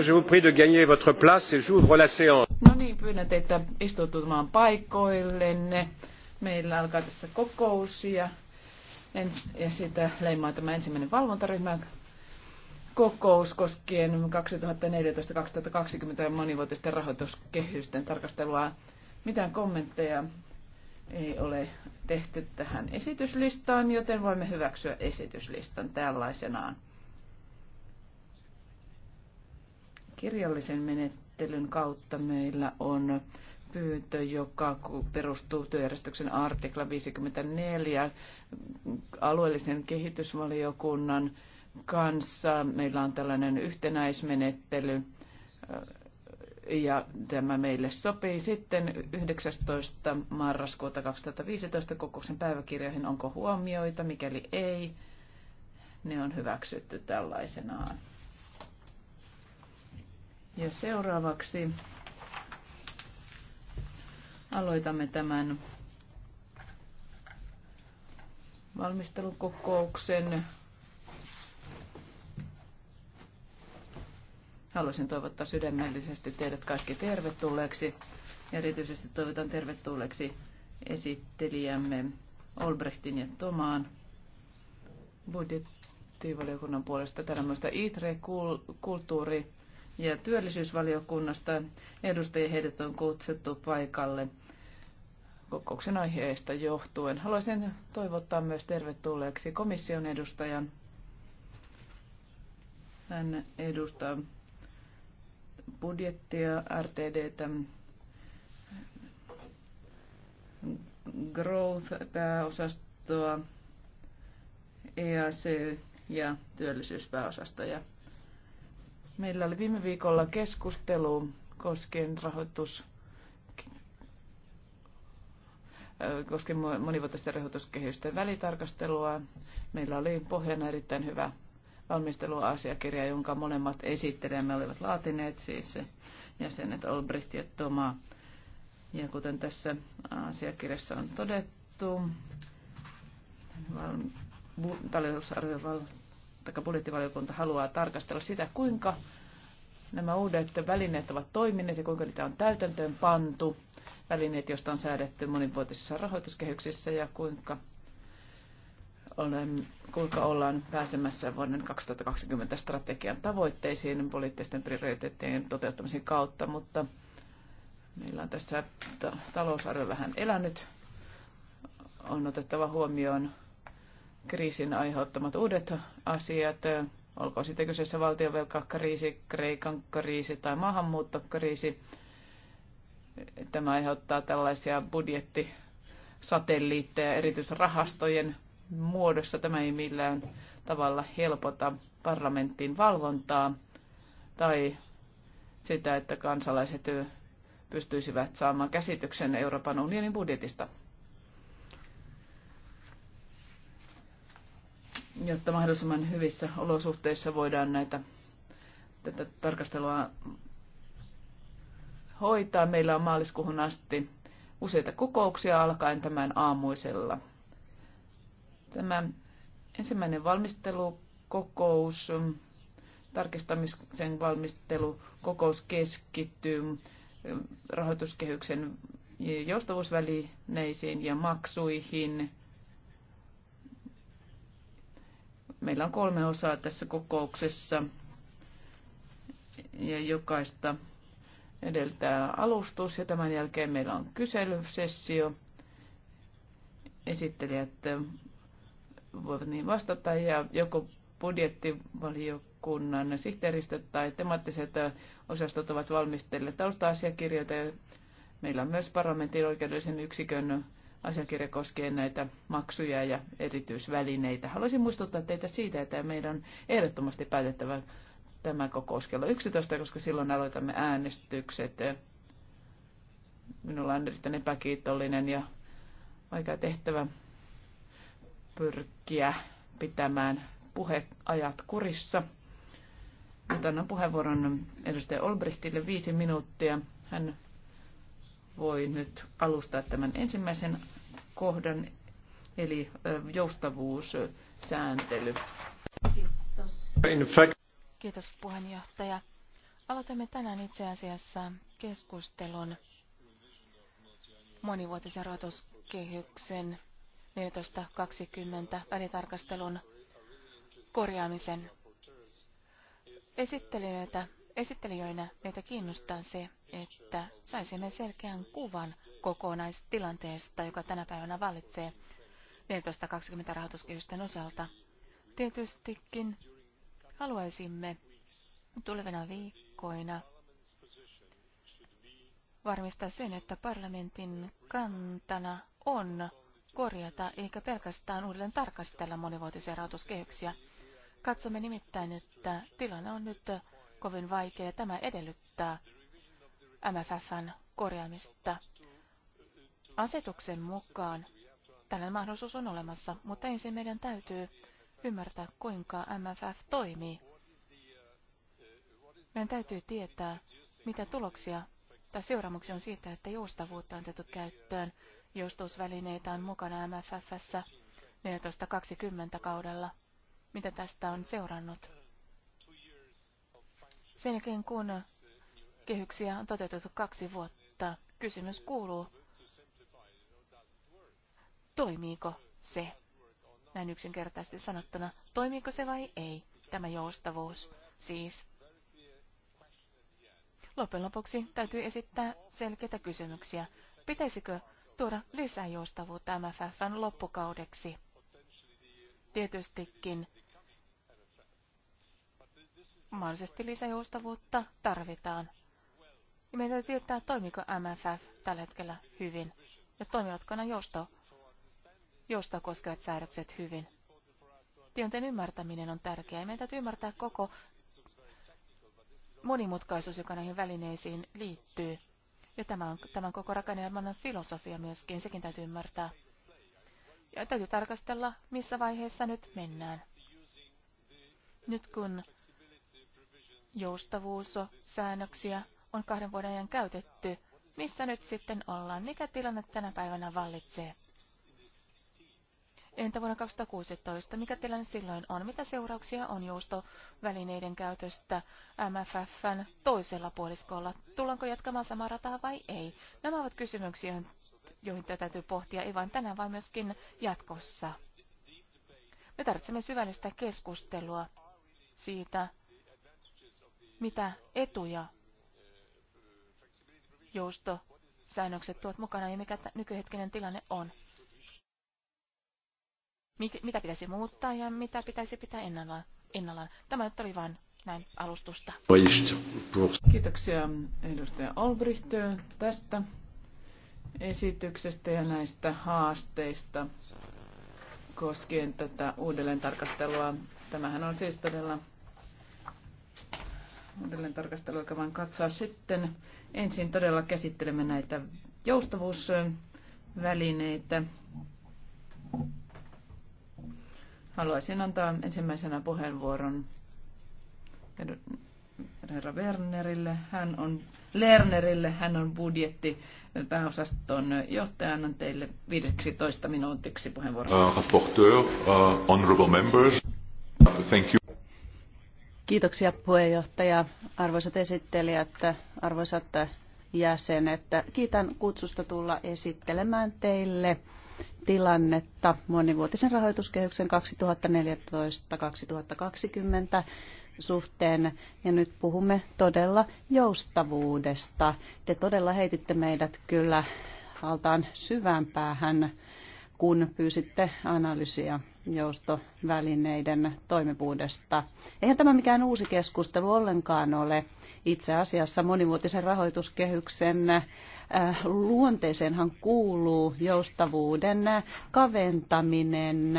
je vous prie de gagner votre place et j'ouvre la séance. No niin, pyydän teitä istutumaan paikoillenne. Meillä alkaa tässä kokous ja, en, ja sitä leimaa tämä ensimmäinen valvontaryhmä kokous koskien 2014-2020 ja monivuotisten rahoituskehysten tarkastelua. Mitään kommentteja ei ole tehty tähän esityslistaan, joten voimme hyväksyä esityslistan tällaisenaan. Kirjallisen menettelyn kautta meillä on pyyntö, joka perustuu työjärjestyksen artikla 54 alueellisen kehitysvaliokunnan kanssa. Meillä on tällainen yhtenäismenettely ja tämä meille sopii sitten 19. marraskuuta 2015 kokouksen päiväkirjoihin. Onko huomioita? Mikäli ei, ne on hyväksytty tällaisenaan. Ja seuraavaksi aloitamme tämän valmistelukokouksen. Haluaisin toivottaa sydämellisesti teidät kaikki tervetulleeksi. Erityisesti toivotan tervetulleeksi esittelijämme Olbrechtin ja Tomaan budjettivaliokunnan puolesta. Täällä on myös ITRE-kulttuuri ja työllisyysvaliokunnasta. Edustajia heidät on kutsuttu paikalle kokouksen aiheesta johtuen. Haluaisin toivottaa myös tervetulleeksi komission edustajan. Hän edustaa budjettia, RTDtä, Growth-pääosastoa, EAC ja työllisyyspääosastoja. Meillä oli viime viikolla keskustelu koskien rahoitus koskien monivuotisten rahoituskehysten välitarkastelua. Meillä oli pohjana erittäin hyvä valmisteluasiakirja, jonka molemmat esittelemme olivat laatineet, siis jäsenet Olbricht ja Toma. Ja kuten tässä asiakirjassa on todettu, talousarviovaltuus tai budjettivaliokunta haluaa tarkastella sitä, kuinka nämä uudet välineet ovat toimineet ja kuinka niitä on täytäntöön pantu, välineet, joista on säädetty monivuotisissa rahoituskehyksissä ja kuinka, olen, kuinka ollaan pääsemässä vuoden 2020 strategian tavoitteisiin poliittisten prioriteettien toteuttamisen kautta, mutta meillä on tässä talousarvio vähän elänyt. On otettava huomioon kriisin aiheuttamat uudet asiat, olkoon sitten kyseessä valtionvelkakriisi, Kreikan kriisi tai maahanmuuttokriisi. Tämä aiheuttaa tällaisia budjettisatelliitteja erityisrahastojen muodossa. Tämä ei millään tavalla helpota parlamentin valvontaa tai sitä, että kansalaiset pystyisivät saamaan käsityksen Euroopan unionin budjetista. jotta mahdollisimman hyvissä olosuhteissa voidaan näitä, tätä tarkastelua hoitaa. Meillä on maaliskuuhun asti useita kokouksia alkaen tämän aamuisella. Tämä ensimmäinen valmistelukokous, tarkistamisen valmistelukokous keskittyy rahoituskehyksen joustavuusvälineisiin ja maksuihin – Meillä on kolme osaa tässä kokouksessa ja jokaista edeltää alustus ja tämän jälkeen meillä on kyselysessio. Esittelijät voivat niin vastata ja joko budjettivaliokunnan sihteeristöt tai temaattiset osastot ovat valmistelleet tausta-asiakirjoita. Meillä on myös parlamentin oikeudellisen yksikön asiakirja koskien näitä maksuja ja erityisvälineitä. Haluaisin muistuttaa teitä siitä, että meidän on ehdottomasti päätettävä tämä kokous kello 11, koska silloin aloitamme äänestykset. Minulla on erittäin epäkiitollinen ja vaikea tehtävä pyrkiä pitämään puheajat kurissa. mutta annan puheenvuoron edustaja Olbrichtille viisi minuuttia. Hän voi nyt alustaa tämän ensimmäisen kohdan, eli joustavuus, sääntely. Kiitos. Kiitos puheenjohtaja. Aloitamme tänään itse asiassa keskustelun monivuotisen rahoituskehyksen 14.20 välitarkastelun korjaamisen esittelijöitä Esittelijöinä meitä kiinnostaa se, että saisimme selkeän kuvan kokonaistilanteesta, joka tänä päivänä vallitsee 14.20 rahoituskehysten osalta. Tietystikin haluaisimme tulevina viikkoina varmistaa sen, että parlamentin kantana on korjata eikä pelkästään uudelleen tarkastella monivuotisia rahoituskehyksiä. Katsomme nimittäin, että tilanne on nyt kovin vaikea. Tämä edellyttää MFFn korjaamista. Asetuksen mukaan tällainen mahdollisuus on olemassa, mutta ensin meidän täytyy ymmärtää, kuinka MFF toimii. Meidän täytyy tietää, mitä tuloksia tai seuraamuksia on siitä, että joustavuutta on otettu käyttöön. Joustavuusvälineitä on mukana MFFssä 14.20 20 kaudella. Mitä tästä on seurannut? Sen jälkeen kun kehyksiä on toteutettu kaksi vuotta, kysymys kuuluu, toimiiko se? Näin yksinkertaisesti sanottuna, toimiiko se vai ei, tämä joustavuus siis? Loppujen lopuksi täytyy esittää selkeitä kysymyksiä. Pitäisikö tuoda lisää joustavuutta MFFn loppukaudeksi? Tietystikin mahdollisesti lisäjoustavuutta tarvitaan. Ja meidän täytyy tietää, toimiko MFF tällä hetkellä hyvin ja toimivatko nämä jousto, jousto koskevat säädökset hyvin. Tienten ymmärtäminen on tärkeää. Meidän täytyy ymmärtää koko monimutkaisuus, joka näihin välineisiin liittyy. Ja tämä on tämän koko rakennelman filosofia myöskin, sekin täytyy ymmärtää. Ja täytyy tarkastella, missä vaiheessa nyt mennään. Nyt kun joustavuussäännöksiä on kahden vuoden ajan käytetty. Missä nyt sitten ollaan? Mikä tilanne tänä päivänä vallitsee? Entä vuonna 2016? Mikä tilanne silloin on? Mitä seurauksia on joustovälineiden käytöstä MFFn toisella puoliskolla? Tullaanko jatkamaan samaa rataa vai ei? Nämä ovat kysymyksiä, joihin täytyy pohtia ei vain tänään, vaan myöskin jatkossa. Me tarvitsemme syvällistä keskustelua siitä, mitä etuja joustosäännökset tuot mukana ja mikä nykyhetkinen tilanne on. Mik, mitä pitäisi muuttaa ja mitä pitäisi pitää ennallaan. ennallaan. Tämä nyt oli vain näin alustusta. Kiitoksia edustaja Olbricht tästä esityksestä ja näistä haasteista koskien tätä uudelleen tarkastelua. Tämähän on siis todella uudelleen tarkastelu, joka vaan katsoa sitten. Ensin todella käsittelemme näitä joustavuusvälineitä. Haluaisin antaa ensimmäisenä puheenvuoron herra Wernerille. Hän on, Lernerille, hän on budjetti pääosaston johtaja. Annan teille 15 minuutiksi puheenvuoron. Uh, rapporteur, uh, honorable members, thank you. Kiitoksia puheenjohtaja, arvoisat esittelijät, arvoisat jäsenet. Kiitän kutsusta tulla esittelemään teille tilannetta monivuotisen rahoituskehyksen 2014-2020 suhteen. Ja nyt puhumme todella joustavuudesta. Te todella heititte meidät kyllä altaan syvään päähän kun pyysitte analyysiä joustovälineiden toimivuudesta. Eihän tämä mikään uusi keskustelu ollenkaan ole. Itse asiassa monivuotisen rahoituskehyksen äh, luonteeseenhan kuuluu joustavuuden kaventaminen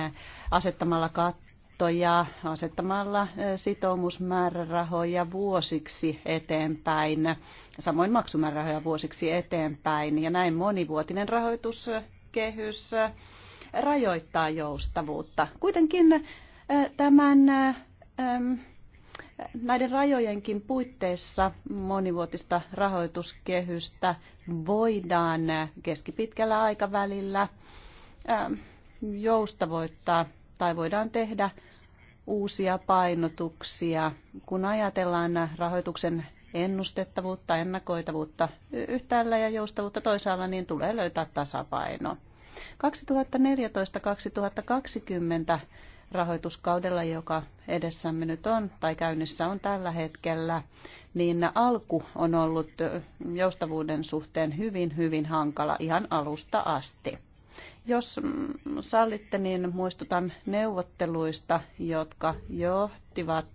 asettamalla kattoja, asettamalla äh, sitoumusmäärärahoja vuosiksi eteenpäin, samoin maksumäärärahoja vuosiksi eteenpäin. Ja näin monivuotinen rahoitus kehys rajoittaa joustavuutta. Kuitenkin tämän näiden rajojenkin puitteissa monivuotista rahoituskehystä voidaan keskipitkällä aikavälillä joustavoittaa tai voidaan tehdä uusia painotuksia, kun ajatellaan rahoituksen ennustettavuutta, ennakoitavuutta yhtäällä ja joustavuutta toisaalla, niin tulee löytää tasapaino. 2014-2020 rahoituskaudella, joka edessämme nyt on tai käynnissä on tällä hetkellä, niin alku on ollut joustavuuden suhteen hyvin, hyvin hankala ihan alusta asti. Jos mm, sallitte, niin muistutan neuvotteluista, jotka johtivat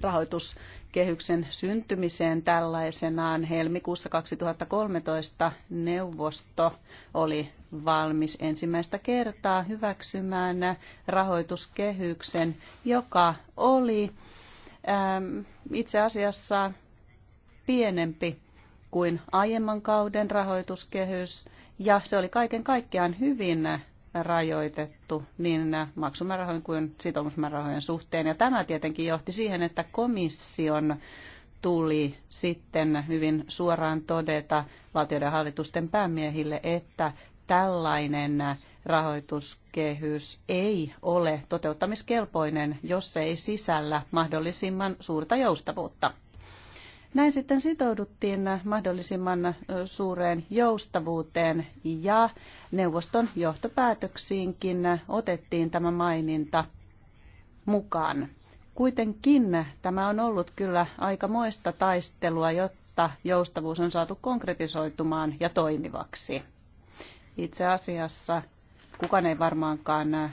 rahoitus- kehyksen syntymiseen tällaisenaan helmikuussa 2013 neuvosto oli valmis ensimmäistä kertaa hyväksymään rahoituskehyksen, joka oli ähm, itse asiassa pienempi kuin aiemman kauden rahoituskehys, ja se oli kaiken kaikkiaan hyvin rajoitettu niin maksumäärärahojen kuin sitoumusmäärärahojen suhteen. Ja tämä tietenkin johti siihen, että komission tuli sitten hyvin suoraan todeta valtioiden hallitusten päämiehille, että tällainen rahoituskehys ei ole toteuttamiskelpoinen, jos se ei sisällä mahdollisimman suurta joustavuutta. Näin sitten sitouduttiin mahdollisimman suureen joustavuuteen ja neuvoston johtopäätöksiinkin otettiin tämä maininta mukaan. Kuitenkin tämä on ollut kyllä aika moista taistelua, jotta joustavuus on saatu konkretisoitumaan ja toimivaksi. Itse asiassa kukaan ei varmaankaan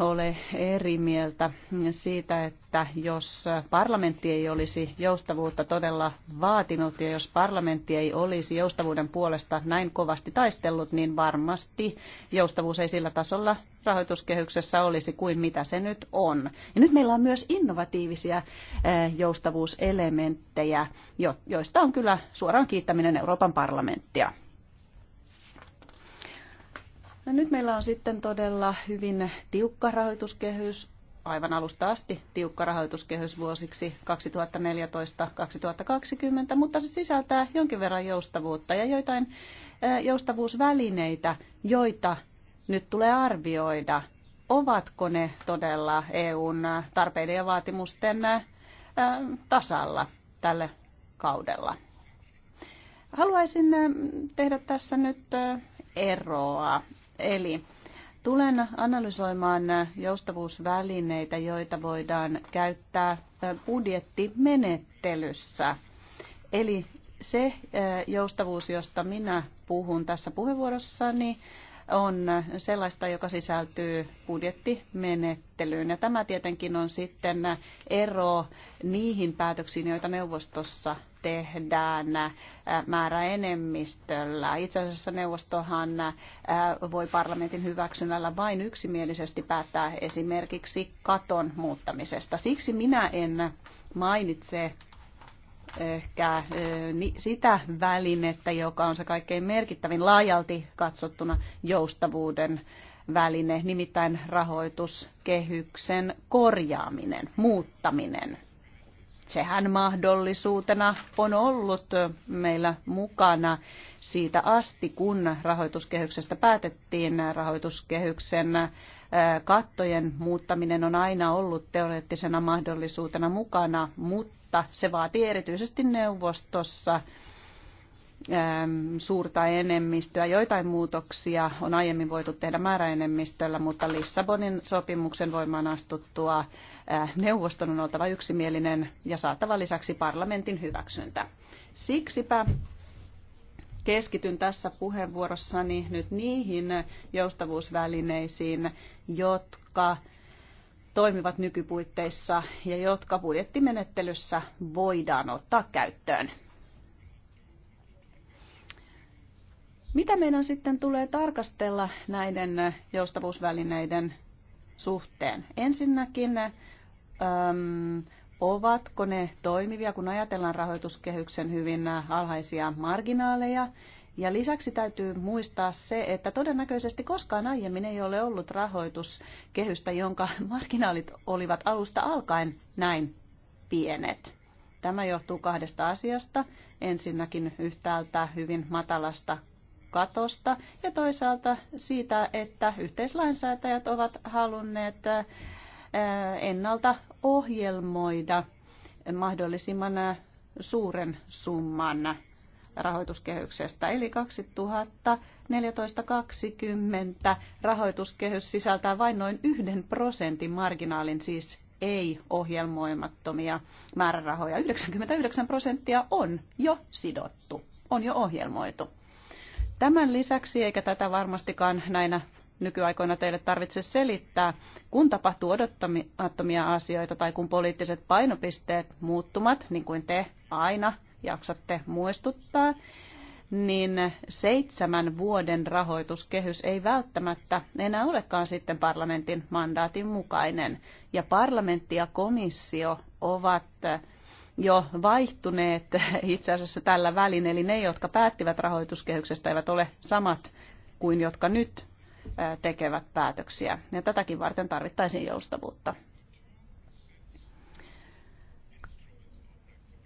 ole eri mieltä siitä, että jos parlamentti ei olisi joustavuutta todella vaatinut ja jos parlamentti ei olisi joustavuuden puolesta näin kovasti taistellut, niin varmasti joustavuus ei sillä tasolla rahoituskehyksessä olisi kuin mitä se nyt on. Ja nyt meillä on myös innovatiivisia eh, joustavuuselementtejä, joista on kyllä suoraan kiittäminen Euroopan parlamenttia. No nyt meillä on sitten todella hyvin tiukka rahoituskehys, aivan alusta asti tiukka rahoituskehys vuosiksi 2014-2020, mutta se sisältää jonkin verran joustavuutta ja joitain joustavuusvälineitä, joita nyt tulee arvioida, ovatko ne todella EUn tarpeiden ja vaatimusten tasalla tälle kaudella. Haluaisin tehdä tässä nyt eroa Eli tulen analysoimaan joustavuusvälineitä, joita voidaan käyttää budjettimenettelyssä. Eli se joustavuus, josta minä puhun tässä puheenvuorossani, on sellaista, joka sisältyy budjettimenettelyyn. Ja tämä tietenkin on sitten ero niihin päätöksiin, joita neuvostossa tehdään määräenemmistöllä. Itse asiassa neuvostohan voi parlamentin hyväksynnällä vain yksimielisesti päättää esimerkiksi katon muuttamisesta. Siksi minä en mainitse ehkä sitä välinettä, joka on se kaikkein merkittävin laajalti katsottuna joustavuuden väline, nimittäin rahoituskehyksen korjaaminen, muuttaminen sehän mahdollisuutena on ollut meillä mukana siitä asti, kun rahoituskehyksestä päätettiin. Rahoituskehyksen kattojen muuttaminen on aina ollut teoreettisena mahdollisuutena mukana, mutta se vaatii erityisesti neuvostossa Ähm, suurta enemmistöä. Joitain muutoksia on aiemmin voitu tehdä määräenemmistöllä, mutta Lissabonin sopimuksen voimaan astuttua äh, neuvoston on oltava yksimielinen ja saatava lisäksi parlamentin hyväksyntä. Siksipä keskityn tässä puheenvuorossani nyt niihin joustavuusvälineisiin, jotka toimivat nykypuitteissa ja jotka budjettimenettelyssä voidaan ottaa käyttöön. Mitä meidän sitten tulee tarkastella näiden joustavuusvälineiden suhteen? Ensinnäkin, äm, ovatko ne toimivia, kun ajatellaan rahoituskehyksen hyvin alhaisia marginaaleja? Ja lisäksi täytyy muistaa se, että todennäköisesti koskaan aiemmin ei ole ollut rahoituskehystä, jonka marginaalit olivat alusta alkaen näin pienet. Tämä johtuu kahdesta asiasta. Ensinnäkin yhtäältä hyvin matalasta katosta ja toisaalta siitä, että yhteislainsäätäjät ovat halunneet äh, ennalta ohjelmoida mahdollisimman äh, suuren summan rahoituskehyksestä. Eli 2014-2020 rahoituskehys sisältää vain noin yhden prosentin marginaalin, siis ei ohjelmoimattomia määrärahoja. 99 prosenttia on jo sidottu, on jo ohjelmoitu. Tämän lisäksi, eikä tätä varmastikaan näinä nykyaikoina teille tarvitse selittää, kun tapahtuu odottamattomia asioita tai kun poliittiset painopisteet muuttumat, niin kuin te aina jaksatte muistuttaa, niin seitsemän vuoden rahoituskehys ei välttämättä enää olekaan sitten parlamentin mandaatin mukainen. Ja parlamentti ja komissio ovat jo vaihtuneet itse asiassa tällä välin, eli ne, jotka päättivät rahoituskehyksestä, eivät ole samat kuin jotka nyt tekevät päätöksiä. Ja tätäkin varten tarvittaisiin joustavuutta.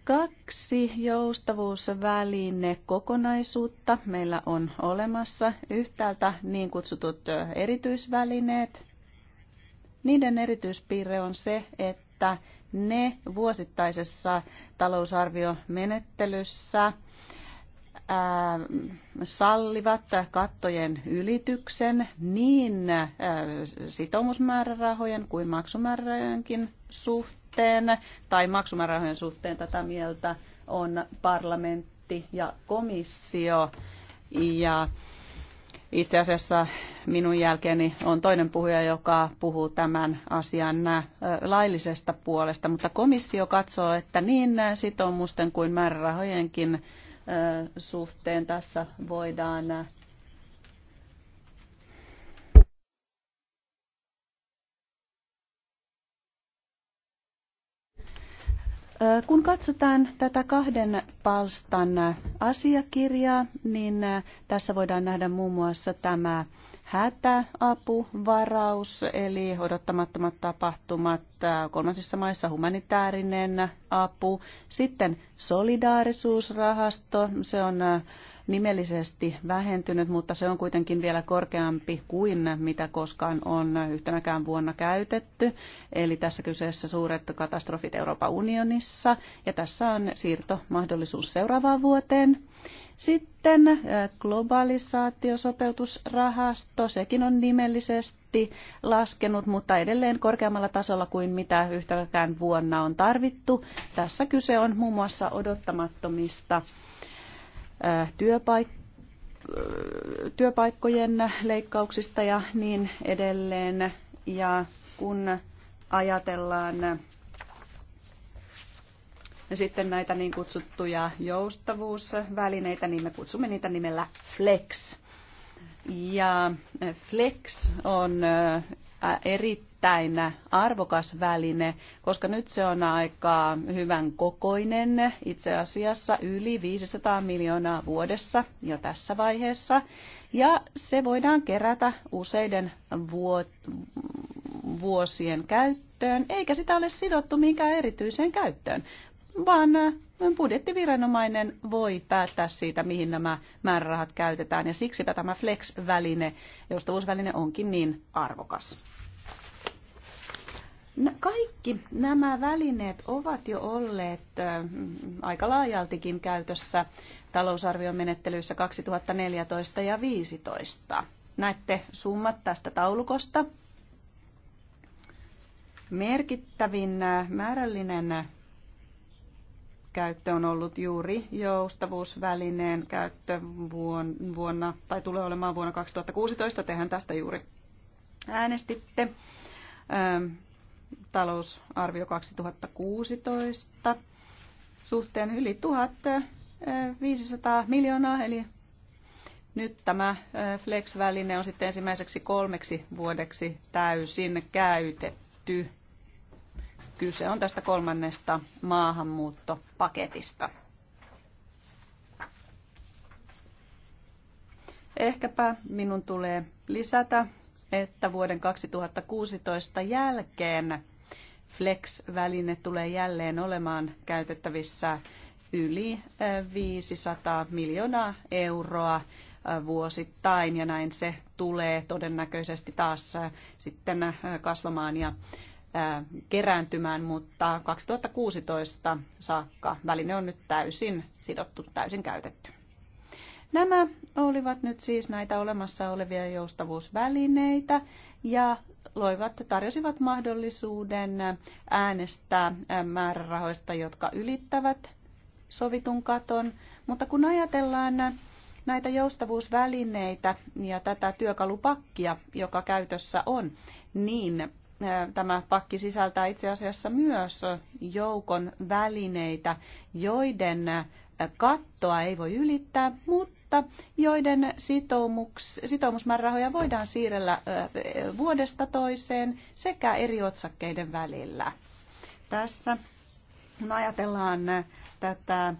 Kaksi joustavuusväline kokonaisuutta meillä on olemassa. Yhtäältä niin kutsutut erityisvälineet. Niiden erityispiirre on se, että ne vuosittaisessa talousarviomenettelyssä ää, sallivat kattojen ylityksen niin ää, sitoumusmäärärahojen kuin maksumäärärahojenkin suhteen, tai maksumäärärahojen suhteen tätä mieltä on parlamentti ja komissio. Ja itse asiassa minun jälkeeni on toinen puhuja, joka puhuu tämän asian äh, laillisesta puolesta, mutta komissio katsoo, että niin äh, sitoumusten kuin määrärahojenkin äh, suhteen tässä voidaan Kun katsotaan tätä kahden palstan asiakirjaa, niin tässä voidaan nähdä muun muassa tämä hätäapuvaraus, eli odottamattomat tapahtumat kolmansissa maissa, humanitaarinen apu. Sitten solidaarisuusrahasto, se on nimellisesti vähentynyt, mutta se on kuitenkin vielä korkeampi kuin mitä koskaan on yhtenäkään vuonna käytetty. Eli tässä kyseessä suuret katastrofit Euroopan unionissa ja tässä on siirtomahdollisuus seuraavaan vuoteen. Sitten äh, globalisaatiosopeutusrahasto, sekin on nimellisesti laskenut, mutta edelleen korkeammalla tasolla kuin mitä yhtäkään vuonna on tarvittu. Tässä kyse on muun muassa odottamattomista työpaikkojen leikkauksista ja niin edelleen. Ja kun ajatellaan sitten näitä niin kutsuttuja joustavuusvälineitä, niin me kutsumme niitä nimellä flex. Ja flex on erittäin erittäin arvokas väline, koska nyt se on aika hyvän kokoinen, itse asiassa yli 500 miljoonaa vuodessa jo tässä vaiheessa. Ja se voidaan kerätä useiden vuosien käyttöön, eikä sitä ole sidottu minkään erityiseen käyttöön, vaan budjettiviranomainen voi päättää siitä, mihin nämä määrärahat käytetään, ja siksipä tämä Flex-väline, joustavuusväline onkin niin arvokas. Kaikki nämä välineet ovat jo olleet aika laajaltikin käytössä talousarvion menettelyissä 2014 ja 2015. Näette summat tästä taulukosta. Merkittävin määrällinen käyttö on ollut juuri joustavuusvälineen käyttö vuonna, tai tulee olemaan vuonna 2016. Tehän tästä juuri äänestitte talousarvio 2016 suhteen yli 1500 miljoonaa, eli nyt tämä Flex-väline on sitten ensimmäiseksi kolmeksi vuodeksi täysin käytetty. Kyse on tästä kolmannesta maahanmuuttopaketista. Ehkäpä minun tulee lisätä että vuoden 2016 jälkeen Flex-väline tulee jälleen olemaan käytettävissä yli 500 äh, miljoonaa euroa äh, vuosittain ja näin se tulee todennäköisesti taas äh, sitten kasvamaan ja kerääntymään, mutta 2016 saakka väline on nyt täysin sidottu, täysin käytetty. Nämä olivat nyt siis näitä olemassa olevia joustavuusvälineitä ja loivat, tarjosivat mahdollisuuden äänestää määrärahoista, jotka ylittävät sovitun katon. Mutta kun ajatellaan näitä joustavuusvälineitä ja tätä työkalupakkia, joka käytössä on, niin tämä pakki sisältää itse asiassa myös joukon välineitä, joiden kattoa ei voi ylittää, mutta joiden sitoumuks, sitoumusmäärärahoja voidaan siirrellä vuodesta toiseen sekä eri otsakkeiden välillä. Tässä kun ajatellaan tätä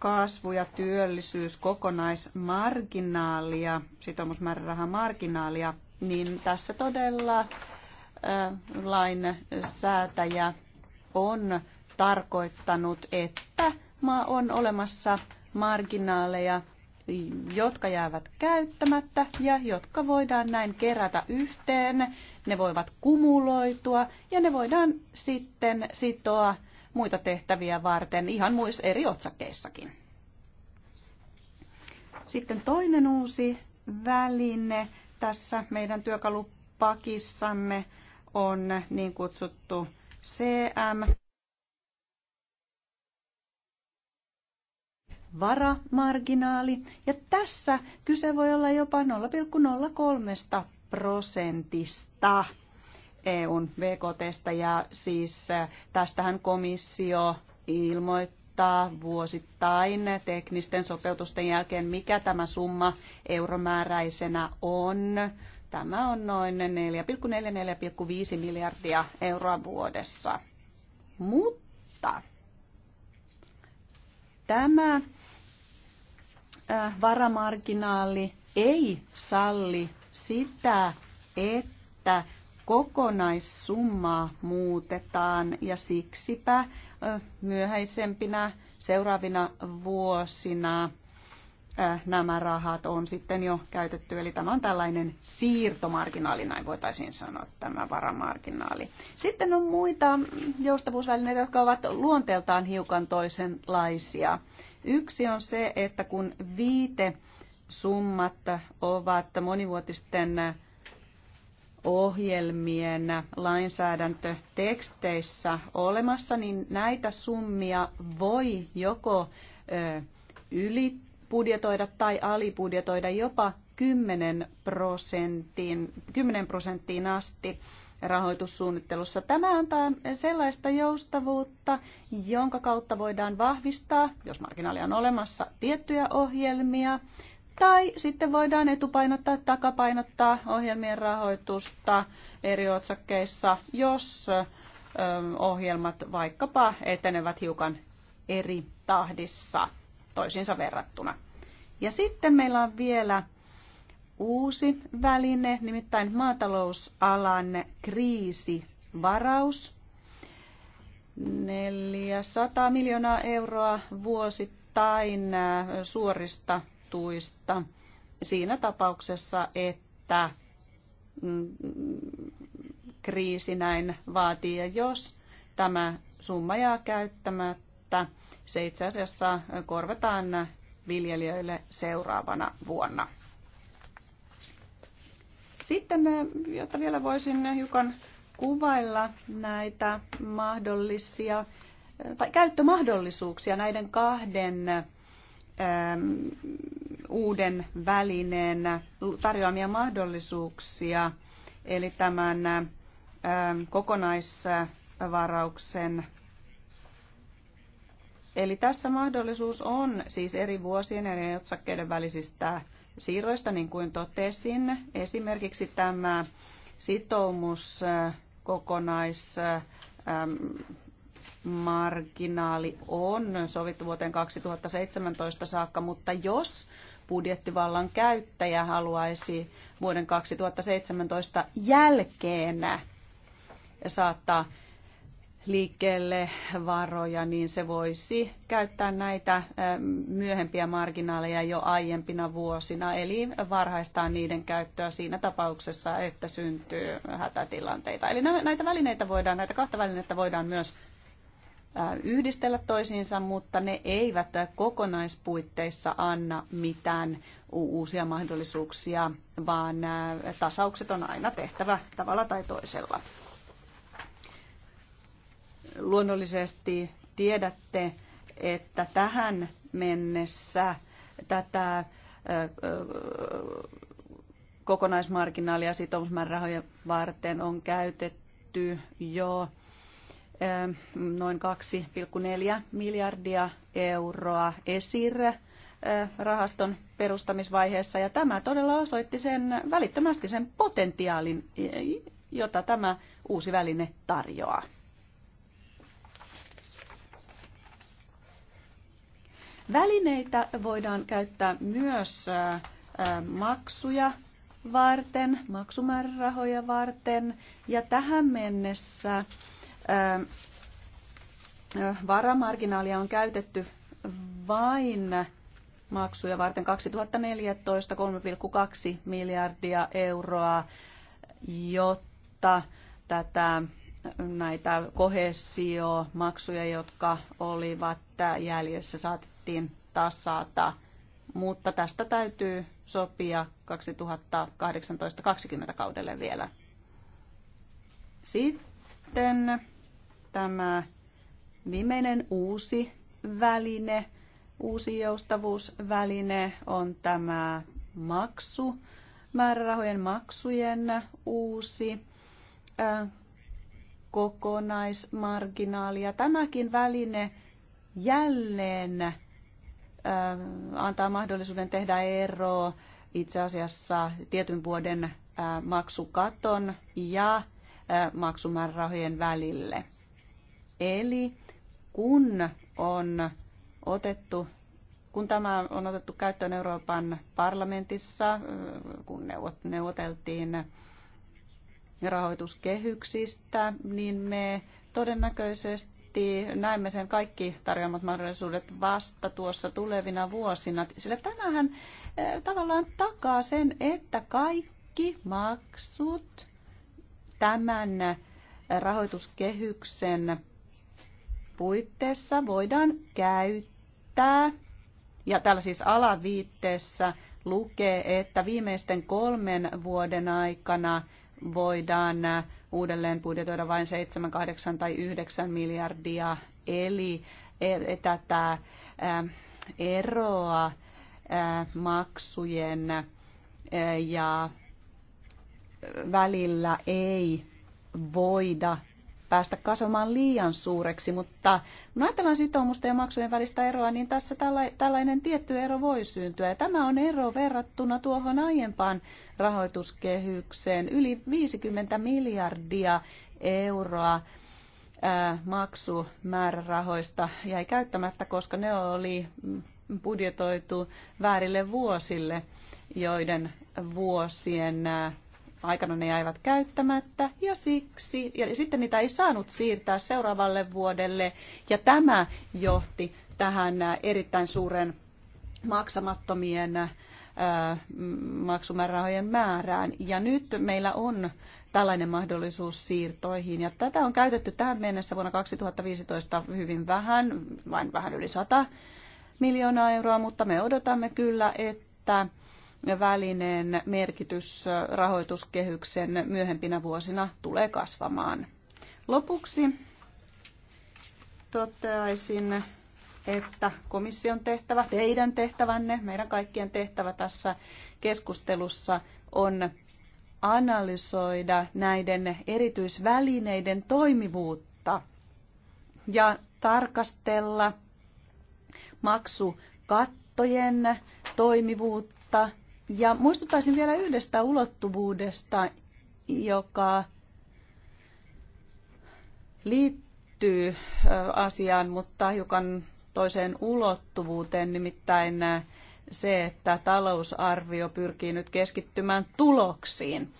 kasvu- ja työllisyyskokonaismarginaalia, sitoumusmäärärahamarginaalia, niin tässä todella lain säätäjä on tarkoittanut, että on olemassa marginaaleja, jotka jäävät käyttämättä ja jotka voidaan näin kerätä yhteen. Ne voivat kumuloitua ja ne voidaan sitten sitoa muita tehtäviä varten ihan muissa eri otsakeissakin. Sitten toinen uusi väline tässä meidän työkalupakissamme on niin kutsuttu CM, varamarginaali. Ja tässä kyse voi olla jopa 0,03 prosentista EUn VKTstä ja siis äh, tästähän komissio ilmoittaa osoittaa vuosittain teknisten sopeutusten jälkeen, mikä tämä summa euromääräisenä on. Tämä on noin 4,4-4,5 miljardia euroa vuodessa. Mutta tämä äh, varamarginaali ei salli sitä, että kokonaissummaa muutetaan ja siksipä myöhäisempinä seuraavina vuosina nämä rahat on sitten jo käytetty. Eli tämä on tällainen siirtomarginaali, näin voitaisiin sanoa, tämä varamarginaali. Sitten on muita joustavuusvälineitä, jotka ovat luonteeltaan hiukan toisenlaisia. Yksi on se, että kun viite summat ovat monivuotisten ohjelmien lainsäädäntöteksteissä olemassa, niin näitä summia voi joko ylipudjetoida tai alibudjetoida jopa 10 prosenttiin, 10 prosenttiin asti rahoitussuunnittelussa. Tämä antaa sellaista joustavuutta, jonka kautta voidaan vahvistaa, jos marginaali on olemassa, tiettyjä ohjelmia tai sitten voidaan etupainottaa, takapainottaa ohjelmien rahoitusta eri otsakkeissa, jos ohjelmat vaikkapa etenevät hiukan eri tahdissa toisiinsa verrattuna. Ja sitten meillä on vielä uusi väline, nimittäin maatalousalan kriisivaraus. 400 miljoonaa euroa vuosittain suorista vastuista siinä tapauksessa, että mm, kriisi näin vaatii. Ja jos tämä summa jää käyttämättä, se itse asiassa korvataan viljelijöille seuraavana vuonna. Sitten, jotta vielä voisin hiukan kuvailla näitä mahdollisia tai käyttömahdollisuuksia näiden kahden Ähm, uuden välineen tarjoamia mahdollisuuksia, eli tämän ähm, kokonaisvarauksen. Eli tässä mahdollisuus on siis eri vuosien eri otsakkeiden välisistä siirroista, niin kuin totesin. Esimerkiksi tämä sitoumus äh, kokonais äh, marginaali on sovittu vuoteen 2017 saakka, mutta jos budjettivallan käyttäjä haluaisi vuoden 2017 jälkeen saattaa liikkeelle varoja, niin se voisi käyttää näitä eh, myöhempiä marginaaleja jo aiempina vuosina, eli varhaistaa niiden käyttöä siinä tapauksessa, että syntyy hätätilanteita. Eli näitä välineitä voidaan, näitä kahta välineitä voidaan myös yhdistellä toisiinsa, mutta ne eivät kokonaispuitteissa anna mitään uusia mahdollisuuksia, vaan tasaukset on aina tehtävä tavalla tai toisella. Luonnollisesti tiedätte, että tähän mennessä tätä kokonaismarginaalia sitoumusmäärärahoja varten on käytetty jo noin 2,4 miljardia euroa esir rahaston perustamisvaiheessa ja tämä todella osoitti sen välittömästi sen potentiaalin, jota tämä uusi väline tarjoaa. Välineitä voidaan käyttää myös maksuja varten, maksumäärärahoja varten ja tähän mennessä varamarginaalia on käytetty vain maksuja varten 2014 3,2 miljardia euroa, jotta tätä näitä kohesio-maksuja, jotka olivat jäljessä, saatettiin tasata. Mutta tästä täytyy sopia 2018-2020 kaudelle vielä. Sitten tämä viimeinen uusi väline, uusi joustavuusväline on tämä maksu, määrärahojen maksujen uusi ä, kokonaismarginaali. Ja tämäkin väline jälleen ä, antaa mahdollisuuden tehdä ero itse asiassa tietyn vuoden ä, maksukaton ja maksumäärärahojen välille. Eli kun on otettu kun tämä on otettu käyttöön Euroopan parlamentissa, kun neuvoteltiin rahoituskehyksistä, niin me todennäköisesti näemme sen kaikki tarjoamat mahdollisuudet vasta tuossa tulevina vuosina. Sillä tämähän tavallaan takaa sen, että kaikki maksut tämän rahoituskehyksen puitteissa voidaan käyttää, ja täällä siis alaviitteessä lukee, että viimeisten kolmen vuoden aikana voidaan uudelleen budjetoida vain 7, 8 tai 9 miljardia, eli e, tätä eroa maksujen ja välillä ei voida päästä kasvamaan liian suureksi, mutta kun ajatellaan sitoumusten ja maksujen välistä eroa, niin tässä tällainen tietty ero voi syntyä. Ja tämä on ero verrattuna tuohon aiempaan rahoituskehykseen, yli 50 miljardia euroa maksumäärärahoista jäi käyttämättä, koska ne oli mm, budjetoitu väärille vuosille, joiden vuosien aikana ne jäivät käyttämättä ja siksi, ja sitten niitä ei saanut siirtää seuraavalle vuodelle ja tämä johti tähän äh, erittäin suuren maksamattomien äh, maksumäärärahojen määrään. Ja nyt meillä on tällainen mahdollisuus siirtoihin. Ja tätä on käytetty tähän mennessä vuonna 2015 hyvin vähän, vain vähän yli 100 miljoonaa euroa, mutta me odotamme kyllä, että välineen merkitys rahoituskehyksen myöhempinä vuosina tulee kasvamaan. Lopuksi toteaisin, että komission tehtävä, teidän tehtävänne, meidän kaikkien tehtävä tässä keskustelussa on analysoida näiden erityisvälineiden toimivuutta ja tarkastella maksukattojen toimivuutta ja muistuttaisin vielä yhdestä ulottuvuudesta, joka liittyy asiaan, mutta hiukan toiseen ulottuvuuteen, nimittäin se, että talousarvio pyrkii nyt keskittymään tuloksiin.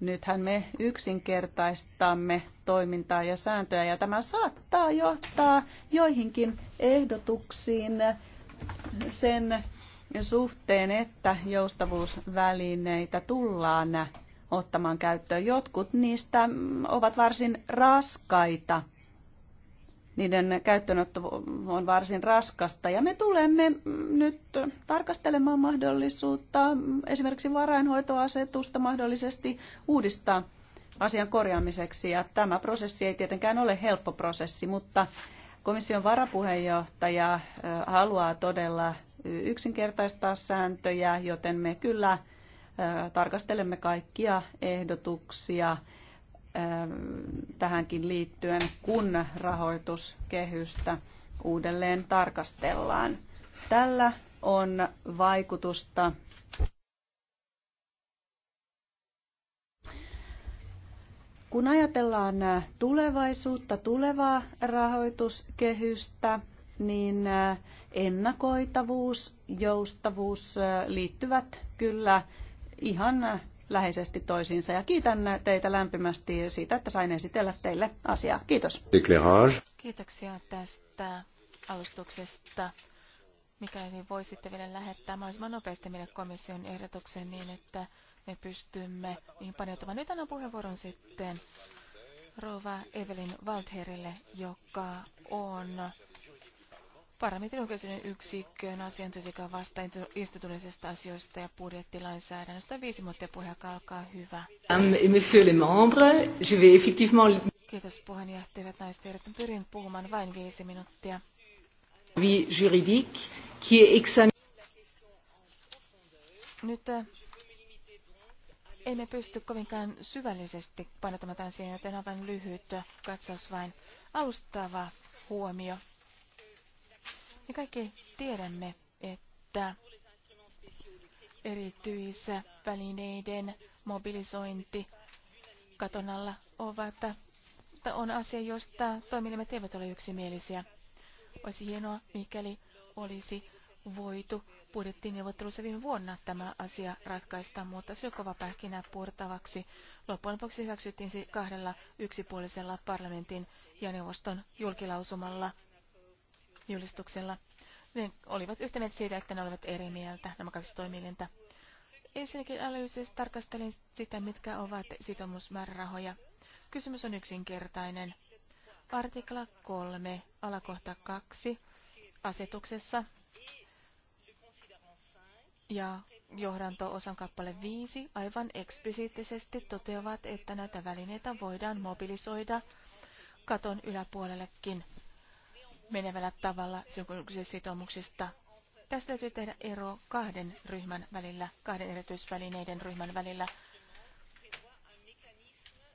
Nythän me yksinkertaistamme toimintaa ja sääntöjä ja tämä saattaa johtaa joihinkin ehdotuksiin sen suhteen, että joustavuusvälineitä tullaan ottamaan käyttöön. Jotkut niistä ovat varsin raskaita. Niiden käyttöönotto on varsin raskasta ja me tulemme nyt tarkastelemaan mahdollisuutta esimerkiksi varainhoitoasetusta mahdollisesti uudistaa asian korjaamiseksi. Ja tämä prosessi ei tietenkään ole helppo prosessi, mutta komission varapuheenjohtaja haluaa todella yksinkertaistaa sääntöjä, joten me kyllä tarkastelemme kaikkia ehdotuksia tähänkin liittyen, kun rahoituskehystä uudelleen tarkastellaan. Tällä on vaikutusta Kun ajatellaan tulevaisuutta, tulevaa rahoituskehystä, niin äh, ennakoitavuus, joustavuus äh, liittyvät kyllä ihan äh, läheisesti toisiinsa. Ja kiitän teitä lämpimästi siitä, että sain esitellä teille asiaa. Kiitos. Kiitoksia tästä alustuksesta. Mikäli voisitte vielä lähettää mahdollisimman nopeasti meille komission ehdotuksen niin, että me pystymme niihin paneutumaan. Nyt annan puheenvuoron sitten Rova Evelyn Waldherille, joka on Parlamentin oikeuden yksikköön asiantuntija vasta instituutiollisista asioista ja budjettilainsäädännöstä. Viisi minuuttia puheenjohtaja, alkaa hyvä. Kiitos puheenjohtajat naiset ja Pyrin puhumaan vain viisi minuuttia. Nyt äh, emme pysty kovinkaan syvällisesti painottamaan siihen, joten aivan lyhyt katsaus vain. Alustava huomio me kaikki tiedämme, että erityisvälineiden mobilisointi katon alla ovat, on asia, josta toimilimet eivät ole yksimielisiä. Olisi hienoa, mikäli olisi voitu budjettineuvottelussa viime vuonna tämä asia ratkaista, mutta se kova pähkinä purtavaksi. Loppujen lopuksi hyväksyttiin kahdella yksipuolisella parlamentin ja neuvoston julkilausumalla julistuksella. Ne olivat yhtä mieltä siitä, että ne olivat eri mieltä, nämä kaksi toimielintä. Ensinnäkin analyysissä tarkastelin sitä, mitkä ovat sitoumusmäärärahoja. Kysymys on yksinkertainen. Artikla 3, alakohta 2, asetuksessa ja johdanto-osan kappale 5 aivan eksplisiittisesti toteavat, että näitä välineitä voidaan mobilisoida katon yläpuolellekin menevällä tavalla silloin sitoumuksista. Tästä täytyy tehdä ero kahden ryhmän välillä, kahden erityisvälineiden ryhmän välillä.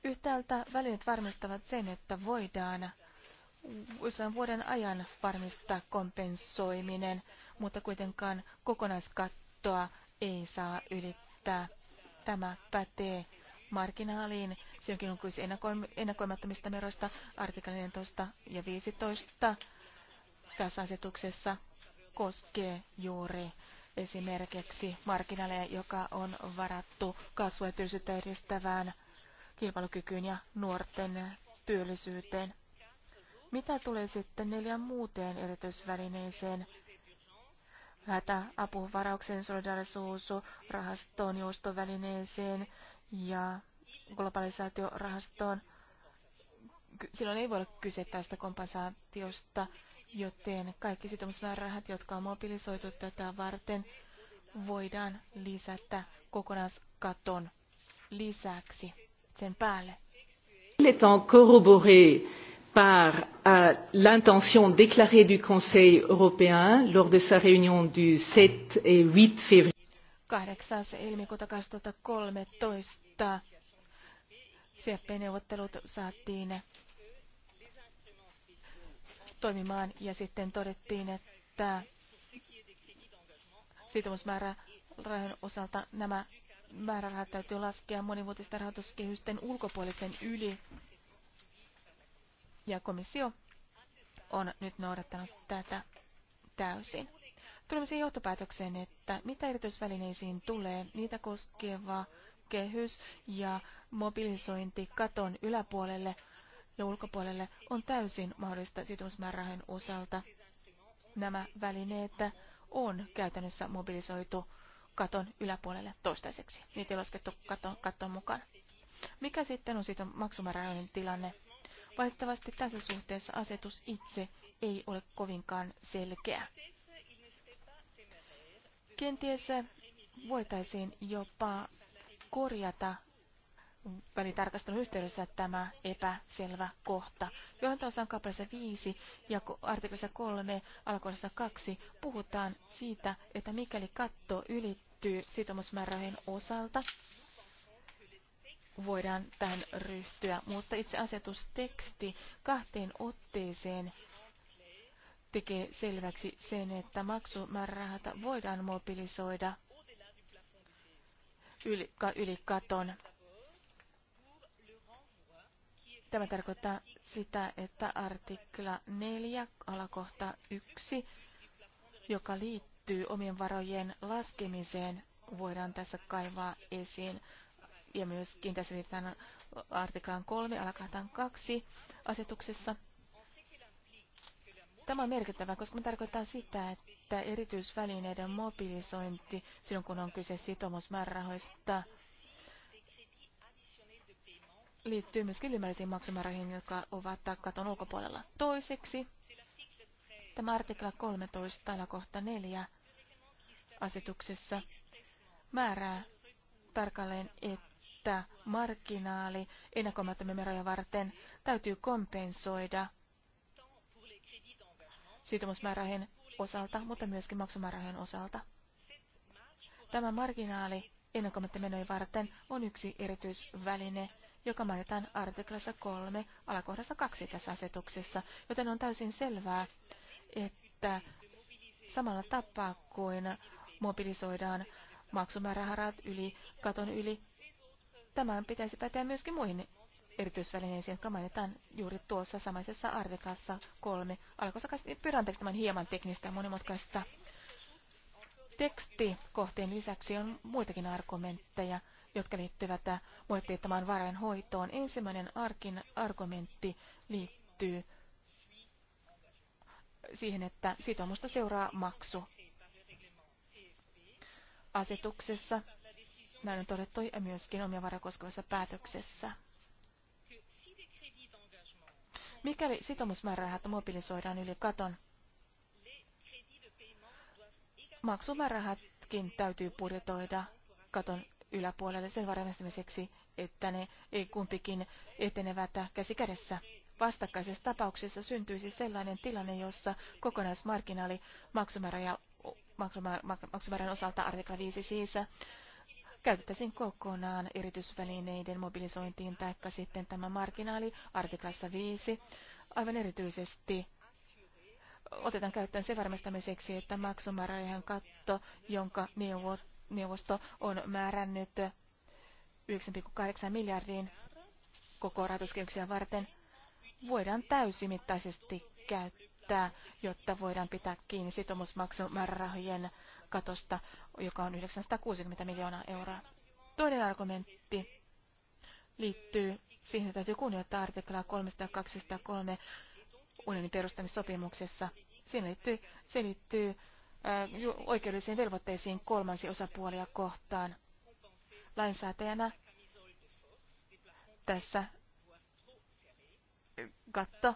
Yhtäältä välineet varmistavat sen, että voidaan usean vuoden ajan varmistaa kompensoiminen, mutta kuitenkaan kokonaiskattoa ei saa ylittää. Tämä pätee marginaaliin, se on ennakoimattomista meroista, artikla 14 ja 15 tässä asetuksessa koskee juuri esimerkiksi markkinaaleja, joka on varattu kasvua ja työllisyyttä edistävään kilpailukykyyn ja nuorten työllisyyteen. Mitä tulee sitten neljän muuteen erityisvälineeseen? Hätä, apuvarauksen, solidarisuus, rahastoon, joustovälineeseen ja globalisaatiorahastoon. Silloin ei voi olla kyse tästä kompensaatiosta joten kaikki sitomusmäärärahat, jotka on mobilisoitu tätä varten, voidaan lisätä kokonaiskaton lisäksi sen päälle. Il est par euh, l'intention déclarée du Conseil européen lors de sa réunion du 7 et 8 février. 8. helmikuuta 2013 CFP-neuvottelut saatiin toimimaan ja sitten todettiin, että sitoumusmäärä osalta nämä määrärahat täytyy laskea monivuotisten rahoituskehysten ulkopuolisen yli. Ja komissio on nyt noudattanut tätä täysin. Tulemme siihen johtopäätökseen, että mitä erityisvälineisiin tulee, niitä koskeva kehys ja mobilisointi katon yläpuolelle – ja ulkopuolelle on täysin mahdollista sitoumusmäärärahojen osalta. Nämä välineet on käytännössä mobilisoitu katon yläpuolelle toistaiseksi. Niitä ei laskettu katon, katon mukaan. Mikä sitten on sitten maksumäärärahojen tilanne? Valitettavasti tässä suhteessa asetus itse ei ole kovinkaan selkeä. Kenties voitaisiin jopa korjata välitarkastelun yhteydessä tämä epäselvä kohta. on kappaleessa 5 ja artiklassa 3 alkuosassa 2 puhutaan siitä, että mikäli katto ylittyy sitoumusmäärärahojen osalta, voidaan tähän ryhtyä, mutta itse asetusteksti kahteen otteeseen tekee selväksi sen, että maksumäärärahata voidaan mobilisoida yli, yli katon Tämä tarkoittaa sitä, että artikla 4 alakohta 1, joka liittyy omien varojen laskemiseen, voidaan tässä kaivaa esiin. Ja myöskin tässä liitetään artiklaan 3 alakahtaan 2 asetuksessa. Tämä on merkittävä, koska me tarkoittaa sitä, että erityisvälineiden mobilisointi silloin kun on kyse sitomusmäärärahoista liittyy myös ylimääräisiin maksumääräihin, jotka ovat katon ulkopuolella. Toiseksi tämä artikla 13, kohta 4 asetuksessa määrää tarkalleen, että marginaali ennakoimattomia meroja varten täytyy kompensoida sitomusmäärähen osalta, mutta myöskin maksumäärähen osalta. Tämä marginaali ennakoimattomia menoja varten on yksi erityisväline – joka mainitaan artiklassa 3 alakohdassa 2 tässä asetuksessa, joten on täysin selvää, että samalla tapaa kuin mobilisoidaan maksumääräharat yli katon yli, tämän pitäisi päteä myöskin muihin erityisvälineisiin, jotka mainitaan juuri tuossa samaisessa artiklassa 3. Alkoissa pyydän tämän hieman teknistä ja monimutkaista. Teksti kohteen lisäksi on muitakin argumentteja, jotka liittyvät moitteettomaan hoitoon Ensimmäinen arkin argumentti liittyy siihen, että sitoumusta seuraa maksu. Asetuksessa näin on todettu ja myöskin omia varoja koskevassa päätöksessä. Mikäli sitoumusmäärärahat mobilisoidaan yli katon, Maksumäärärahatkin täytyy budjetoida katon yläpuolelle sen varmistamiseksi, että ne ei kumpikin etenevät käsi kädessä. Vastakkaisessa tapauksessa syntyisi sellainen tilanne, jossa kokonaismarginaali maksumäärä ja maksumäärän osalta artikla 5 siis käytettäisiin kokonaan erityisvälineiden mobilisointiin taikka sitten tämä marginaali artiklassa 5 aivan erityisesti otetaan käyttöön se varmistamiseksi, että maksumäärärajan katto, jonka neuvosto on määrännyt 9,8 miljardiin koko rahoituskehyksiä varten, voidaan täysimittaisesti käyttää, jotta voidaan pitää kiinni sitoumusmaksumäärärahojen katosta, joka on 960 miljoonaa euroa. Toinen argumentti liittyy siihen, että täytyy kunnioittaa artiklaa 323 unionin perustamissopimuksessa. Siinä liittyy, se liittyy äh, oikeudellisiin velvoitteisiin kolmansi osapuolia kohtaan. Lainsäätäjänä tässä katto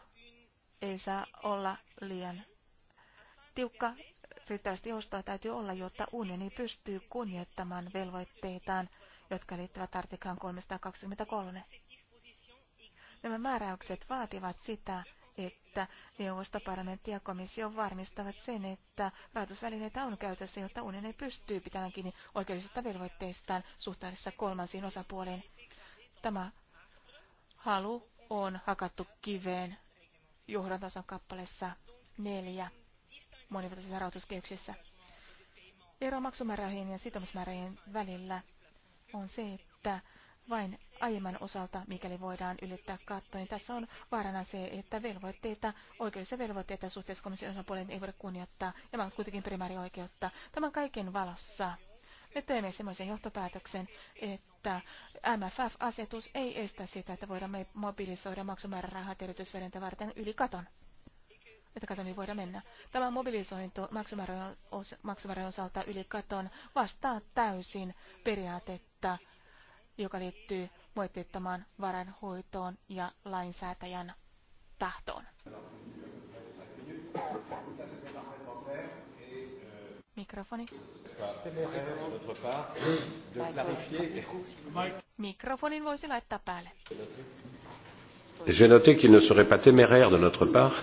ei saa olla liian tiukka. Riittävästi ostoa täytyy olla, jotta unioni pystyy kunnioittamaan velvoitteitaan, jotka liittyvät artiklaan 323. Nämä määräykset vaativat sitä, että neuvosto, parlamentti ja komissio varmistavat sen, että rahoitusvälineitä on käytössä, jotta unioni pystyy pitämään kiinni oikeudellisista velvoitteistaan suhteessa kolmansiin osapuoliin. Tämä halu on hakattu kiveen johdantason kappaleessa neljä monivuotisessa rahoituskehyksessä. Ero maksumäärärahojen ja sitomusmääräihin välillä on se, että vain aiemman osalta, mikäli voidaan ylittää katto, niin tässä on vaarana se, että velvoitteita, oikeudellisia velvoitteita suhteessa komission osapuolen ei voida kunnioittaa, ja on kuitenkin primäärioikeutta. Tämän kaiken valossa me teemme semmoisen johtopäätöksen, että MFF-asetus ei estä sitä, että voidaan mobilisoida maksumäärärahat erityisvedentä varten yli katon että katon ei voida mennä. Tämä mobilisointi maksumäärän osalta yli katon vastaa täysin periaatetta joka liittyy moitteettomaan varainhoitoon ja lainsäätäjän tahtoon. Mikrofoni. Mikrofonin voisi laittaa päälle. J'ai noté qu'il ne serait pas téméraire de notre part.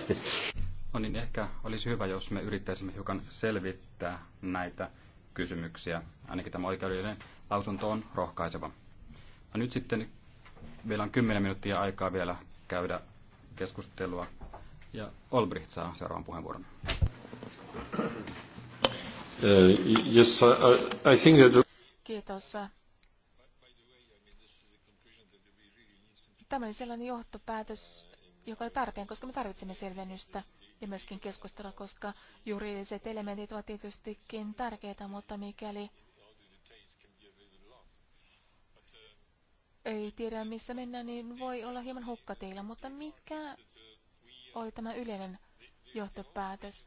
No niin, ehkä olisi hyvä, jos me yrittäisimme hiukan selvittää näitä kysymyksiä. Ainakin tämä oikeudellinen lausunto on rohkaiseva. No nyt sitten vielä on 10 minuuttia aikaa vielä käydä keskustelua. Ja Olbricht saa seuraavan puheenvuoron. Äh, yes, I, think that... Kiitos. Tämä oli sellainen johtopäätös, joka oli tarpeen, koska me tarvitsemme selvennystä ja myöskin keskustelua, koska juridiset elementit ovat tietystikin tärkeitä, mutta mikäli ei tiedä missä mennään, niin voi olla hieman teillä, mutta mikä oli tämä yleinen johtopäätös?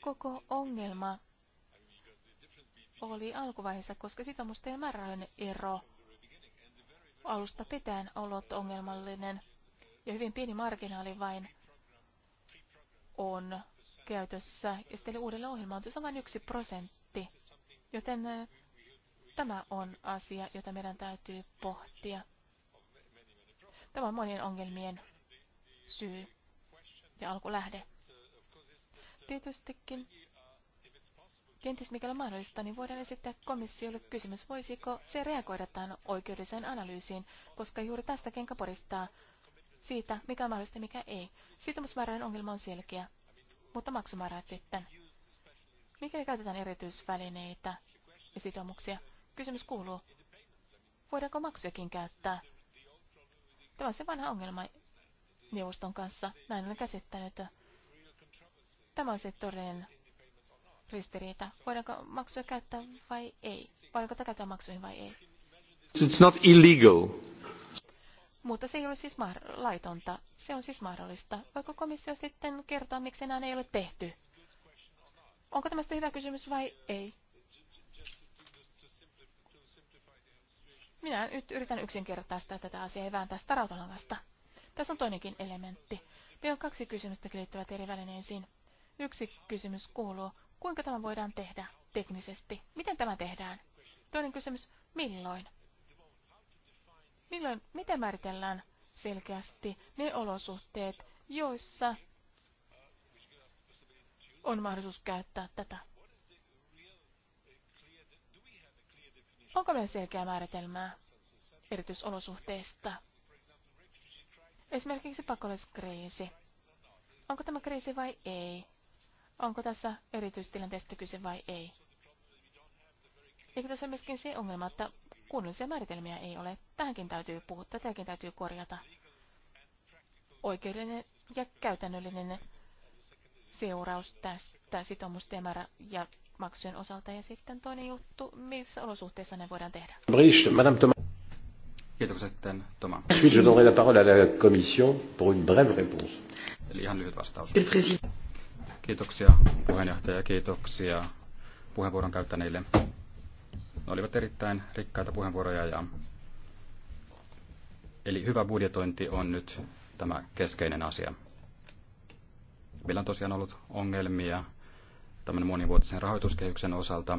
Koko ongelma oli alkuvaiheessa, koska sitomusta ja määrärahojen ero alusta pitäen ollut ongelmallinen ja hyvin pieni marginaali vain on käytössä. Ja sitten uudelle ohjelmaan on vain yksi prosentti, joten Tämä on asia, jota meidän täytyy pohtia. Tämä on monien ongelmien syy ja alkulähde. Tietystikin, kenties mikäli mahdollista, niin voidaan esittää komissiolle kysymys, voisiko se reagoida tämän oikeudelliseen analyysiin, koska juuri tästä kenkä poristaa siitä, mikä on mahdollista ja mikä ei. Sitomusmääräinen ongelma on selkeä, mutta maksumäärät sitten. Mikäli käytetään erityisvälineitä ja sitoumuksia, Kysymys kuuluu, voidaanko maksujakin käyttää? Tämä on se vanha ongelma neuvoston kanssa, näin olen käsittänyt. Tämä on se todellinen ristiriita. Voidaanko maksuja käyttää vai ei? Voidaanko tätä käyttää maksuihin vai ei? It's not illegal. Mutta se ei ole siis laitonta. Se on siis mahdollista. Voiko komissio sitten kertoa, miksi näin ei ole tehty? Onko tämä hyvä kysymys vai ei? Minä nyt yritän yksinkertaistaa tätä asiaa ja vääntää sitä rautalangasta. Tässä on toinenkin elementti. Meillä on kaksi kysymystä liittyvät eri välineisiin. Yksi kysymys kuuluu, kuinka tämä voidaan tehdä teknisesti? Miten tämä tehdään? Toinen kysymys, milloin? Milloin, miten määritellään selkeästi ne olosuhteet, joissa on mahdollisuus käyttää tätä Onko meillä selkeää määritelmää erityisolosuhteista? Esimerkiksi pakolaiskriisi. Onko tämä kriisi vai ei? Onko tässä erityistilanteesta kyse vai ei? Eikö tässä myöskin se ongelma, että kunnollisia määritelmiä ei ole? Tähänkin täytyy puhua, tätäkin täytyy korjata. Oikeudellinen ja käytännöllinen seuraus tästä sitoumusten määrä ja maksujen osalta ja sitten toinen juttu, missä olosuhteissa ne voidaan tehdä. Kiitoksia sitten Toma. Ensuite, je donnerai la parole à la commission pour une brève réponse. Eli ihan lyhyt vastaus. Kiitoksia puheenjohtaja ja kiitoksia puheenvuoron käyttäneille. Ne olivat erittäin rikkaita puheenvuoroja ja Eli hyvä budjetointi on nyt tämä keskeinen asia. Meillä on tosiaan ollut ongelmia tämän monivuotisen rahoituskehyksen osalta.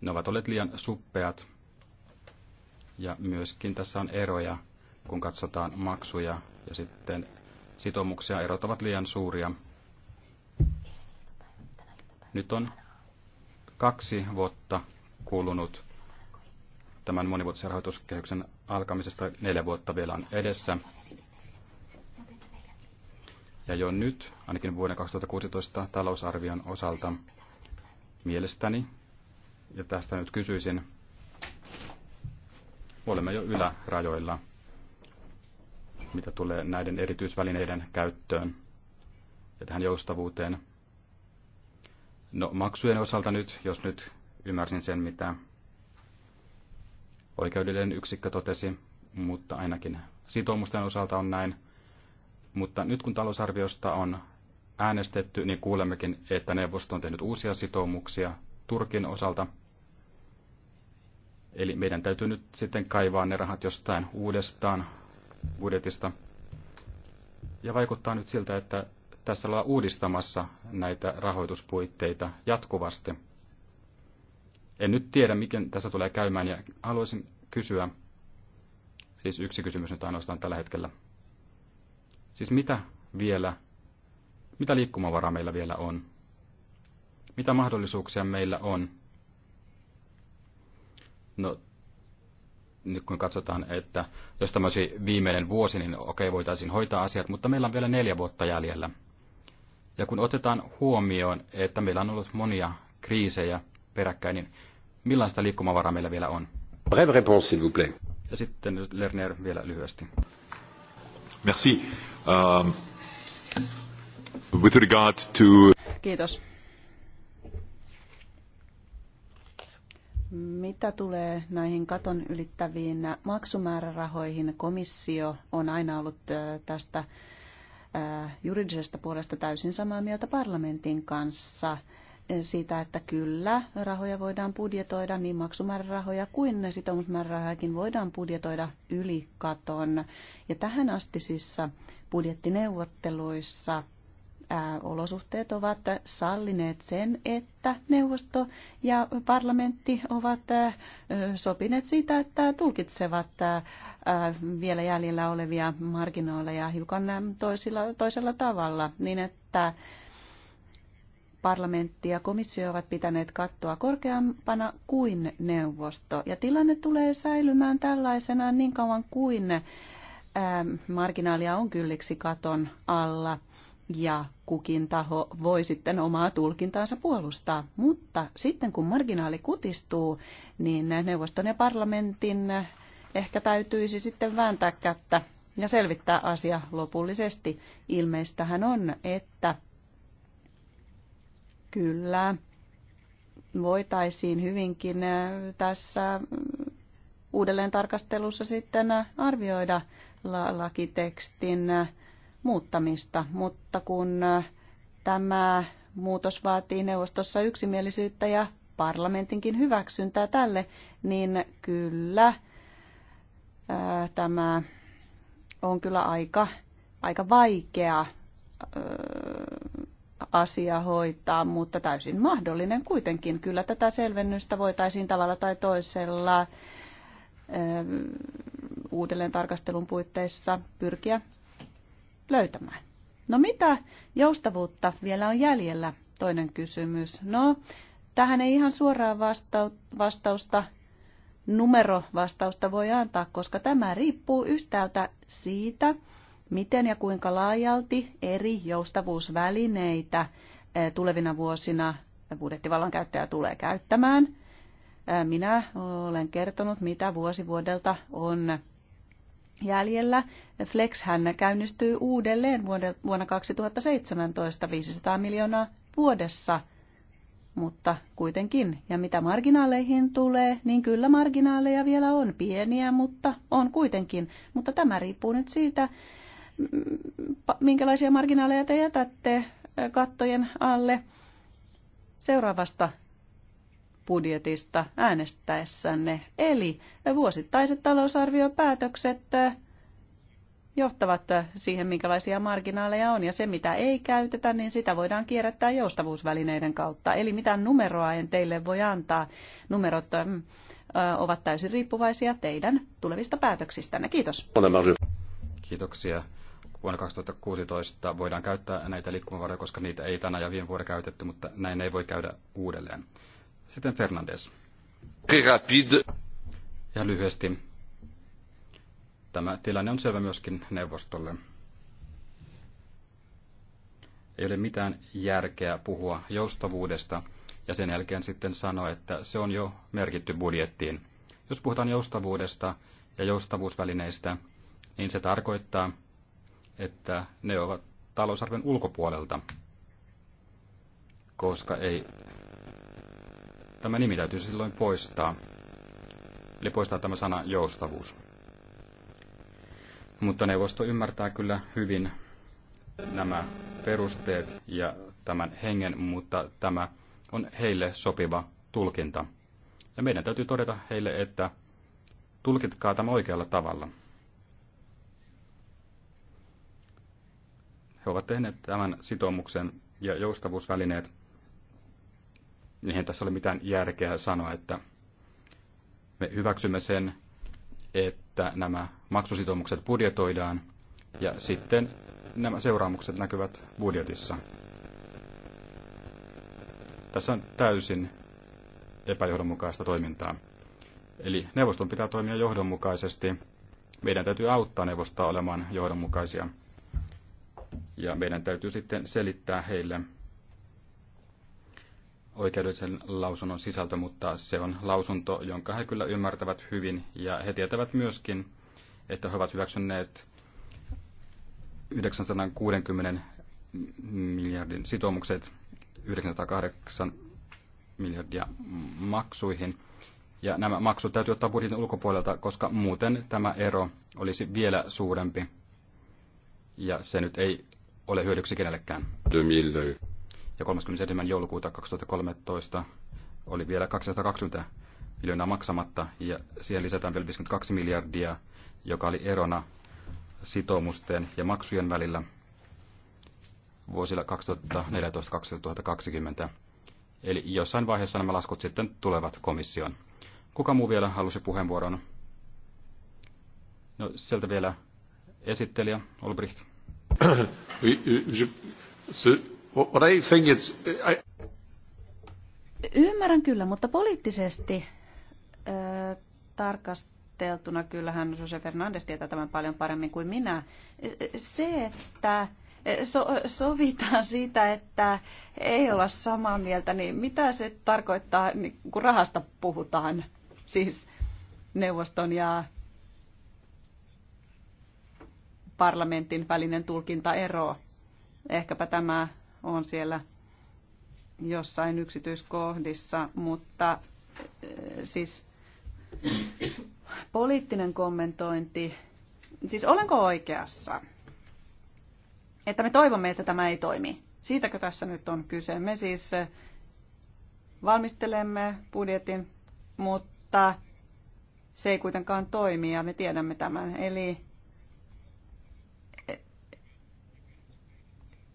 Ne ovat olleet liian suppeat ja myöskin tässä on eroja, kun katsotaan maksuja ja sitten sitoumuksia. Erot ovat liian suuria. Nyt on kaksi vuotta kulunut tämän monivuotisen rahoituskehyksen alkamisesta. Neljä vuotta vielä on edessä. Ja jo nyt, ainakin vuoden 2016 talousarvion osalta, mielestäni, ja tästä nyt kysyisin, olemme jo ylärajoilla, mitä tulee näiden erityisvälineiden käyttöön ja tähän joustavuuteen. No maksujen osalta nyt, jos nyt ymmärsin sen, mitä oikeudellinen yksikkö totesi, mutta ainakin sitoumusten osalta on näin. Mutta nyt kun talousarviosta on äänestetty, niin kuulemmekin, että neuvosto on tehnyt uusia sitoumuksia Turkin osalta. Eli meidän täytyy nyt sitten kaivaa ne rahat jostain uudestaan budjetista. Ja vaikuttaa nyt siltä, että tässä ollaan uudistamassa näitä rahoituspuitteita jatkuvasti. En nyt tiedä, miten tässä tulee käymään, ja haluaisin kysyä, siis yksi kysymys nyt ainoastaan tällä hetkellä – Siis mitä vielä, mitä liikkumavaraa meillä vielä on? Mitä mahdollisuuksia meillä on? No, nyt kun katsotaan, että jos tämä olisi viimeinen vuosi, niin okei, voitaisiin hoitaa asiat, mutta meillä on vielä neljä vuotta jäljellä. Ja kun otetaan huomioon, että meillä on ollut monia kriisejä peräkkäin, niin millaista liikkumavaraa meillä vielä on? Breve réponse, s'il vous plaît. Ja sitten Lerner vielä lyhyesti. Merci. Um, with regard to... Kiitos. Mitä tulee näihin katon ylittäviin maksumäärärahoihin, komissio on aina ollut äh, tästä äh, juridisesta puolesta täysin samaa mieltä parlamentin kanssa siitä, että kyllä rahoja voidaan budjetoida, niin maksumäärärahoja kuin sitoumusmäärärahojakin voidaan budjetoida yli katon. Ja tähän astisissa budjettineuvotteluissa olosuhteet ovat sallineet sen, että neuvosto ja parlamentti ovat sopineet siitä, että tulkitsevat vielä jäljellä olevia marginaaleja hiukan toisilla, toisella tavalla, niin että parlamentti ja komissio ovat pitäneet kattoa korkeampana kuin neuvosto. Ja tilanne tulee säilymään tällaisena niin kauan kuin ää, ähm, marginaalia on kylliksi katon alla ja kukin taho voi sitten omaa tulkintaansa puolustaa. Mutta sitten kun marginaali kutistuu, niin neuvoston ja parlamentin ehkä täytyisi sitten vääntää kättä ja selvittää asia lopullisesti. Ilmeistähän on, että kyllä voitaisiin hyvinkin tässä uudelleen tarkastelussa sitten arvioida lakitekstin muuttamista, mutta kun tämä muutos vaatii neuvostossa yksimielisyyttä ja parlamentinkin hyväksyntää tälle, niin kyllä ää, tämä on kyllä aika, aika vaikea ää, asia hoitaa, mutta täysin mahdollinen kuitenkin. Kyllä tätä selvennystä voitaisiin tavalla tai toisella eh, uudelleen tarkastelun puitteissa pyrkiä löytämään. No mitä joustavuutta vielä on jäljellä? Toinen kysymys. No, tähän ei ihan suoraa vastausta, numerovastausta voi antaa, koska tämä riippuu yhtäältä siitä, miten ja kuinka laajalti eri joustavuusvälineitä eh, tulevina vuosina budjettivallan käyttäjä tulee käyttämään. Eh, minä olen kertonut, mitä vuosi vuodelta on jäljellä. Flex hän käynnistyy uudelleen vuonna 2017 500 miljoonaa vuodessa, mutta kuitenkin. Ja mitä marginaaleihin tulee, niin kyllä marginaaleja vielä on pieniä, mutta on kuitenkin. Mutta tämä riippuu nyt siitä, minkälaisia marginaaleja te jätätte kattojen alle seuraavasta budjetista äänestäessänne. Eli vuosittaiset talousarviopäätökset johtavat siihen, minkälaisia marginaaleja on. Ja se, mitä ei käytetä, niin sitä voidaan kierrättää joustavuusvälineiden kautta. Eli mitään numeroa en teille voi antaa. Numerot ovat täysin riippuvaisia teidän tulevista päätöksistänne. Kiitos. Kiitoksia vuonna 2016 voidaan käyttää näitä liikkumavaroja, koska niitä ei tänä ja viime vuonna käytetty, mutta näin ei voi käydä uudelleen. Sitten Fernandes. Ja lyhyesti. Tämä tilanne on selvä myöskin neuvostolle. Ei ole mitään järkeä puhua joustavuudesta ja sen jälkeen sitten sanoa, että se on jo merkitty budjettiin. Jos puhutaan joustavuudesta ja joustavuusvälineistä, niin se tarkoittaa, että ne ovat talousarven ulkopuolelta, koska ei, tämä nimi täytyy silloin poistaa. Eli poistaa tämä sana joustavuus. Mutta neuvosto ymmärtää kyllä hyvin nämä perusteet ja tämän hengen, mutta tämä on heille sopiva tulkinta. Ja meidän täytyy todeta heille, että tulkitkaa tämä oikealla tavalla – He ovat tehneet tämän sitoumuksen ja joustavuusvälineet. Niihin tässä ole mitään järkeä sanoa, että me hyväksymme sen, että nämä maksusitoumukset budjetoidaan ja sitten nämä seuraamukset näkyvät budjetissa. Tässä on täysin epäjohdonmukaista toimintaa. Eli neuvoston pitää toimia johdonmukaisesti. Meidän täytyy auttaa neuvostoa olemaan johdonmukaisia. Ja meidän täytyy sitten selittää heille oikeudellisen lausunnon sisältö, mutta se on lausunto, jonka he kyllä ymmärtävät hyvin ja he tietävät myöskin, että he ovat hyväksyneet 960 miljardin sitoumukset 908 miljardia maksuihin. Ja nämä maksut täytyy ottaa budjetin ulkopuolelta, koska muuten tämä ero olisi vielä suurempi ja se nyt ei ole hyödyksi kenellekään. Ja 31. joulukuuta 2013 oli vielä 220 miljoonaa maksamatta, ja siihen lisätään vielä 52 miljardia, joka oli erona sitoumusten ja maksujen välillä vuosilla 2014-2020. Eli jossain vaiheessa nämä laskut sitten tulevat komissioon. Kuka muu vielä halusi puheenvuoron? No, sieltä vielä esittelijä Olbricht. Ymmärrän kyllä, mutta poliittisesti äh, tarkasteltuna kyllähän Jose Fernandes tietää tämän paljon paremmin kuin minä. Se, että so, sovitaan siitä, että ei olla samaa mieltä, niin mitä se tarkoittaa, niin kun rahasta puhutaan, siis neuvoston ja parlamentin välinen tulkintaero. Ehkäpä tämä on siellä jossain yksityiskohdissa, mutta eh, siis poliittinen kommentointi, siis olenko oikeassa, että me toivomme, että tämä ei toimi. Siitäkö tässä nyt on kyse? Me siis eh, valmistelemme budjetin, mutta se ei kuitenkaan toimi ja me tiedämme tämän. Eli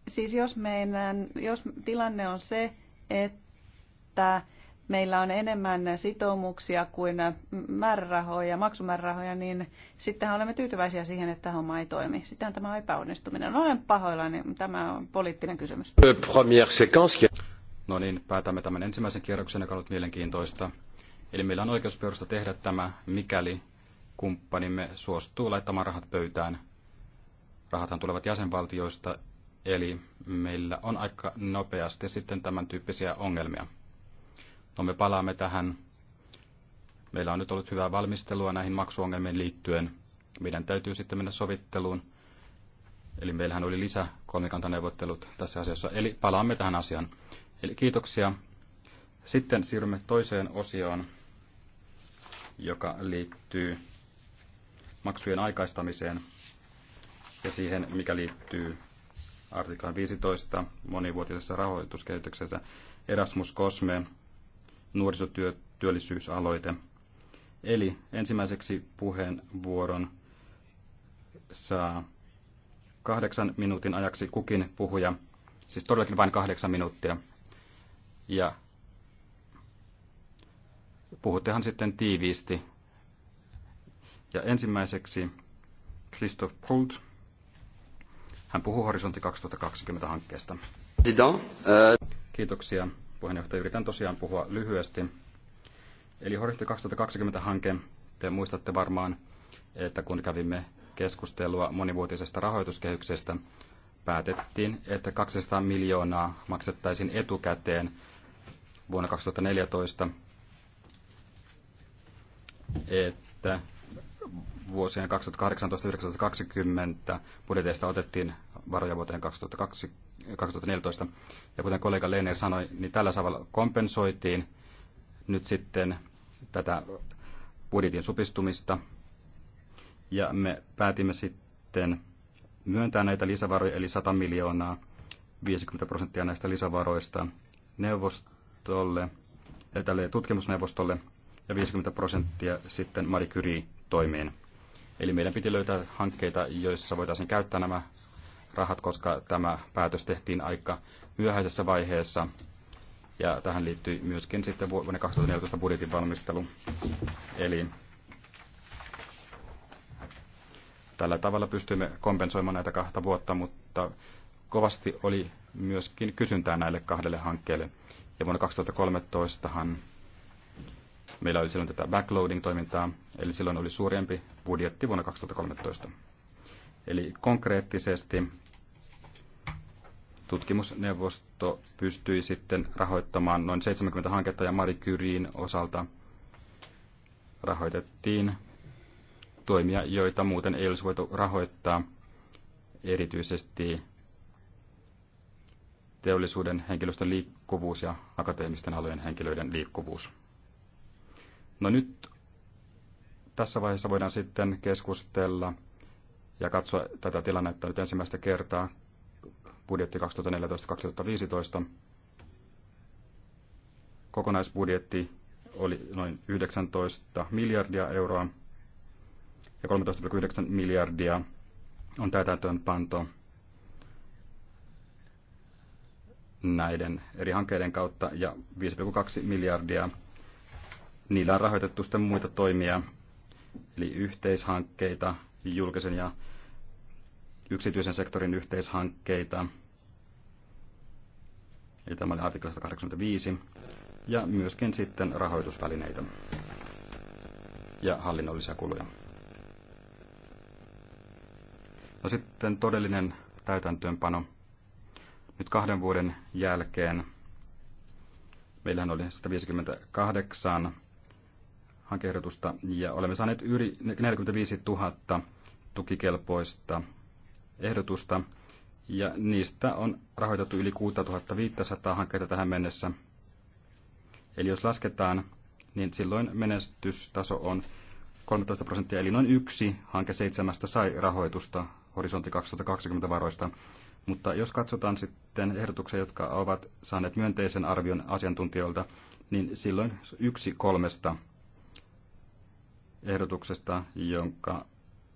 siis jos, meidän, jos tilanne on se, että meillä on enemmän sitoumuksia kuin määrärahoja, maksumäärärahoja, niin sittenhän olemme tyytyväisiä siihen, että homma ei toimi. Sitten tämä epäonnistuminen. No, olen pahoillani, niin tämä on poliittinen kysymys. No niin, päätämme tämän ensimmäisen kierroksen, joka on ollut mielenkiintoista. Eli meillä on oikeusperusta tehdä tämä, mikäli kumppanimme suostuu laittamaan rahat pöytään. Rahathan tulevat jäsenvaltioista Eli meillä on aika nopeasti sitten tämän tyyppisiä ongelmia. No me palaamme tähän. Meillä on nyt ollut hyvää valmistelua näihin maksuongelmiin liittyen. Meidän täytyy sitten mennä sovitteluun. Eli meillähän oli lisä kolmikantaneuvottelut tässä asiassa. Eli palaamme tähän asiaan. Eli kiitoksia. Sitten siirrymme toiseen osioon, joka liittyy maksujen aikaistamiseen ja siihen, mikä liittyy artiklan 15 monivuotisessa rahoituskehityksessä Erasmus Cosme nuorisotyöllisyysaloite. Eli ensimmäiseksi puheenvuoron saa kahdeksan minuutin ajaksi kukin puhuja, siis todellakin vain kahdeksan minuuttia. Ja puhuttehan sitten tiiviisti. Ja ensimmäiseksi Christoph Pult hän puhuu Horisontti 2020 hankkeesta. Euh, Kiitoksia puheenjohtaja. Yritän tosiaan puhua lyhyesti. Eli Horisontti 2020 hanke, te muistatte varmaan, että kun kävimme keskustelua monivuotisesta rahoituskehyksestä, päätettiin, että 200 miljoonaa maksettaisiin etukäteen vuonna 2014, että vuosien 2018-2020 budjeteista otettiin varoja vuoteen 2002, 2014. Ja kuten kollega Leiner sanoi, niin tällä tavalla kompensoitiin nyt sitten tätä budjetin supistumista. Ja me päätimme sitten myöntää näitä lisävaroja, eli 100 miljoonaa, 50 prosenttia näistä lisävaroista neuvostolle, tälle tutkimusneuvostolle ja 50 prosenttia sitten Marie curie toimeen Eli meidän piti löytää hankkeita, joissa voitaisiin käyttää nämä rahat, koska tämä päätös tehtiin aika myöhäisessä vaiheessa. Ja tähän liittyy myöskin sitten vuonna 2014 budjetin valmistelu. Eli tällä tavalla pystymme kompensoimaan näitä kahta vuotta, mutta kovasti oli myöskin kysyntää näille kahdelle hankkeelle. Ja vuonna 2013han meillä oli silloin tätä backloading-toimintaa, eli silloin oli suurempi budjetti vuonna 2013. Eli konkreettisesti tutkimusneuvosto pystyi sitten rahoittamaan noin 70 hanketta ja Marie Curien osalta rahoitettiin toimia, joita muuten ei olisi voitu rahoittaa, erityisesti teollisuuden henkilöstön liikkuvuus ja akateemisten alojen henkilöiden liikkuvuus. No nyt tässä vaiheessa voidaan sitten keskustella – ja katsoa tätä tilannetta nyt ensimmäistä kertaa budjetti 2014-2015. Kokonaisbudjetti oli noin 19 miljardia euroa ja 13,9 miljardia on panto näiden eri hankkeiden kautta ja 5,2 miljardia. Niillä on rahoitettu sitten muita toimia, eli yhteishankkeita, julkisen ja yksityisen sektorin yhteishankkeita. Eli tämä oli artikla 185. Ja myöskin sitten rahoitusvälineitä ja hallinnollisia kuluja. No sitten todellinen täytäntöönpano. Nyt kahden vuoden jälkeen meillähän oli 158 hankehdotusta ja olemme saaneet yli 45 000 tukikelpoista ehdotusta, ja niistä on rahoitettu yli 6500 hankkeita tähän mennessä. Eli jos lasketaan, niin silloin menestystaso on 13 prosenttia, eli noin yksi hanke seitsemästä sai rahoitusta horisontti 2020 varoista. Mutta jos katsotaan sitten ehdotuksia, jotka ovat saaneet myönteisen arvion asiantuntijoilta, niin silloin yksi kolmesta ehdotuksesta, jonka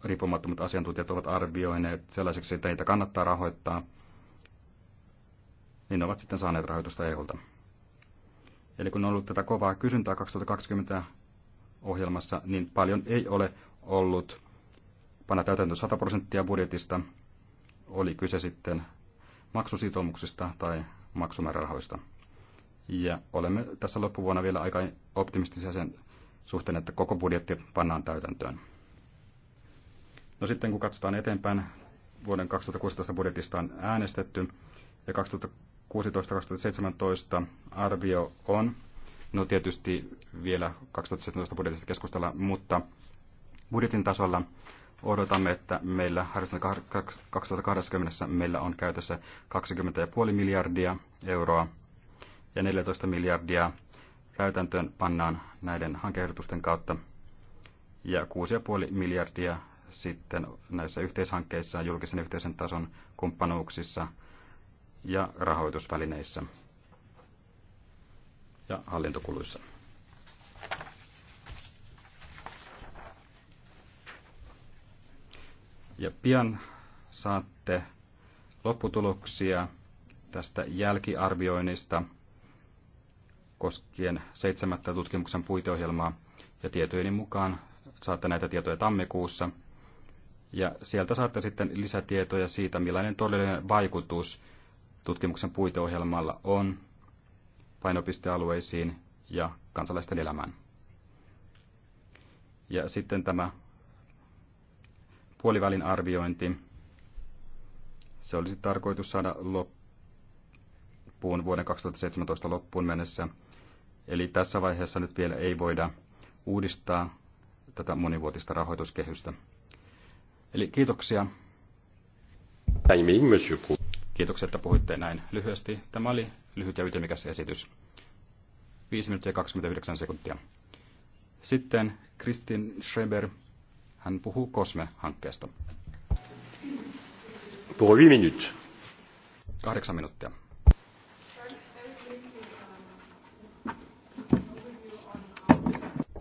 riippumattomat asiantuntijat ovat arvioineet sellaiseksi, että niitä kannattaa rahoittaa, niin ne ovat sitten saaneet rahoitusta EUlta. Eli kun on ollut tätä kovaa kysyntää 2020 ohjelmassa, niin paljon ei ole ollut panna täytäntöön 100 prosenttia budjetista, oli kyse sitten maksusitoumuksista tai maksumäärärahoista. Ja olemme tässä loppuvuonna vielä aika optimistisia sen suhteen, että koko budjetti pannaan täytäntöön. No sitten kun katsotaan eteenpäin, vuoden 2016 budjetista on äänestetty ja 2016-2017 arvio on, no tietysti vielä 2017 budjetista keskustella, mutta budjetin tasolla odotamme, että meillä 2020 meillä on käytössä 20,5 miljardia euroa ja 14 miljardia täytäntöön pannaan näiden hankehdotusten kautta ja 6,5 miljardia sitten näissä yhteishankkeissa, julkisen yhteisen tason kumppanuuksissa ja rahoitusvälineissä ja hallintokuluissa. Ja pian saatte lopputuloksia tästä jälkiarvioinnista koskien seitsemättä tutkimuksen puiteohjelmaa. Ja tietojeni mukaan saatte näitä tietoja tammikuussa – ja sieltä saatte sitten lisätietoja siitä, millainen todellinen vaikutus tutkimuksen puiteohjelmalla on painopistealueisiin ja kansalaisten elämään. Ja sitten tämä puolivälin arviointi. Se olisi tarkoitus saada loppuun vuoden 2017 loppuun mennessä. Eli tässä vaiheessa nyt vielä ei voida uudistaa tätä monivuotista rahoituskehystä. Eli kiitoksia. Kiitoksia, että puhuitte näin lyhyesti. Tämä oli lyhyt ja ytimikäs esitys. 5 minuuttia 29 sekuntia. Sitten Kristin Schreber, hän puhuu Kosme-hankkeesta. Pour 8 minuuttia. Kahdeksan minuuttia.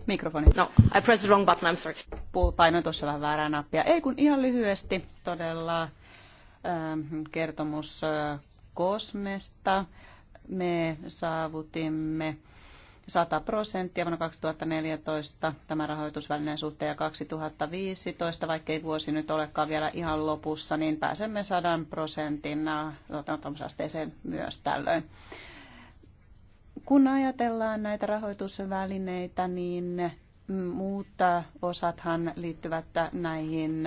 Mikrofoni. No, I pressed the wrong button, I'm sorry. Painoin tuossa vähän väärää nappia. Ei kun ihan lyhyesti todella ähm, kertomus äh, Kosmesta. Me saavutimme 100 prosenttia vuonna 2014 tämä rahoitusvälineen suhteen ja 2015, vaikka ei vuosi nyt olekaan vielä ihan lopussa, niin pääsemme 100 prosentin toteutumisasteeseen äh, myös tällöin. Kun ajatellaan näitä rahoitusvälineitä, niin muut osathan liittyvät näihin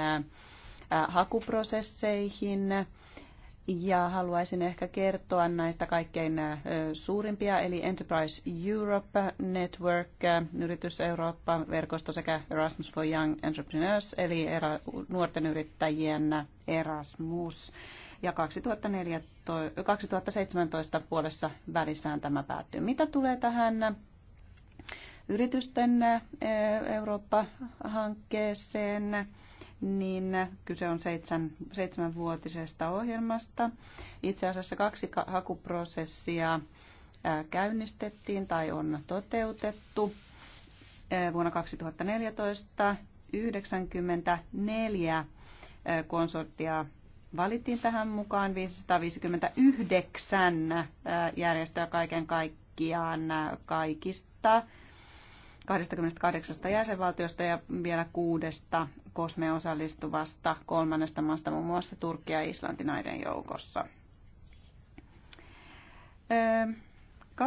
hakuprosesseihin. Ja haluaisin ehkä kertoa näistä kaikkein suurimpia, eli Enterprise Europe Network, Yritys Eurooppa-verkosto sekä Erasmus for Young Entrepreneurs, eli nuorten yrittäjien Erasmus ja 2014, 2017 puolessa välissään tämä päättyy. Mitä tulee tähän yritysten Eurooppa-hankkeeseen, niin kyse on seitsemän, seitsemänvuotisesta ohjelmasta. Itse asiassa kaksi hakuprosessia käynnistettiin tai on toteutettu. Vuonna 2014 94 konsorttia valittiin tähän mukaan 559 äh, järjestöä kaiken kaikkiaan äh, kaikista 28 jäsenvaltiosta ja vielä kuudesta kosmeen osallistuvasta kolmannesta maasta, muun muassa Turkki ja Islanti näiden joukossa. 2015-2016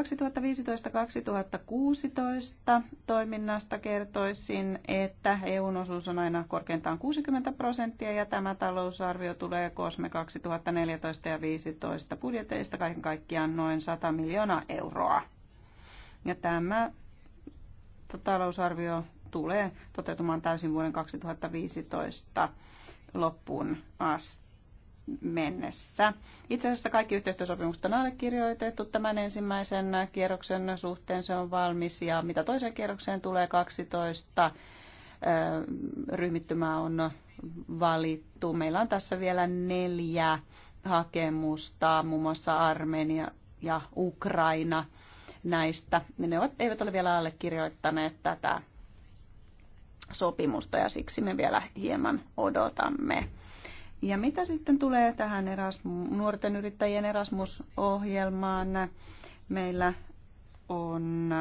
toiminnasta kertoisin, että EUn osuus on aina korkeintaan 60 prosenttia ja tämä talousarvio tulee Kosme 2014 ja 2015 budjeteista kaiken kaikkiaan noin 100 miljoonaa euroa. Ja tämä talousarvio tulee toteutumaan täysin vuoden 2015 loppuun asti mennessä. Itse asiassa kaikki yhteistyösopimukset on allekirjoitettu tämän ensimmäisen kierroksen suhteen, se on valmis ja mitä toiseen kierrokseen tulee 12 ryhmittymää on valittu. Meillä on tässä vielä neljä hakemusta, muun muassa Armenia ja Ukraina näistä. Ne eivät ole vielä allekirjoittaneet tätä sopimusta ja siksi me vielä hieman odotamme. Ja mitä sitten tulee tähän Erasmus, nuorten yrittäjien Erasmus-ohjelmaan, meillä on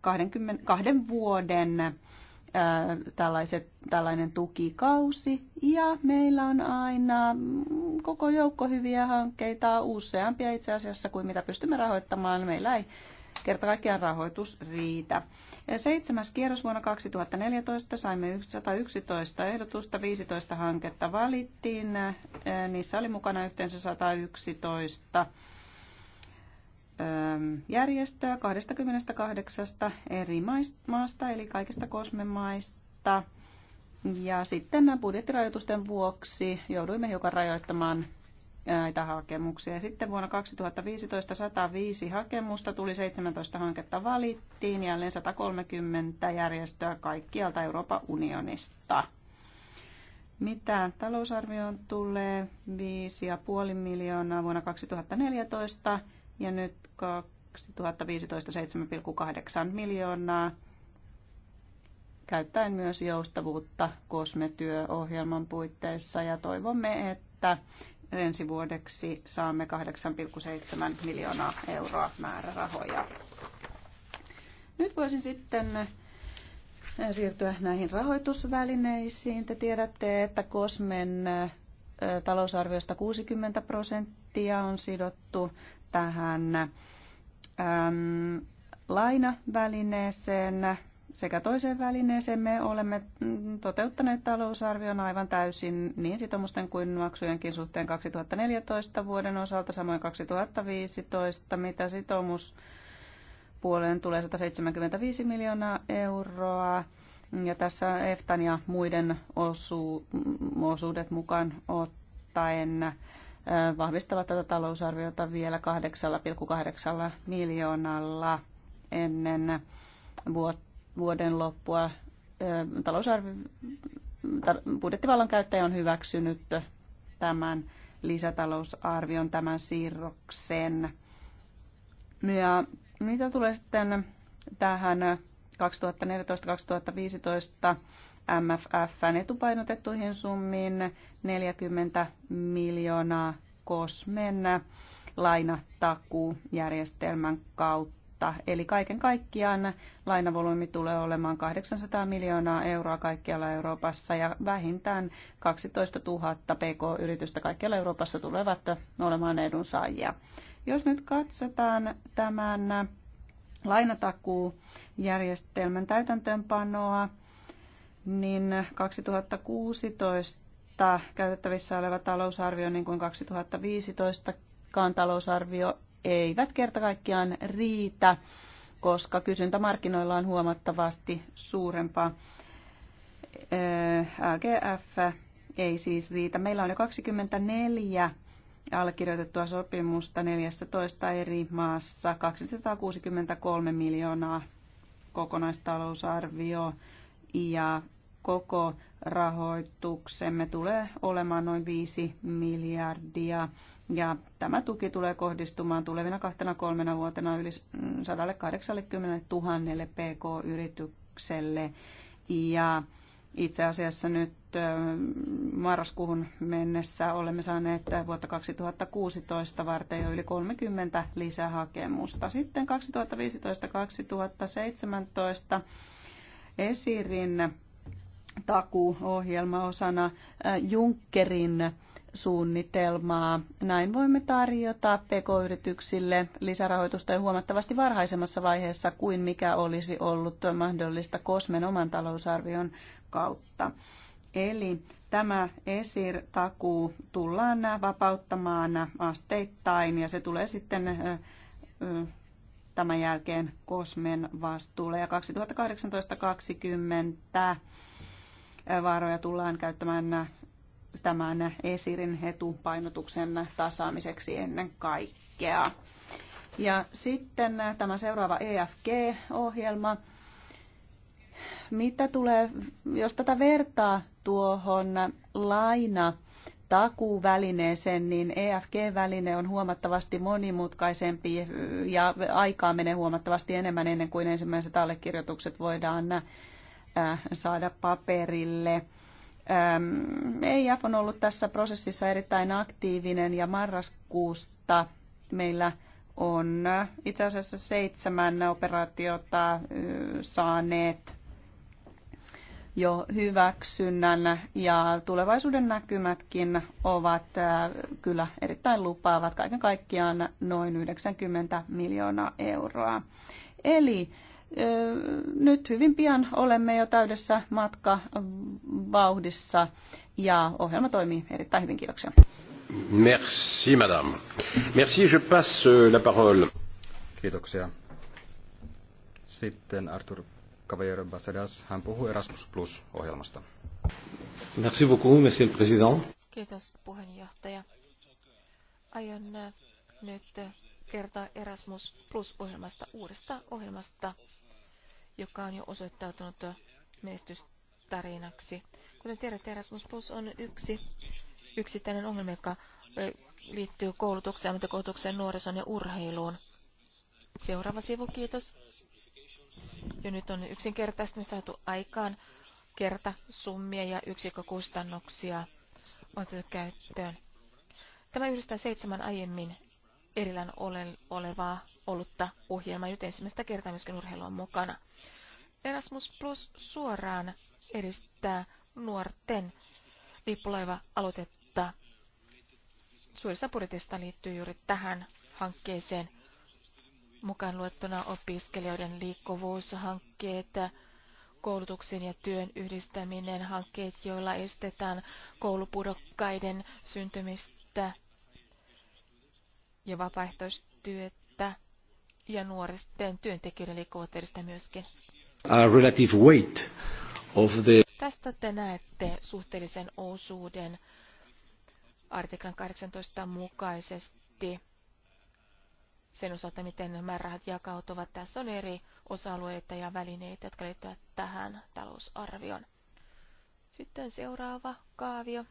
20, kahden vuoden ää, tällaiset, tällainen tukikausi ja meillä on aina koko joukko hyviä hankkeita, useampia itse asiassa kuin mitä pystymme rahoittamaan. Meillä ei kerta kaikkiaan rahoitus riitä. Seitsemäs kierros vuonna 2014 saimme 111 ehdotusta, 15 hanketta valittiin. Niissä oli mukana yhteensä 111 järjestöä 28 eri maasta, eli kaikista kosmemaista. Ja sitten budjettirajoitusten vuoksi jouduimme hiukan rajoittamaan näitä hakemuksia. sitten vuonna 2015 105 hakemusta tuli, 17 hanketta valittiin, jälleen 130 järjestöä kaikkialta Euroopan unionista. Mitä talousarvioon tulee 5,5 miljoonaa vuonna 2014 ja nyt 2015 7,8 miljoonaa käyttäen myös joustavuutta kosmetyöohjelman puitteissa ja toivomme, että ensi vuodeksi saamme 8,7 miljoonaa euroa määrärahoja. Nyt voisin sitten eh, siirtyä näihin rahoitusvälineisiin. Te tiedätte, että Kosmen eh, talousarviosta 60 prosenttia on sidottu tähän ähm, lainavälineeseen sekä toiseen välineeseen me olemme mm, toteuttaneet talousarvion aivan täysin niin sitomusten kuin maksujenkin suhteen 2014 vuoden osalta, samoin 2015, mitä sitomus puoleen tulee 175 miljoonaa euroa. Ja tässä EFTAN ja muiden osu, mm, osuudet mukaan ottaen vahvistavat tätä talousarviota vielä 8,8 miljoonalla ennen vuotta vuoden loppua. Talousarvio, budjettivallan käyttäjä on hyväksynyt tämän lisätalousarvion, tämän siirroksen. Ja mitä tulee sitten tähän 2014-2015 MFFn etupainotettuihin summiin 40 miljoonaa kosmen lainatakujärjestelmän kautta vuotta. Eli kaiken kaikkiaan lainavolyymi tulee olemaan 800 miljoonaa euroa kaikkialla Euroopassa ja vähintään 12 000 pk-yritystä kaikkialla Euroopassa tulevat olemaan edunsaajia. Jos nyt katsotaan tämän lainatakuujärjestelmän täytäntöönpanoa, niin 2016 käytettävissä oleva talousarvio, niin kuin 2015 talousarvio, eivät kerta kaikkiaan riitä, koska kysyntä markkinoilla on huomattavasti suurempaa. AGF ei siis riitä. Meillä on jo 24 allekirjoitettua sopimusta 14 eri maassa, 263 miljoonaa kokonaistalousarvio ja koko rahoituksemme tulee olemaan noin 5 miljardia. Ja tämä tuki tulee kohdistumaan tulevina kahtena kolmena vuotena yli 180 000 pk-yritykselle. Ja itse asiassa nyt marraskuuhun mennessä olemme saaneet vuotta 2016 varten jo yli 30 lisähakemusta. Sitten 2015-2017 Esirin takuuohjelma osana Junckerin suunnitelmaa. Näin voimme tarjota pk-yrityksille lisärahoitusta jo huomattavasti varhaisemmassa vaiheessa kuin mikä olisi ollut mahdollista Kosmen oman talousarvion kautta. Eli tämä ESIR-takuu tullaan vapauttamaan asteittain ja se tulee sitten tämän jälkeen Kosmen vastuulle. Ja 2018-2020 varoja tullaan käyttämään tämän esirin etupainotuksen tasaamiseksi ennen kaikkea. Ja sitten tämä seuraava EFG-ohjelma. Mitä tulee, jos tätä vertaa tuohon laina takuuvälineeseen, niin EFG-väline on huomattavasti monimutkaisempi ja aikaa menee huomattavasti enemmän ennen kuin ensimmäiset allekirjoitukset voidaan Äh, saada paperille. EIF ähm, on ollut tässä prosessissa erittäin aktiivinen ja marraskuusta meillä on äh, itse asiassa seitsemän operaatiota äh, saaneet jo hyväksynnän ja tulevaisuuden näkymätkin ovat kyllä erittäin lupaavat kaiken kaikkiaan noin 90 miljoonaa euroa. Eli nyt hyvin pian olemme jo täydessä matkavauhdissa ja ohjelma toimii erittäin hyvin. Kiitoksia. Merci, madame. Merci, je passe la parole. Kiitoksia. Sitten Artur Cavallero Basadas, hän puhuu Erasmus Plus-ohjelmasta. Merci beaucoup, monsieur le président. Kiitos, puheenjohtaja. Aion nyt kertoa Erasmus Plus-ohjelmasta uudesta ohjelmasta, joka on jo osoittautunut menestystarinaksi. Kuten tiedätte, Erasmus Plus on yksi yksittäinen ongelma, joka liittyy koulutukseen, ammattikoulutukseen, nuorison ja urheiluun. Seuraava sivu, kiitos. Jo nyt on yksinkertaisesti saatu aikaan kerta summia ja yksikkökustannuksia otettu käyttöön. Tämä yhdistää seitsemän aiemmin erillään ole, olevaa olutta ohjelmaa. Nyt ensimmäistä kertaa myöskin urheilu on mukana. Erasmus Plus suoraan edistää nuorten lippulaiva-aloitetta. Suurissa budjetista liittyy juuri tähän hankkeeseen mukaan luettuna opiskelijoiden liikkuvuushankkeet, koulutuksen ja työn yhdistäminen, hankkeet, joilla estetään koulupudokkaiden syntymistä ja vapaaehtoistyötä ja nuoristen työntekijöiden liikkuvuutta edistää myöskin. Relative weight of the... Tästä te näette suhteellisen osuuden artiklan 18 mukaisesti sen osalta, miten määrärahat jakautuvat. Tässä on eri osa-alueita ja välineitä, jotka liittyvät tähän talousarvioon. Sitten seuraava kaavio.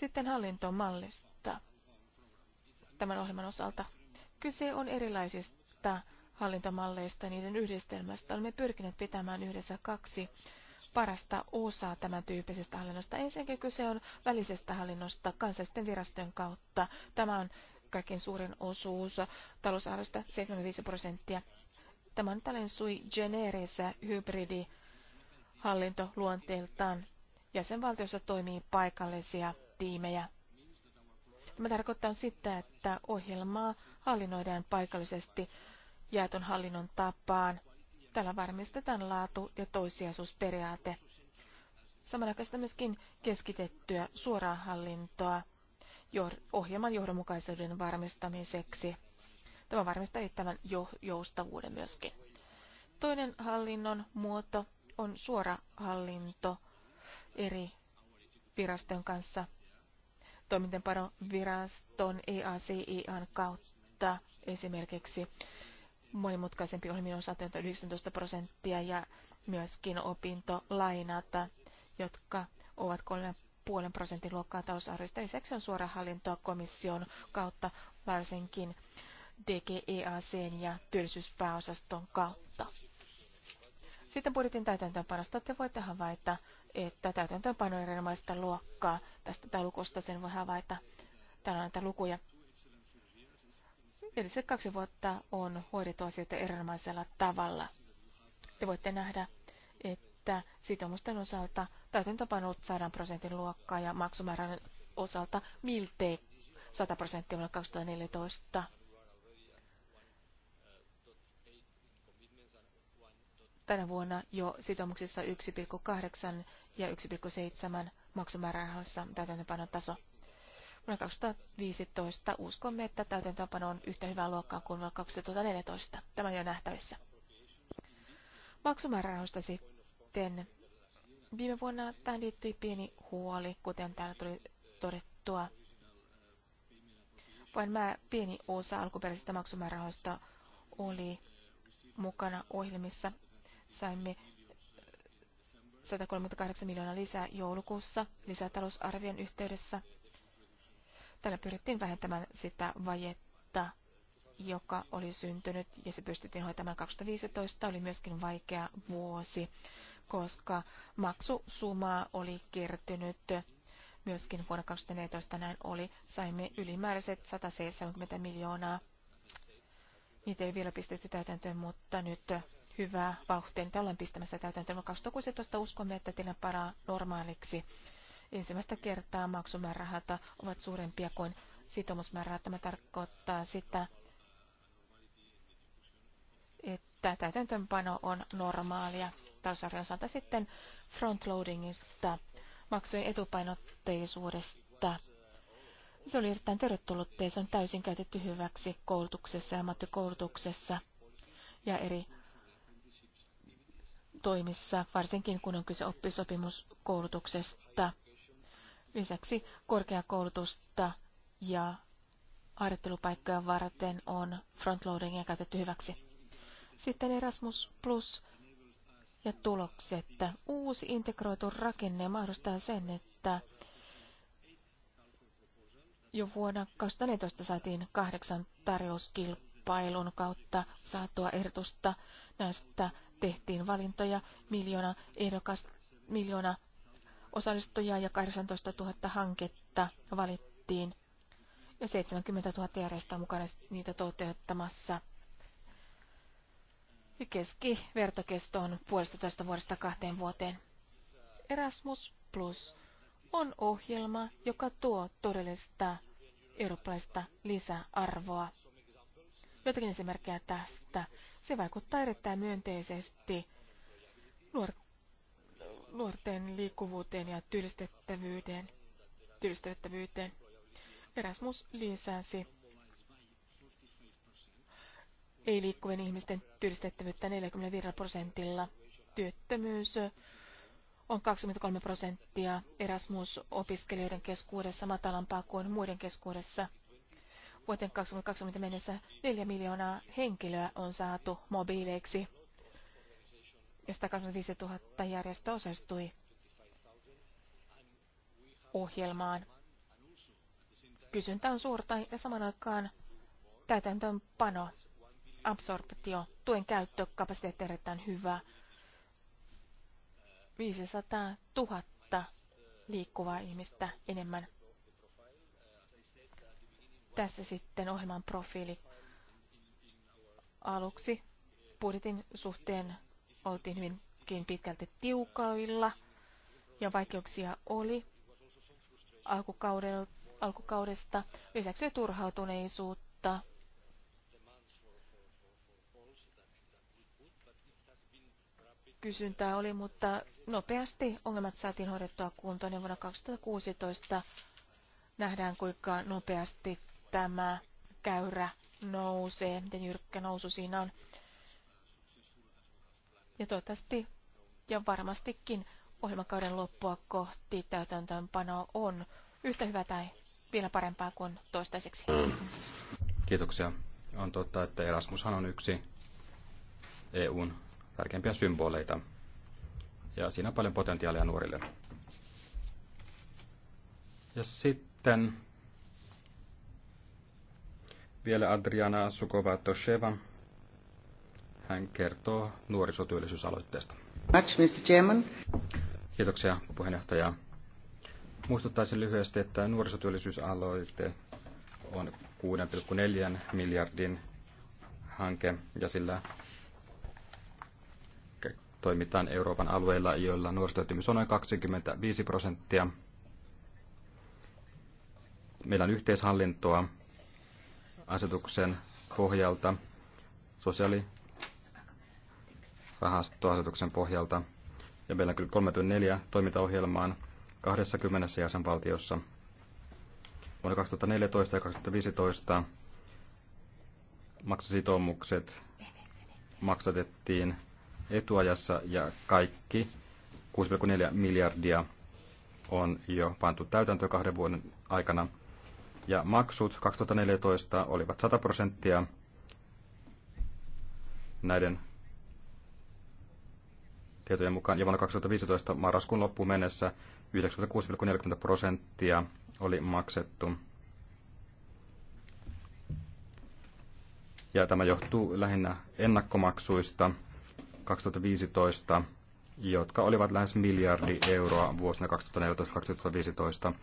Sitten hallintomallista tämän ohjelman osalta. Kyse on erilaisista hallintomalleista ja niiden yhdistelmästä. Olemme pyrkineet pitämään yhdessä kaksi parasta osaa tämän tyyppisestä hallinnosta. Ensinnäkin kyse on välisestä hallinnosta kansallisten virastojen kautta. Tämä on kaikkein suurin osuus talousarvosta 75 prosenttia. Tämä on tällainen sui generis hybridi luonteeltaan. Jäsenvaltiossa toimii paikallisia tiimejä. Tämä tarkoittaa sitä, että ohjelmaa hallinnoidaan paikallisesti jaetun hallinnon tapaan. Tällä varmistetaan laatu- ja toissijaisuusperiaate. Samanaikaisesti myöskin keskitettyä suoraa hallintoa ohjelman johdonmukaisuuden varmistamiseksi. Tämä varmistaa tämän joustavuuden myöskin. Toinen hallinnon muoto on suora hallinto eri virastojen kanssa – toimintaparoviraston EACIAn kautta esimerkiksi monimutkaisempi ohjelmien osalta 19 prosenttia ja myöskin opintolainat, jotka ovat 3,5 prosentin luokkaa talousarvista. Lisäksi on suora hallintoa komission kautta, varsinkin DGEACn ja työllisyyspääosaston kautta. Sitten budjetin täytäntöönpanosta te voitte havaita, että täytäntöönpano on erinomaista luokkaa. Tästä taulukosta sen voi havaita. Täällä on näitä lukuja. se kaksi vuotta on hoidettu asioita erinomaisella tavalla. Te voitte nähdä, että sitoumusten osalta täytäntöönpano on 100 prosentin luokkaa ja maksumäärän osalta miltei 100 prosenttia vuonna 2014. tänä vuonna jo sitoumuksissa 1,8 ja 1,7 maksumäärärahoissa täytäntöpanon taso. Vuonna 2015 uskomme, että täytäntöpano on yhtä hyvää luokkaa kuin vuonna 2014. Tämä on jo nähtävissä. Maksumäärärahoista sitten. Viime vuonna tähän liittyi pieni huoli, kuten täällä tuli todettua. Vain mä pieni osa alkuperäisistä maksumäärärahoista oli mukana ohjelmissa Saimme 138 miljoonaa lisää joulukuussa lisätalousarvion yhteydessä. Tällä pyrittiin vähentämään sitä vajetta, joka oli syntynyt, ja se pystyttiin hoitamaan 2015. Oli myöskin vaikea vuosi, koska maksusumaa oli kertynyt myöskin vuonna 2014 näin oli. Saimme ylimääräiset 170 miljoonaa. Niitä ei vielä pistetty täytäntöön, mutta nyt hyvää vauhtia, mitä ollaan pistämässä täytäntöön. 2016 uskomme, että tilanne paraa normaaliksi. Ensimmäistä kertaa maksumäärärahat ovat suurempia kuin sitomusmäärärahat. Tämä tarkoittaa sitä, että täytäntöönpano on normaalia. Talousarvion saata sitten frontloadingista, maksujen etupainotteisuudesta. Se oli erittäin tervetullut ja se on täysin käytetty hyväksi koulutuksessa ja ammattikoulutuksessa ja eri toimissa, varsinkin kun on kyse oppisopimuskoulutuksesta. Lisäksi korkeakoulutusta ja harjoittelupaikkoja varten on frontloadingia käytetty hyväksi. Sitten Erasmus Plus ja tulokset. Uusi integroitu rakenne mahdollistaa sen, että jo vuonna 2014 saatiin kahdeksan tarjouskilpailun kautta saatua ehdotusta näistä tehtiin valintoja, miljoona ehdokas, miljoona osallistujaa ja 18 000 hanketta valittiin ja 70 000 järjestöä mukana niitä toteuttamassa. Keski vertokesto on puolestatoista vuodesta kahteen vuoteen. Erasmus Plus on ohjelma, joka tuo todellista eurooppalaista lisäarvoa joitakin esimerkkejä tästä. Se vaikuttaa erittäin myönteisesti nuorten liikkuvuuteen ja tyylistettävyyteen. tyylistettävyyteen. Erasmus lisäsi ei-liikkuvien ihmisten tyylistettävyyttä 45 prosentilla. Työttömyys on 23 prosenttia Erasmus-opiskelijoiden keskuudessa matalampaa kuin muiden keskuudessa vuoteen 2020 mennessä 4 miljoonaa henkilöä on saatu mobiileiksi ja 125 000 järjestö osallistui ohjelmaan. Kysyntä on suurta ja saman aikaan täytäntöönpano, absorptio, tuen kapasiteetti erittäin hyvä. 500 000 liikkuvaa ihmistä enemmän tässä sitten ohjelman profiili. Aluksi budjetin suhteen oltiin hyvinkin pitkälti tiukailla ja vaikeuksia oli alkukaudesta. Lisäksi turhautuneisuutta. Kysyntää oli, mutta nopeasti ongelmat saatiin hoidettua kuntoon ja vuonna 2016 nähdään, kuinka nopeasti tämä käyrä nousee, miten jyrkkä nousu siinä on. Ja toivottavasti ja varmastikin ohjelmakauden loppua kohti täytäntöönpano on yhtä hyvä tai vielä parempaa kuin toistaiseksi. Kiitoksia. On totta, että Erasmushan on yksi EUn tärkeimpiä symboleita. Ja siinä on paljon potentiaalia nuorille. Ja sitten vielä Adriana Sukova-Tosheva. Hän kertoo nuorisotyöllisyysaloitteesta. Much, Mr. Chairman. Kiitoksia puheenjohtaja. Muistuttaisin lyhyesti, että nuorisotyöllisyysaloite on 6,4 miljardin hanke ja sillä toimitaan Euroopan alueilla, joilla nuorisotyöttömyys on noin 25 prosenttia. Meillä on yhteishallintoa asetuksen pohjalta, sosiaalirahastoasetuksen pohjalta. Ja meillä on kyllä 34 toimintaohjelmaan 20 jäsenvaltiossa. Vuonna 2014 ja 2015 maksasitoumukset maksatettiin etuajassa ja kaikki 6,4 miljardia on jo pantu täytäntöön kahden vuoden aikana. Ja maksut 2014 olivat 100 prosenttia näiden tietojen mukaan. Ja vuonna 2015 marraskuun loppuun mennessä 96,40 prosenttia oli maksettu. Ja tämä johtuu lähinnä ennakkomaksuista 2015, jotka olivat lähes miljardi euroa vuosina 2014-2015.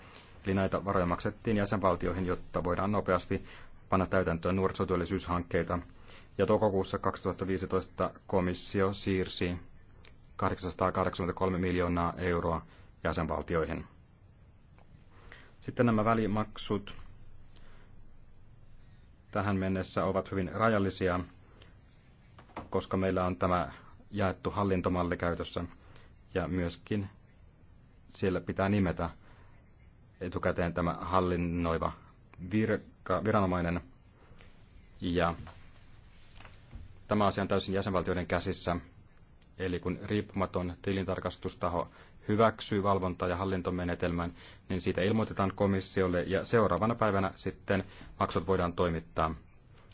Eli näitä varoja maksettiin jäsenvaltioihin, jotta voidaan nopeasti panna täytäntöön nuorisotyöllisyyshankkeita. Ja toukokuussa 2015 komissio siirsi 883 miljoonaa euroa jäsenvaltioihin. Sitten nämä välimaksut tähän mennessä ovat hyvin rajallisia, koska meillä on tämä jaettu hallintomalli käytössä ja myöskin siellä pitää nimetä etukäteen tämä hallinnoiva virka, viranomainen. Ja tämä asia on täysin jäsenvaltioiden käsissä. Eli kun riippumaton tilintarkastustaho hyväksyy valvonta- ja hallintomenetelmän, niin siitä ilmoitetaan komissiolle ja seuraavana päivänä sitten maksut voidaan toimittaa.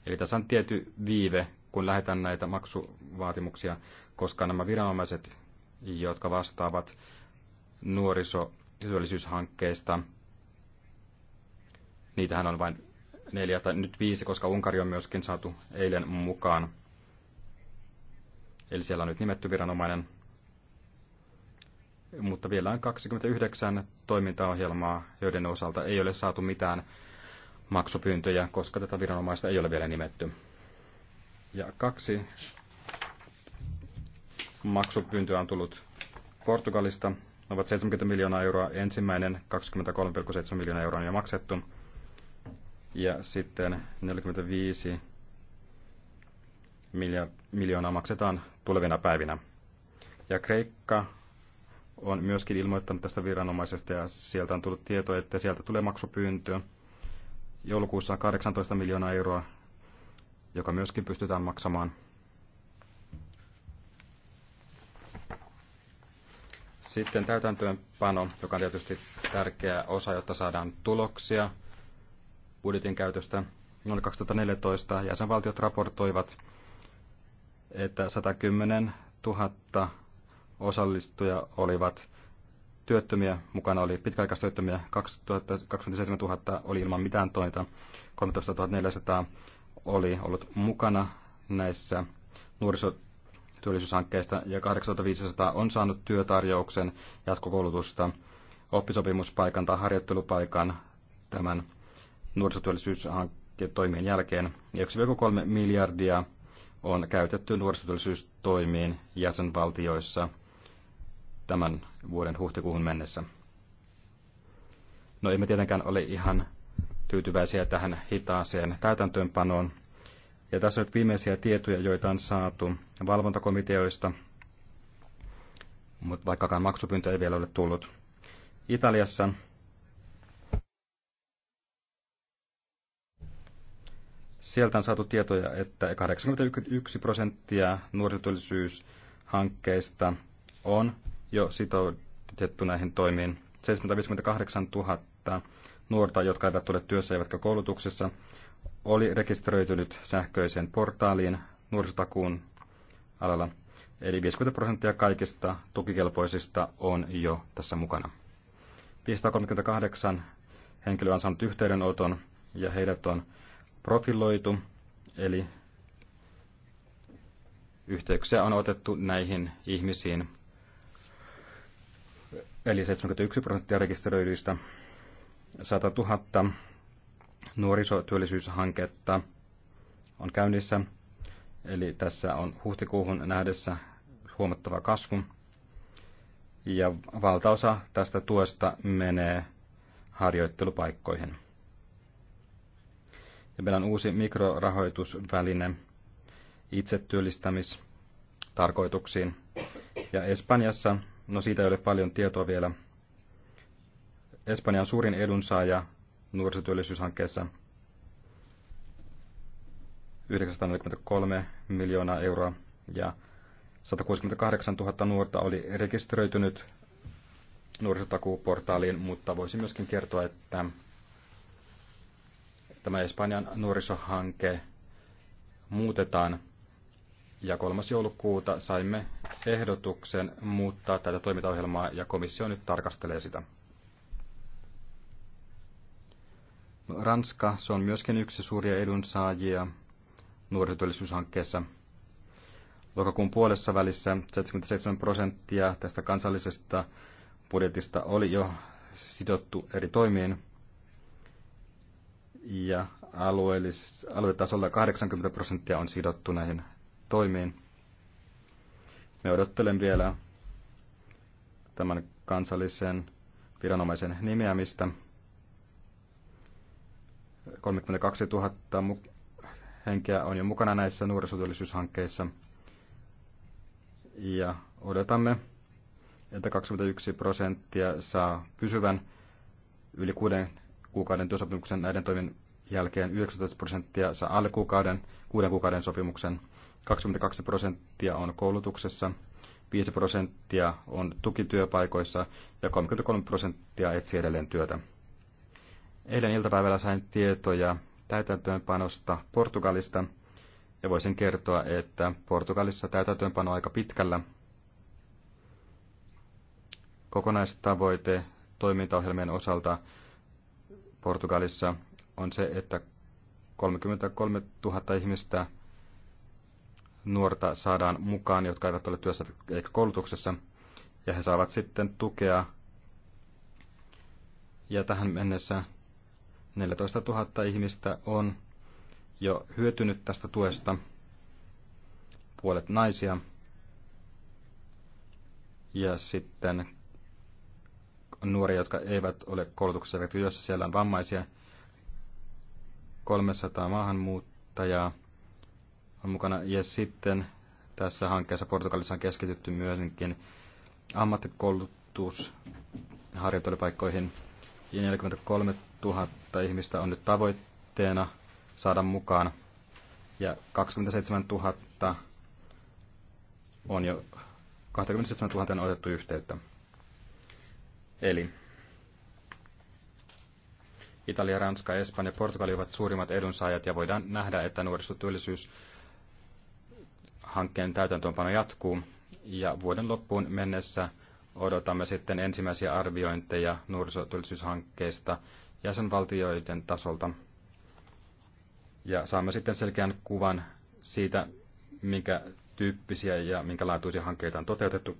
Eli tässä on tietty viive, kun lähetän näitä maksuvaatimuksia, koska nämä viranomaiset, jotka vastaavat nuoriso- työllisyyshankkeista. Niitähän on vain neljä tai nyt viisi, koska Unkari on myöskin saatu eilen mukaan. Eli siellä on nyt nimetty viranomainen. Mutta vielä on 29 toimintaohjelmaa, joiden osalta ei ole saatu mitään maksupyyntöjä, koska tätä viranomaista ei ole vielä nimetty. Ja kaksi maksupyyntöä on tullut Portugalista ovat 70 miljoonaa euroa, ensimmäinen 23,7 miljoonaa euroa on jo maksettu, ja sitten 45 miljoonaa maksetaan tulevina päivinä. Ja Kreikka on myöskin ilmoittanut tästä viranomaisesta ja sieltä on tullut tieto, että sieltä tulee maksupyyntö. Joulukuussa 18 miljoonaa euroa, joka myöskin pystytään maksamaan. Sitten täytäntöönpano, joka on tietysti tärkeä osa, jotta saadaan tuloksia budjetin käytöstä. Vuonna 2014 jäsenvaltiot raportoivat, että 110 000 osallistuja olivat työttömiä, mukana oli pitkäaikaistyöttömiä, 27 000 oli ilman mitään tointa, 13 400 oli ollut mukana näissä nuorisotyöttömissä työllisyyshankkeista ja 8500 on saanut työtarjouksen jatkokoulutusta oppisopimuspaikan tai harjoittelupaikan tämän toimien jälkeen. 1,3 miljardia on käytetty nuorisotyöllisyystoimiin jäsenvaltioissa tämän vuoden huhtikuuhun mennessä. No emme tietenkään ole ihan tyytyväisiä tähän hitaaseen täytäntöönpanoon, ja tässä on nyt viimeisiä tietoja, joita on saatu valvontakomiteoista, mutta vaikkakaan maksupyyntö ei vielä ole tullut. Italiassa sieltä on saatu tietoja, että 81 prosenttia nuorisotyöllisyyshankkeista on jo sitoutettu näihin toimiin. 758 000 nuorta, jotka eivät ole työssä eivätkä koulutuksessa, oli rekisteröitynyt sähköiseen portaaliin nuorisotakuun alalla. Eli 50 prosenttia kaikista tukikelpoisista on jo tässä mukana. 538 henkilöä on saanut yhteydenoton ja heidät on profiloitu, eli yhteyksiä on otettu näihin ihmisiin, eli 71 prosenttia rekisteröidyistä 100 000 nuorisotyöllisyyshanketta on käynnissä. Eli tässä on huhtikuuhun nähdessä huomattava kasvu. Ja valtaosa tästä tuesta menee harjoittelupaikkoihin. Ja meillä on uusi mikrorahoitusväline itsetyöllistämistarkoituksiin. Ja Espanjassa, no siitä ei ole paljon tietoa vielä, Espanjan suurin edunsaaja nuorisotyöllisyyshankkeessa 943 miljoonaa euroa ja 168 000 nuorta oli rekisteröitynyt nuorisotakuuportaaliin, mutta voisin myöskin kertoa, että tämä Espanjan nuorisohanke muutetaan ja 3. joulukuuta saimme ehdotuksen muuttaa tätä toimintaohjelmaa ja komissio nyt tarkastelee sitä. Ranska, se on myöskin yksi suuria edunsaajia nuorisotyöllisyyshankkeessa. Lokakuun puolessa välissä 77 prosenttia tästä kansallisesta budjetista oli jo sidottu eri toimiin. Ja alueellis- aluetasolla 80 prosenttia on sidottu näihin toimiin. Me odottelen vielä tämän kansallisen viranomaisen nimeämistä. 32 000 henkeä on jo mukana näissä nuorisotyöllisyyshankkeissa. Ja odotamme, että 21 prosenttia saa pysyvän yli kuuden kuukauden työsopimuksen näiden toimin jälkeen 19 prosenttia saa alle kuukauden, kuuden kuukauden sopimuksen, 22 prosenttia on koulutuksessa, 5 prosenttia on tukityöpaikoissa ja 33 prosenttia etsii edelleen työtä. Eilen iltapäivällä sain tietoja täytäntöönpanosta Portugalista ja voisin kertoa, että Portugalissa täytäntöönpano on aika pitkällä. Kokonaistavoite toimintaohjelmien osalta Portugalissa on se, että 33 000 ihmistä nuorta saadaan mukaan, jotka eivät ole työssä eikä koulutuksessa, ja he saavat sitten tukea. Ja tähän mennessä 14 000 ihmistä on jo hyötynyt tästä tuesta, puolet naisia. Ja sitten nuoria, jotka eivät ole koulutuksessa vaikka työssä, siellä on vammaisia. 300 maahanmuuttajaa on mukana. Ja sitten tässä hankkeessa Portugalissa on keskitytty myöskin ammattikoulutusharjoittelupaikkoihin. Ja 43 000 ihmistä on nyt tavoitteena saada mukaan ja 27 000 on jo 27 000 on otettu yhteyttä. Eli Italia, Ranska, Espanja ja Portugali ovat suurimmat edunsaajat ja voidaan nähdä, että hankkeen täytäntöönpano jatkuu ja vuoden loppuun mennessä odotamme sitten ensimmäisiä arviointeja nuorisotyöllisyyshankkeista jäsenvaltioiden tasolta. Ja saamme sitten selkeän kuvan siitä, minkä tyyppisiä ja minkälaatuisia hankkeita on toteutettu.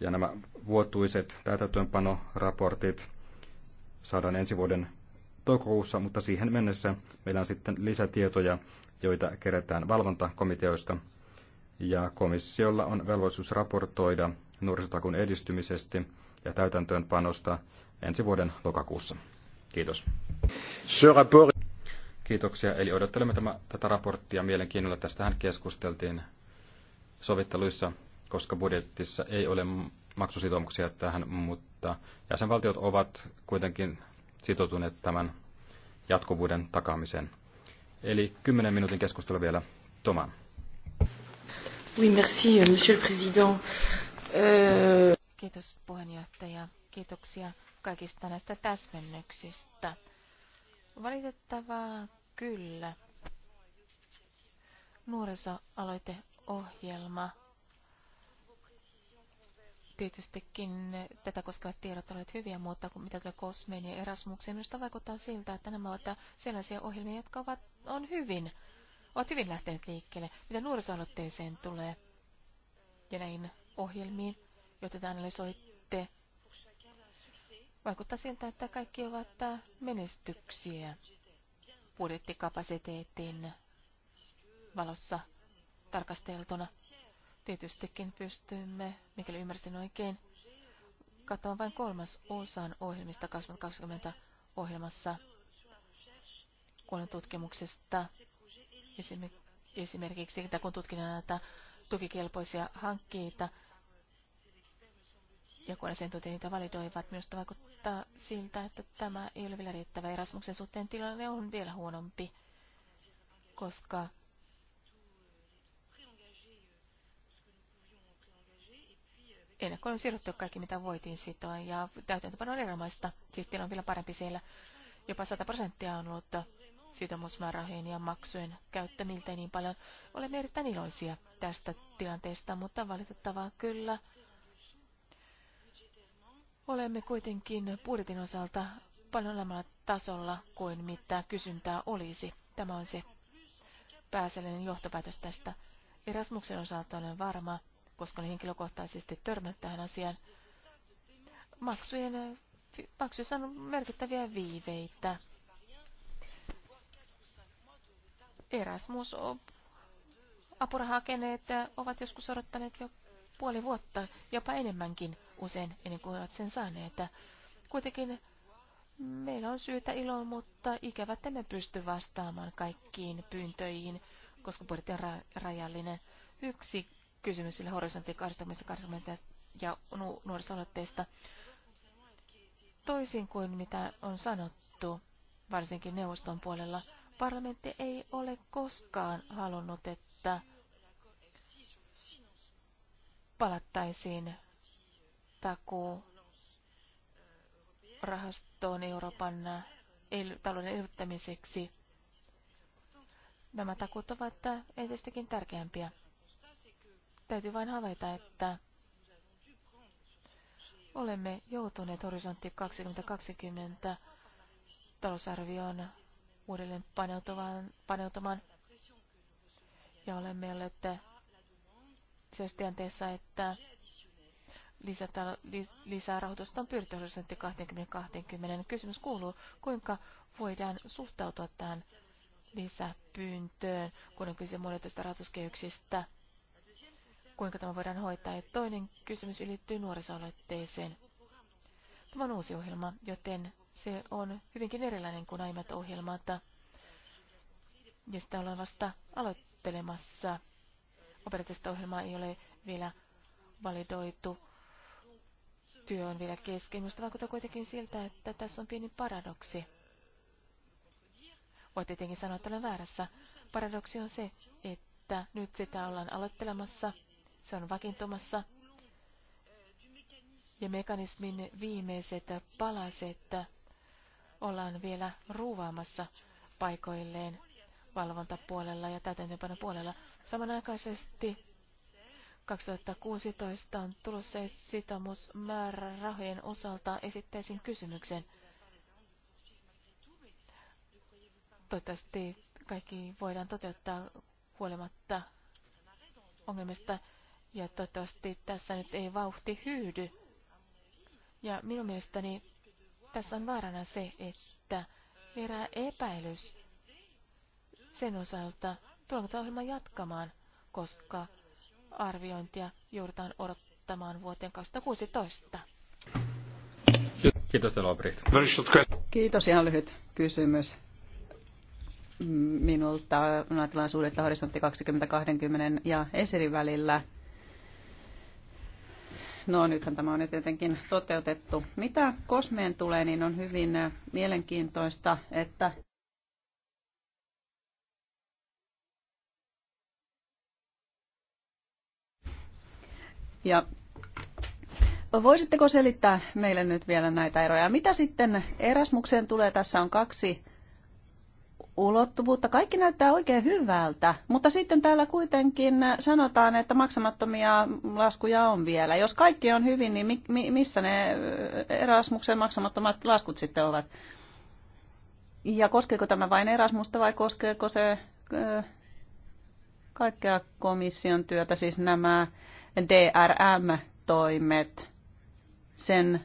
Ja nämä vuotuiset täytäntöönpanoraportit saadaan ensi vuoden toukokuussa, mutta siihen mennessä meillä on sitten lisätietoja, joita kerätään valvontakomiteoista. Ja komissiolla on velvollisuus raportoida nuorisotakun edistymisestä ja täytäntöönpanosta ensi vuoden lokakuussa. Kiitos. Kiitoksia. Eli odottelemme tämä, tätä raporttia mielenkiinnolla. Tästähän keskusteltiin sovitteluissa, koska budjettissa ei ole maksusitoumuksia tähän, mutta jäsenvaltiot ovat kuitenkin sitoutuneet tämän jatkuvuuden takaamiseen. Eli 10 minuutin keskustelu vielä Toma. Oui, merci, monsieur le président. Euh... Kiitos puheenjohtaja. Kiitoksia kaikista näistä täsmennyksistä. Valitettavaa kyllä. Nuorisoaloiteohjelma. Tietystikin tätä koskevat tiedot olivat hyviä, mutta kun mitä tulee Kosmeen ja Erasmukseen, minusta vaikuttaa siltä, että nämä ovat sellaisia ohjelmia, jotka ovat, on hyvin, ovat hyvin lähteneet liikkeelle. Mitä nuorisoaloitteeseen tulee ja näihin ohjelmiin, joita te analysoitte, Vaikuttaa siltä, että kaikki ovat äh, menestyksiä budjettikapasiteetin valossa tarkasteltuna. Tietystikin pystymme, mikäli ymmärsin oikein, katsomaan vain kolmas osan ohjelmista 2020 ohjelmassa kuolen tutkimuksesta. Esimerkiksi kun tutkinnan näitä tukikelpoisia hankkeita ja kun asiantuntijat niitä validoivat, minusta vaikuttaa siltä, että tämä ei ole vielä riittävä. Erasmuksen suhteen tilanne on vielä huonompi, koska ennakkoon on siirrytty kaikki, mitä voitiin sitoa, ja täytäntöpano on erilaista. Siis tilanne on vielä parempi siellä. Jopa 100 prosenttia on ollut sitoumusmäärärahojen ja maksujen käyttö miltei niin paljon. Olemme erittäin iloisia tästä tilanteesta, mutta valitettavaa kyllä. Olemme kuitenkin budjetin osalta paljon alemmalla tasolla kuin mitä kysyntää olisi. Tämä on se pääsellinen johtopäätös tästä. Erasmuksen osalta olen varma, koska olen henkilökohtaisesti törmännyt tähän asiaan. Maksujen, maksuissa on merkittäviä viiveitä. Erasmus apurahakeneet ovat joskus odottaneet jo puoli vuotta, jopa enemmänkin usein, ennen kuin ovat sen saaneet. Kuitenkin meillä on syytä iloon, mutta ikävä, että me pysty vastaamaan kaikkiin pyyntöihin, koska budjetti on ra- rajallinen. Yksi kysymys sille horisontti 2020 ja nu- nuorisoaloitteesta. Toisin kuin mitä on sanottu, varsinkin neuvoston puolella, parlamentti ei ole koskaan halunnut, että palattaisiin takuu rahastoon Euroopan el- talouden elvyttämiseksi. Nämä takuut ovat entistäkin tärkeämpiä. Täytyy vain havaita, että olemme joutuneet horisontti 2020 talousarvioon uudelleen paneutumaan, paneutumaan ja olemme olleet sellaisessa tilanteessa, että lisätä, li, lisää rahoitusta on pyritty 20 20 Kysymys kuuluu, kuinka voidaan suhtautua tähän lisäpyyntöön, kun on kyse monivuotisista rahoituskehyksistä. Kuinka tämä voidaan hoitaa? Ja toinen kysymys liittyy nuorisoaloitteeseen. Tämä on uusi ohjelma, joten se on hyvinkin erilainen kuin aiemmat ohjelmat. Ja sitä ollaan vasta aloittelemassa operatiivista ohjelmaa ei ole vielä validoitu. Työ on vielä kesken. Minusta vaikuttaa kuitenkin siltä, että tässä on pieni paradoksi. Voit tietenkin sanoa, että olen väärässä. Paradoksi on se, että nyt sitä ollaan aloittelemassa, se on vakiintumassa, ja mekanismin viimeiset palaset ollaan vielä ruuvaamassa paikoilleen valvontapuolella ja täytäntöönpanon puolella. Samanaikaisesti 2016 on tulossa sitomus määrärahojen osalta esittäisin kysymyksen. Toivottavasti kaikki voidaan toteuttaa huolimatta ongelmista ja toivottavasti tässä nyt ei vauhti hyydy. Ja minun mielestäni tässä on vaarana se, että herää epäilys sen osalta, tullaanko ohjelma jatkamaan, koska arviointia joudutaan odottamaan vuoteen 2016. Kiitos, Kiitos, ihan lyhyt kysymys minulta ajatellaan suhdetta horisontti 2020 ja Esirin välillä. No nythän tämä on nyt tietenkin toteutettu. Mitä kosmeen tulee, niin on hyvin mielenkiintoista, että Ja voisitteko selittää meille nyt vielä näitä eroja? Mitä sitten Erasmukseen tulee? Tässä on kaksi ulottuvuutta. Kaikki näyttää oikein hyvältä, mutta sitten täällä kuitenkin sanotaan, että maksamattomia laskuja on vielä. Jos kaikki on hyvin, niin mi- mi- missä ne Erasmuksen maksamattomat laskut sitten ovat? Ja koskeeko tämä vain Erasmusta vai koskeeko se ö, kaikkea komission työtä, siis nämä DRM-toimet, sen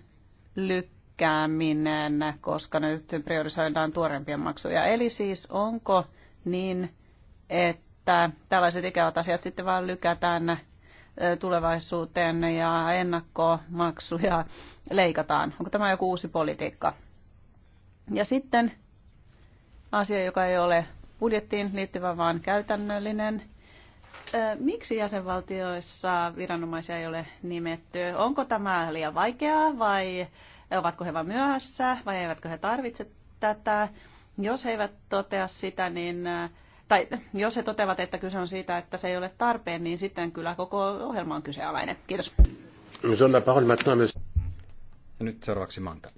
lykkääminen, koska nyt priorisoidaan tuorempia maksuja. Eli siis onko niin, että tällaiset ikävät asiat sitten vaan lykätään tulevaisuuteen ja ennakkomaksuja leikataan. Onko tämä joku uusi politiikka? Ja sitten asia, joka ei ole budjettiin liittyvä, vaan käytännöllinen – miksi jäsenvaltioissa viranomaisia ei ole nimetty? Onko tämä liian vaikeaa vai ovatko he vain myöhässä vai eivätkö he tarvitse tätä? Jos he eivät totea sitä, niin tai jos he toteavat, että kyse on siitä, että se ei ole tarpeen, niin sitten kyllä koko ohjelma on kyseenalainen. Kiitos. Ja nyt seuraavaksi Manta.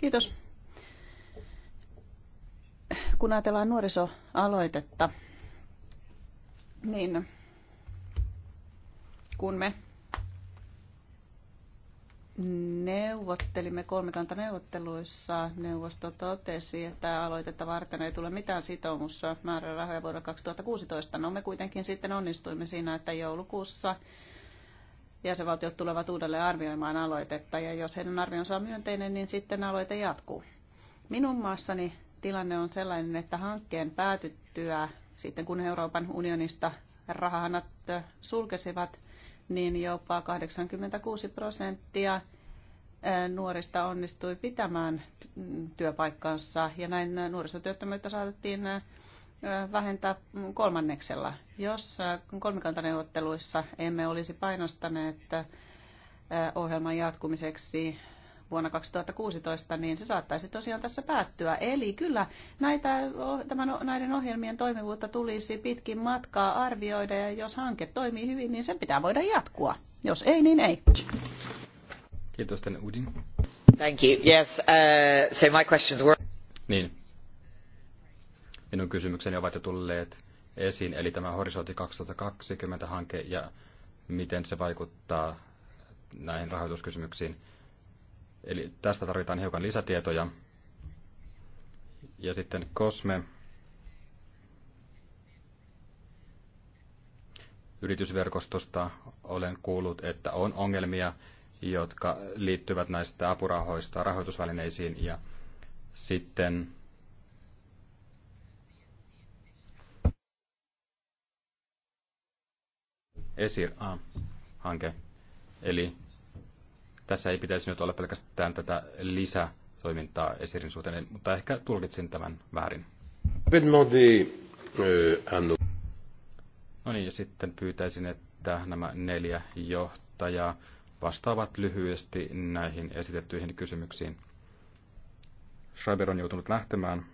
Kiitos, kun ajatellaan nuorisoaloitetta, niin kun me neuvottelimme kolmikantaneuvotteluissa, neuvosto totesi, että aloitetta varten ei tule mitään sitoumusta määrärahoja vuodelle 2016. No me kuitenkin sitten onnistuimme siinä, että joulukuussa jäsenvaltiot tulevat uudelleen arvioimaan aloitetta, ja jos heidän arvionsa on myönteinen, niin sitten aloite jatkuu. Minun maassani tilanne on sellainen, että hankkeen päätyttyä, sitten kun Euroopan unionista rahanat sulkesivat, niin jopa 86 prosenttia nuorista onnistui pitämään työpaikkaansa ja näin nuorisotyöttömyyttä saatettiin vähentää kolmanneksella. Jos kolmikantaneuvotteluissa emme olisi painostaneet ohjelman jatkumiseksi vuonna 2016, niin se saattaisi tosiaan tässä päättyä. Eli kyllä näitä, tämän, näiden ohjelmien toimivuutta tulisi pitkin matkaa arvioida, ja jos hanke toimii hyvin, niin sen pitää voida jatkua. Jos ei, niin ei. Kiitos, Tänne Udin. Thank you. Yes, uh, so my questions were... Niin. Minun kysymykseni ovat jo tulleet esiin, eli tämä Horisontti 2020-hanke ja miten se vaikuttaa näihin rahoituskysymyksiin. Eli tästä tarvitaan hiukan lisätietoja. Ja sitten Kosme. Yritysverkostosta olen kuullut, että on ongelmia, jotka liittyvät näistä apurahoista rahoitusvälineisiin ja sitten ESIR-hanke. Eli tässä ei pitäisi nyt olla pelkästään tätä lisätoimintaa esirin suhteen, mutta ehkä tulkitsin tämän väärin. Euh, no niin, ja sitten pyytäisin, että nämä neljä johtajaa vastaavat lyhyesti näihin esitettyihin kysymyksiin. Schreiber on joutunut lähtemään.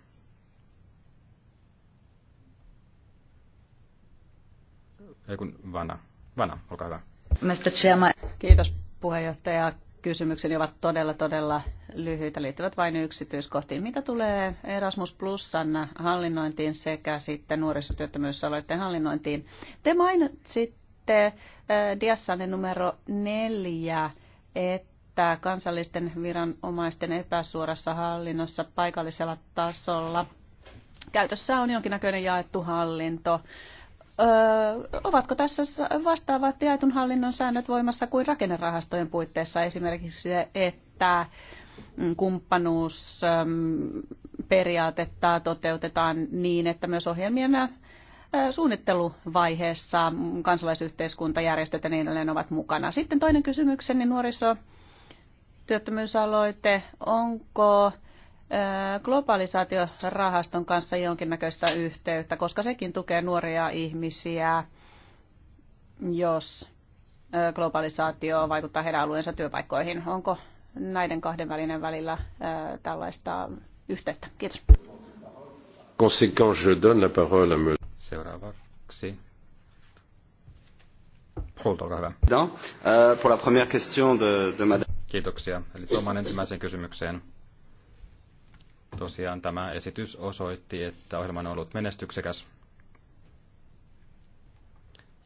Ei kun Vana. Vana, olkaa hyvä. Mr. Chairman. Kiitos puheenjohtaja. Kysymykseni ovat todella, todella lyhyitä, liittyvät vain yksityiskohtiin. Mitä tulee Erasmus Plusan hallinnointiin sekä sitten nuorisotyöttömyysaloitteen hallinnointiin? Te mainitsitte äh, diassanne numero neljä, että kansallisten viranomaisten epäsuorassa hallinnossa paikallisella tasolla käytössä on jonkinnäköinen jaettu hallinto ovatko tässä vastaavat jaetun hallinnon säännöt voimassa kuin rakennerahastojen puitteissa esimerkiksi se, että mm, kumppanuusperiaatetta toteutetaan niin, että myös ohjelmien suunnitteluvaiheessa mm, kansalaisyhteiskuntajärjestöt ja niin edelleen ovat mukana. Sitten toinen kysymykseni nuoriso työttömyysaloite. Onko globalisaatiorahaston kanssa jonkinnäköistä yhteyttä, koska sekin tukee nuoria ihmisiä, jos globalisaatio vaikuttaa heidän alueensa työpaikkoihin. Onko näiden kahden välinen välillä tällaista yhteyttä? Kiitos. Seuraavaksi euh, Kiitoksia. Eli tuomaan ensimmäiseen kysymykseen. Tosiaan tämä esitys osoitti, että ohjelma on ollut menestyksekäs.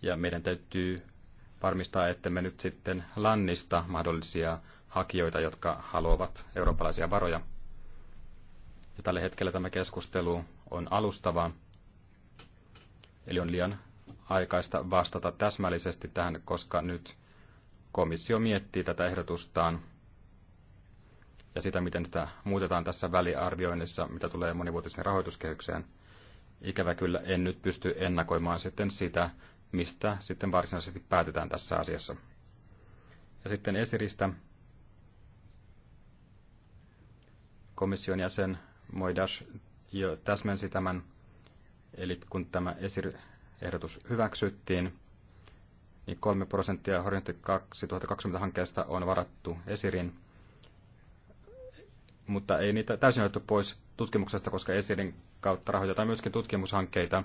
Ja meidän täytyy varmistaa, että me nyt sitten lannista mahdollisia hakijoita, jotka haluavat eurooppalaisia varoja. Ja tällä hetkellä tämä keskustelu on alustava, eli on liian aikaista vastata täsmällisesti tähän, koska nyt komissio miettii tätä ehdotustaan ja sitä, miten sitä muutetaan tässä väliarvioinnissa, mitä tulee monivuotiseen rahoituskehykseen. Ikävä kyllä en nyt pysty ennakoimaan sitten sitä, mistä sitten varsinaisesti päätetään tässä asiassa. Ja sitten esiristä komission jäsen Moidas jo täsmensi tämän, eli kun tämä esirehdotus hyväksyttiin, niin 3 prosenttia Horisontti 2020 hankkeesta on varattu esirin mutta ei niitä täysin otettu pois tutkimuksesta, koska ESIRin kautta rahoitetaan myöskin tutkimushankkeita,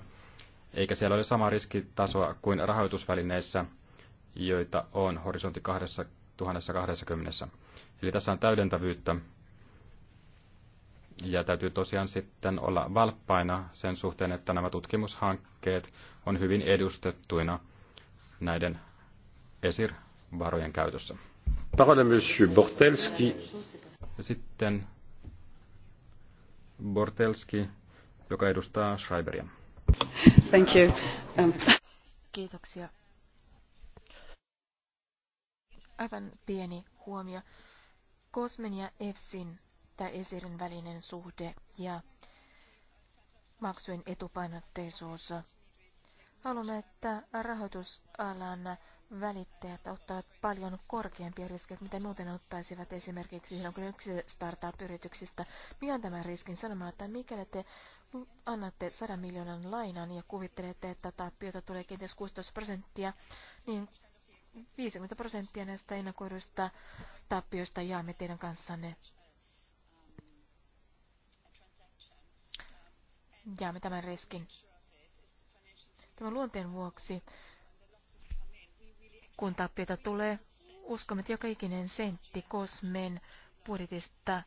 eikä siellä ole sama riskitasoa kuin rahoitusvälineissä, joita on horisontti 2020. Eli tässä on täydentävyyttä. Ja täytyy tosiaan sitten olla valppaina sen suhteen, että nämä tutkimushankkeet on hyvin edustettuina näiden esirvarojen käytössä. Parole, monsieur Bortelski. Sitten Bortelski, joka edustaa Schreiberia. Thank you. Um... Kiitoksia. Aivan pieni huomio. Kosmen ja EFSin tai esirin välinen suhde ja maksujen etupainotteisuus. Haluamme, että rahoitusalan välittäjät ottavat paljon korkeampia riskejä, mitä muuten ottaisivat esimerkiksi silloin, kun yksi startup-yrityksistä. pian tämän riskin sanomalla, että mikäli te annatte 100 miljoonan lainan ja kuvittelette, että tappiota tulee kenties 16 prosenttia, niin 50 prosenttia näistä ennakoiduista tappioista jaamme teidän kanssanne. Jaamme tämän riskin. Tämän luonteen vuoksi kun tappiota tulee. Uskomme, että joka ikinen sentti kosmen budjetista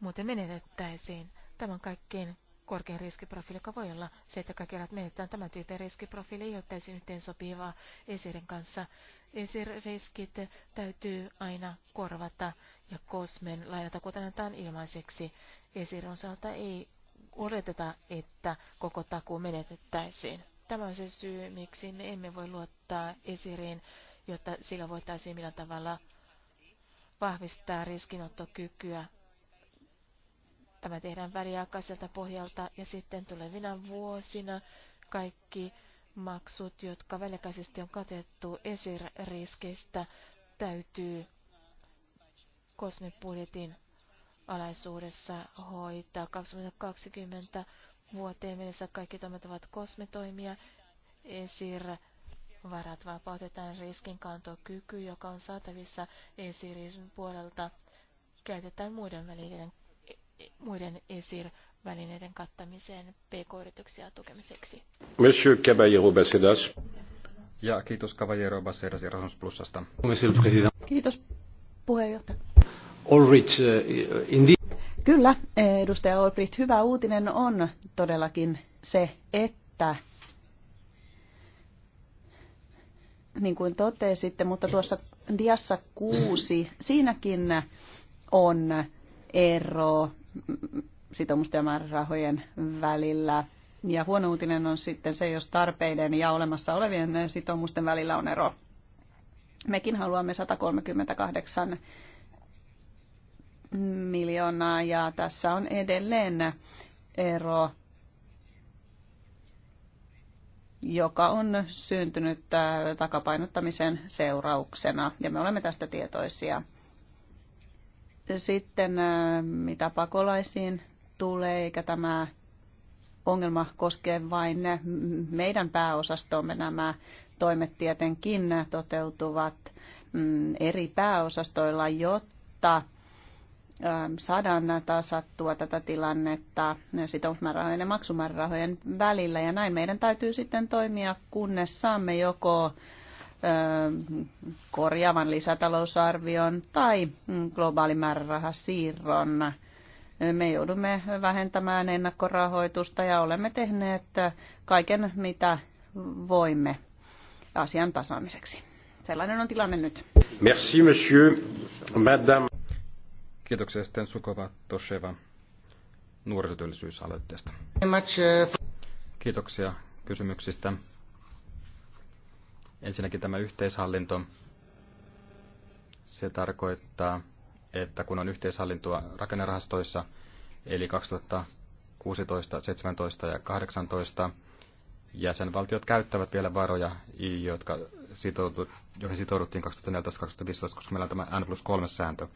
muuten menetettäisiin. Tämän kaikkein korkein riskiprofiili, joka voi olla se, että kaikki rahat menetetään. Tämä tyypin riskiprofiili ei ole täysin sopivaa esirin kanssa. Esiriskit täytyy aina korvata ja kosmen lainata, kuten annetaan ilmaiseksi. Esirin osalta ei oleteta, että koko takuu menetettäisiin. Tämä on se syy, miksi me emme voi luottaa esiriin jotta sillä voitaisiin millä tavalla vahvistaa riskinottokykyä. Tämä tehdään väliaikaiselta pohjalta ja sitten tulevina vuosina kaikki maksut, jotka väliaikaisesti on katettu esiriskistä, täytyy kosmibudjetin alaisuudessa hoitaa. 2020 vuoteen mennessä kaikki toimet ovat kosmetoimia, esir Varat vapautetaan riskinkantokyky, joka on saatavissa esirin puolelta. Käytetään muiden, välineiden, muiden esirvälineiden kattamiseen pk-yrityksiä tukemiseksi. Monsieur Caballero Bacedas. Ja kiitos Caballero Bacedas Erasmus Plusasta. Kiitos puheenjohtaja. Ulrich, uh, Kyllä, eh, edustaja Olbrit, hyvä uutinen on todellakin se, että niin kuin totesitte, mutta tuossa diassa kuusi, siinäkin on ero sitomusten ja määrärahojen välillä. Ja huono uutinen on sitten se, jos tarpeiden ja olemassa olevien sitoumusten välillä on ero. Mekin haluamme 138 miljoonaa ja tässä on edelleen ero joka on syntynyt äh, takapainottamisen seurauksena, ja me olemme tästä tietoisia. Sitten äh, mitä pakolaisiin tulee, eikä tämä ongelma koskee vain meidän pääosastomme nämä toimet tietenkin toteutuvat mm, eri pääosastoilla, jotta Ähm, saadaan tasattua tätä tilannetta sitoumusmäärärahojen ja maksumäärärahojen välillä. Ja näin meidän täytyy sitten toimia, kunnes saamme joko ähm, korjaavan lisätalousarvion tai mm, globaalin määrärahasiirron. Me joudumme vähentämään ennakkorahoitusta ja olemme tehneet kaiken, mitä voimme asian tasaamiseksi. Sellainen on tilanne nyt. Merci, monsieur. Madame. Kiitoksia sitten Sukova Tosheva nuorisotyöllisyysaloitteesta. Uh, Kiitoksia kysymyksistä. Ensinnäkin tämä yhteishallinto. Se tarkoittaa, että kun on yhteishallintoa rakennerahastoissa, eli 2016, 17 ja 18 jäsenvaltiot käyttävät vielä varoja, jotka sitoutu, joihin sitouduttiin 2014-2015, koska meillä on tämä N plus 3 sääntö.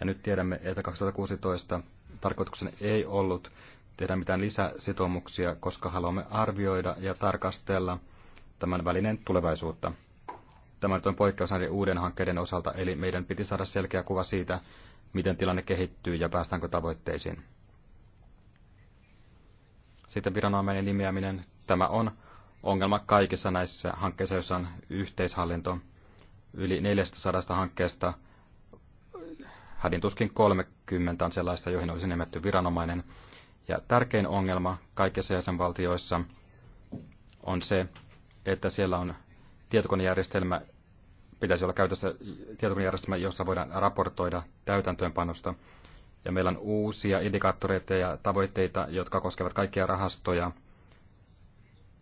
Ja nyt tiedämme, että 2016 tarkoituksena ei ollut tehdä mitään lisäsitoumuksia, koska haluamme arvioida ja tarkastella tämän välineen tulevaisuutta. Tämä on poikkeus näiden uuden hankkeiden osalta, eli meidän piti saada selkeä kuva siitä, miten tilanne kehittyy ja päästäänkö tavoitteisiin. Sitten viranomainen nimeäminen. Tämä on ongelma kaikissa näissä hankkeissa, joissa on yhteishallinto. Yli 400 hankkeesta – Hadin tuskin 30 on sellaista, joihin olisi nimetty viranomainen. Ja tärkein ongelma kaikissa jäsenvaltioissa on se, että siellä on tietokonejärjestelmä, pitäisi olla käytössä tietokonejärjestelmä, jossa voidaan raportoida täytäntöönpanosta. Ja meillä on uusia indikaattoreita ja tavoitteita, jotka koskevat kaikkia rahastoja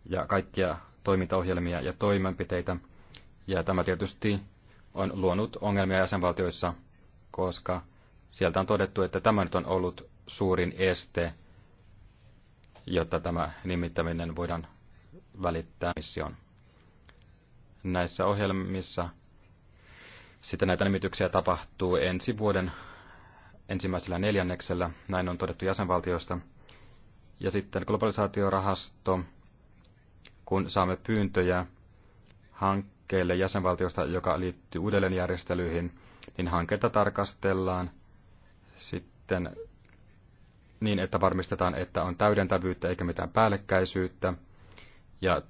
ja kaikkia toimintaohjelmia ja toimenpiteitä. Ja tämä tietysti on luonut ongelmia jäsenvaltioissa, koska sieltä on todettu, että tämä nyt on ollut suurin este, jotta tämä nimittäminen voidaan välittää mission. Näissä ohjelmissa sitten näitä nimityksiä tapahtuu ensi vuoden ensimmäisellä neljänneksellä, näin on todettu jäsenvaltioista. Ja sitten globalisaatiorahasto, kun saamme pyyntöjä hankkeelle jäsenvaltiosta, joka liittyy uudelleenjärjestelyihin, niin hanketta tarkastellaan sitten niin, että varmistetaan, että on täydentävyyttä eikä mitään päällekkäisyyttä. Ja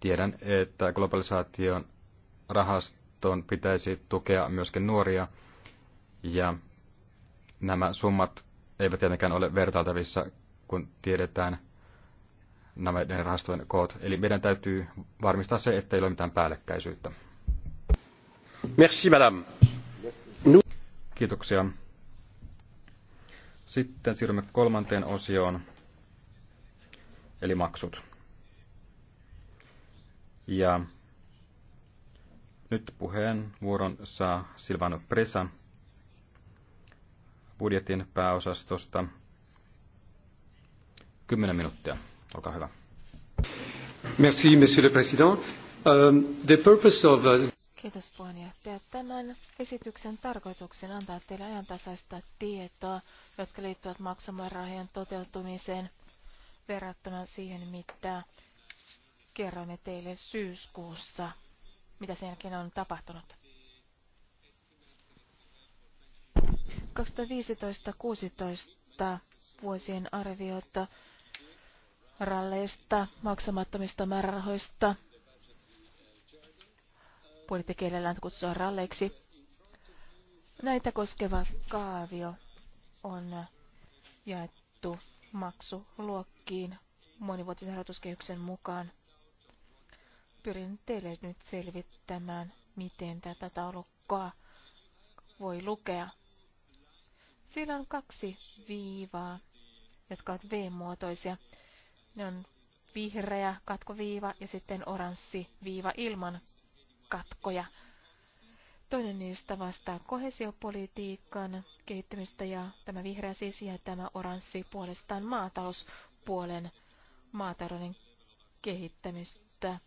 tiedän, että globalisaation rahaston pitäisi tukea myöskin nuoria, ja nämä summat eivät tietenkään ole vertailtavissa, kun tiedetään nämä rahastojen koot. Eli meidän täytyy varmistaa se, että ei ole mitään päällekkäisyyttä. Kiitoksia. Sitten siirrymme kolmanteen osioon, eli maksut. Ja nyt puheenvuoron saa Silvano Presa budjetin pääosastosta. Kymmenen minuuttia, olkaa hyvä. Merci, monsieur le président. Um, the purpose of... Uh... Kiitos puheenjohtaja. Tämän esityksen tarkoituksena antaa teille ajantasaista tietoa, jotka liittyvät rahojen toteutumiseen verrattuna siihen, mitä kerroimme teille syyskuussa, mitä sen jälkeen on tapahtunut. 2015-2016 vuosien arviota ralleista, maksamattomista määrärahoista puolitekielellään kutsua ralleiksi. Näitä koskeva kaavio on jaettu maksuluokkiin monivuotisen rahoituskehyksen mukaan. Pyrin teille nyt selvittämään, miten tätä taulukkoa voi lukea. Siellä on kaksi viivaa, jotka ovat V-muotoisia. Ne on vihreä katkoviiva ja sitten oranssi viiva ilman katkoja. Toinen niistä vastaa kohesiopolitiikan kehittämistä ja tämä vihreä sisi ja tämä oranssi puolestaan maatalouspuolen maatalouden kehittämistä.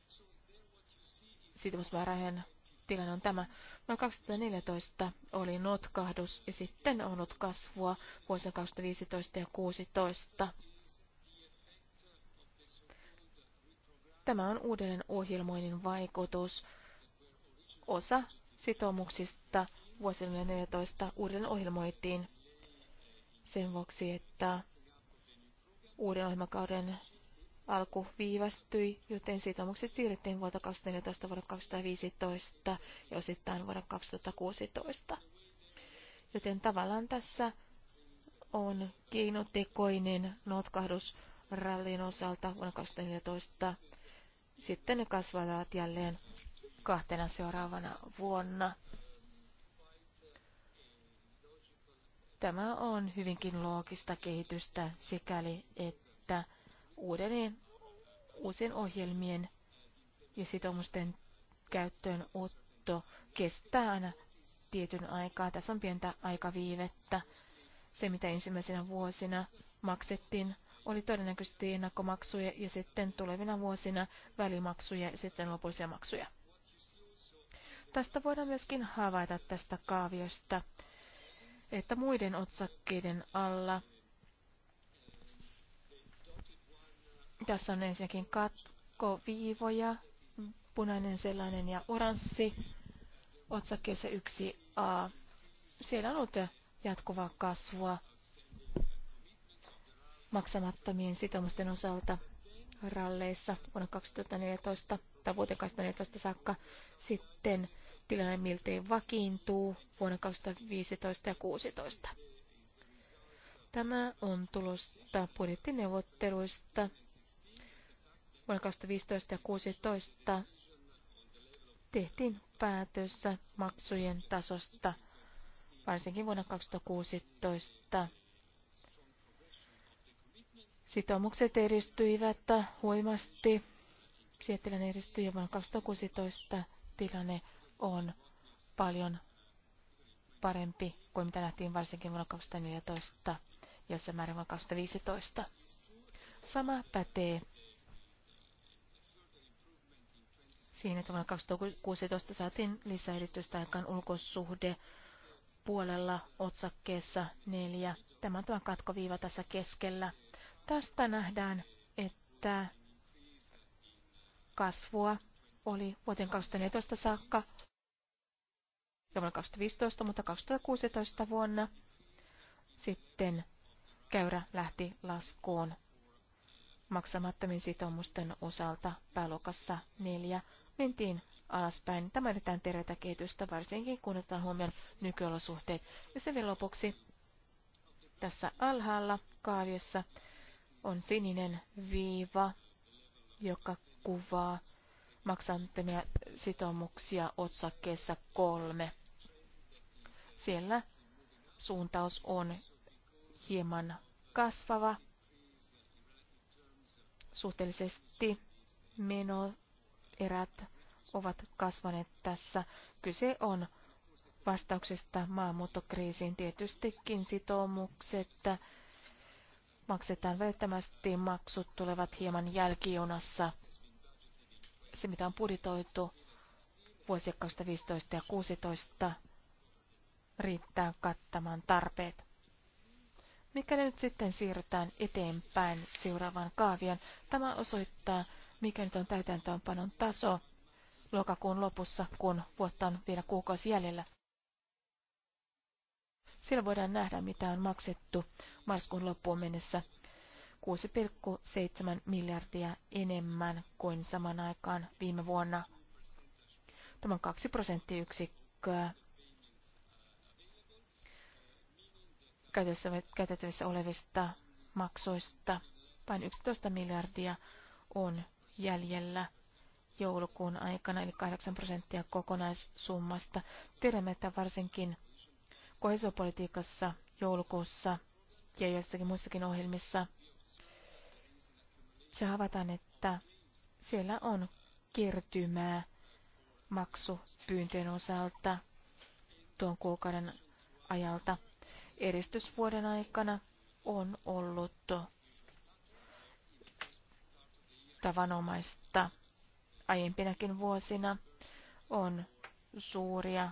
Sitoumusmäärähen tilanne on tämä. Vuonna 2014 oli notkahdus ja sitten on ollut kasvua vuosina 2015 ja 2016. Tämä on uudelleen ohjelmoinnin vaikutus osa sitoumuksista vuosille 2014 uudelleen ohjelmoitiin sen vuoksi, että uuden ohjelmakauden alku viivästyi, joten sitoumukset siirrettiin vuodelta 2014 vuodelta 2015 ja osittain vuodelta 2016. Joten tavallaan tässä on keinotekoinen notkahdus rallin osalta vuonna 2014. Sitten ne kasvavat jälleen kahtena seuraavana vuonna. Tämä on hyvinkin loogista kehitystä sikäli, että uudelleen uusien ohjelmien ja sitoumusten käyttöönotto kestää aina tietyn aikaa. Tässä on pientä aikaviivettä. Se, mitä ensimmäisenä vuosina maksettiin, oli todennäköisesti ennakkomaksuja ja sitten tulevina vuosina välimaksuja ja sitten lopullisia maksuja. Tästä voidaan myöskin havaita tästä kaaviosta, että muiden otsakkeiden alla tässä on ensinnäkin katkoviivoja, punainen sellainen ja oranssi otsakkeessa 1a. Siellä on ollut jatkuvaa kasvua maksamattomien sitomusten osalta ralleissa vuonna 2014 tai vuoteen 2014 saakka. Sitten tilanne miltei vakiintuu vuonna 2015 ja 2016. Tämä on tulosta budjettineuvotteluista vuonna 2015 ja 2016 tehtiin päätössä maksujen tasosta, varsinkin vuonna 2016. Sitoumukset edistyivät huimasti. Siettilän edistyi vuonna 2016 tilanne on paljon parempi kuin mitä nähtiin varsinkin vuonna 2014 ja jossain määrin vuonna 2015. Sama pätee siinä että vuonna 2016 saatiin lisää edistystä aikaan ulkosuhde puolella otsakkeessa neljä. Tämä on tämä katkoviiva tässä keskellä. Tästä nähdään, että kasvua oli vuoteen 2014 saakka jo vuonna 2015, mutta 2016 vuonna sitten käyrä lähti laskuun maksamattomien sitoumusten osalta pääluokassa 4 mentiin alaspäin. Tämä edetään terveitä kehitystä, varsinkin kun otetaan huomioon nykyolosuhteet. Ja sen vielä lopuksi tässä alhaalla kaaviossa on sininen viiva, joka kuvaa maksamattomia sitoumuksia otsakkeessa kolme. Siellä suuntaus on hieman kasvava suhteellisesti menoerät ovat kasvaneet tässä. Kyse on vastauksesta maahanmuuttokriisiin tietystikin sitoumukset maksetaan välttämättä, maksut tulevat hieman jälkijunassa. Se, mitä on budjetoitu vuosia 2015 ja 2016, riittää kattamaan tarpeet. Mikäli nyt sitten siirrytään eteenpäin seuraavaan kaavion, tämä osoittaa, mikä nyt on täytäntöönpanon taso lokakuun lopussa, kun vuotta on vielä kuukausi jäljellä. Sillä voidaan nähdä, mitä on maksettu marskuun loppuun mennessä 6,7 miljardia enemmän kuin saman aikaan viime vuonna. Tämä on 2 prosenttiyksikköä käytettävissä olevista maksuista. Vain 11 miljardia on jäljellä joulukuun aikana, eli 8 prosenttia kokonaissummasta. Tiedämme, että varsinkin kohesiopolitiikassa joulukuussa ja joissakin muissakin ohjelmissa se havaitaan, että siellä on kertymää maksupyyntöjen osalta tuon kuukauden ajalta. Eristysvuoden aikana on ollut tavanomaista. Aiempinakin vuosina on suuria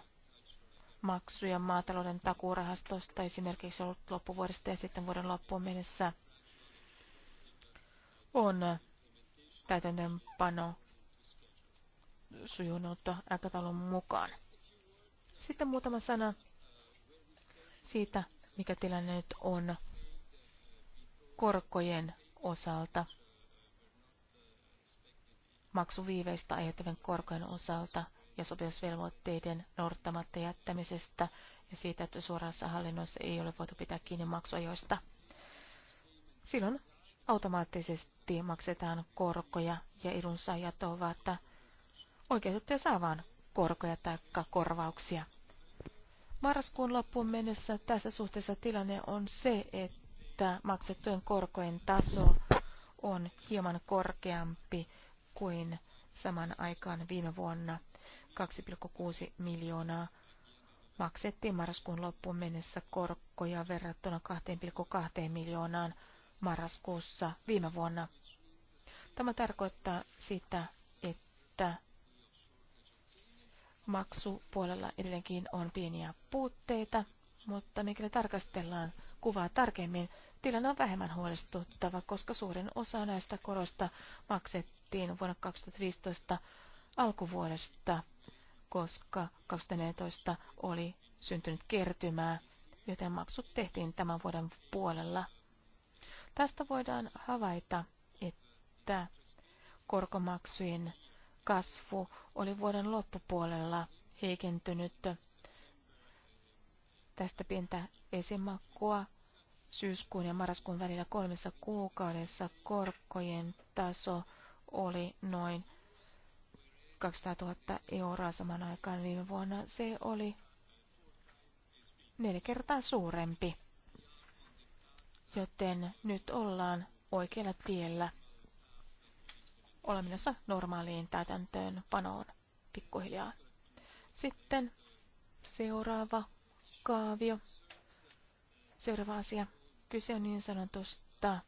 maksuja maatalouden takuurahastosta esimerkiksi ollut loppuvuodesta ja sitten vuoden loppuun mennessä on täytäntöönpano sujunut aikataulun mukaan. Sitten muutama sana siitä, mikä tilanne nyt on korkojen osalta, maksuviiveistä aiheutuvien korkojen osalta ja sopimusvelvoitteiden noudattamatta jättämisestä ja siitä, että suorassa hallinnossa ei ole voitu pitää kiinni maksuajoista. Silloin automaattisesti maksetaan korkoja ja edunsaajat ovat oikeutettuja saavaan korkoja tai korvauksia. Marraskuun loppuun mennessä tässä suhteessa tilanne on se, että maksettujen korkojen taso on hieman korkeampi kuin saman aikaan viime vuonna. 2,6 miljoonaa maksettiin marraskuun loppuun mennessä korkoja verrattuna 2,2 miljoonaan marraskuussa viime vuonna. Tämä tarkoittaa sitä, että maksupuolella edelleenkin on pieniä puutteita, mutta mikäli tarkastellaan kuvaa tarkemmin, tilanne on vähemmän huolestuttava, koska suurin osa näistä korosta maksettiin vuonna 2015 alkuvuodesta, koska 2014 oli syntynyt kertymää, joten maksut tehtiin tämän vuoden puolella. Tästä voidaan havaita, että korkomaksujen kasvu oli vuoden loppupuolella heikentynyt. Tästä pientä esimakkua syyskuun ja marraskuun välillä kolmessa kuukaudessa korkojen taso oli noin 200 000 euroa saman aikaan viime vuonna. Se oli neljä kertaa suurempi, joten nyt ollaan oikealla tiellä olla menossa normaaliin panoon pikkuhiljaa. Sitten seuraava kaavio. Seuraava asia. Kyse on niin sanotusta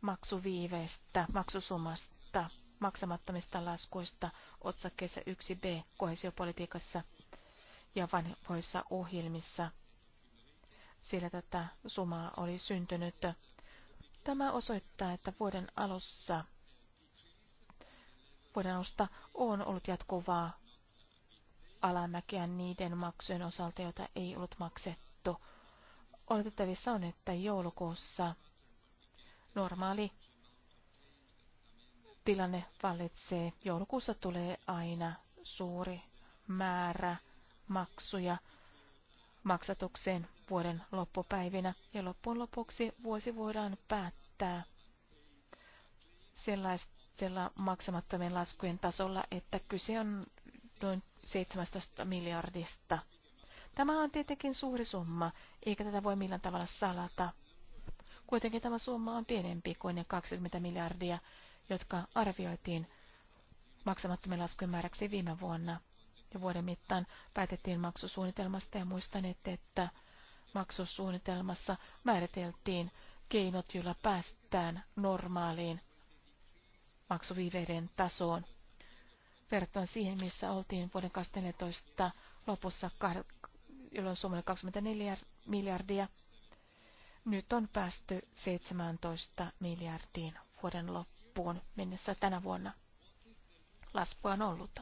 maksuviiveestä, maksusumasta, maksamattomista laskuista otsakkeessa 1b kohesiopolitiikassa ja vanhoissa ohjelmissa. Siellä tätä sumaa oli syntynyt. Tämä osoittaa, että vuoden alussa vuodenalusta on ollut jatkuvaa alamäkeä niiden maksujen osalta, joita ei ollut maksettu. Oletettavissa on, että joulukuussa normaali tilanne vallitsee. Joulukuussa tulee aina suuri määrä maksuja maksatukseen vuoden loppupäivinä ja loppujen lopuksi vuosi voidaan päättää sellaista perusteella maksamattomien laskujen tasolla, että kyse on noin 17 miljardista. Tämä on tietenkin suuri summa, eikä tätä voi millään tavalla salata. Kuitenkin tämä summa on pienempi kuin ne 20 miljardia, jotka arvioitiin maksamattomien laskujen määräksi viime vuonna. Ja vuoden mittaan päätettiin maksusuunnitelmasta ja muistaneet, että maksusuunnitelmassa määriteltiin keinot, joilla päästään normaaliin maksuviiveiden tasoon verrattuna siihen, missä oltiin vuoden 2014 lopussa, jolloin Suomi oli 24 miljardia. Nyt on päästy 17 miljardiin vuoden loppuun mennessä tänä vuonna. Laskua on ollut.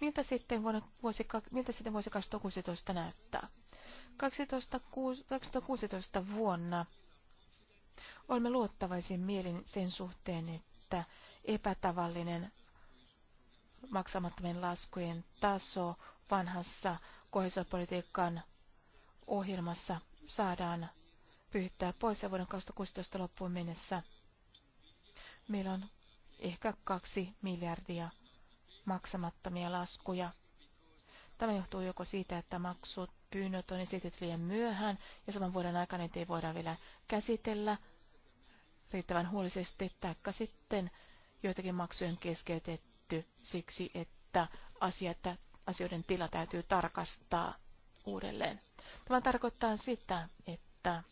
Miltä sitten, vuonna, vuosi, miltä sitten vuosi 2016 näyttää? 2016 vuonna olemme luottavaisin mielin sen suhteen, että epätavallinen maksamattomien laskujen taso vanhassa kohesiopolitiikan ohjelmassa saadaan pyytää pois ja vuoden 2016 loppuun mennessä meillä on ehkä kaksi miljardia maksamattomia laskuja. Tämä johtuu joko siitä, että maksut pyynnöt on esitetty liian myöhään ja saman vuoden aikana niitä ei voida vielä käsitellä riittävän huolisesti, taikka sitten joitakin maksuja on keskeytetty siksi, että asiat, asioiden tila täytyy tarkastaa uudelleen. Tämä tarkoittaa sitä, että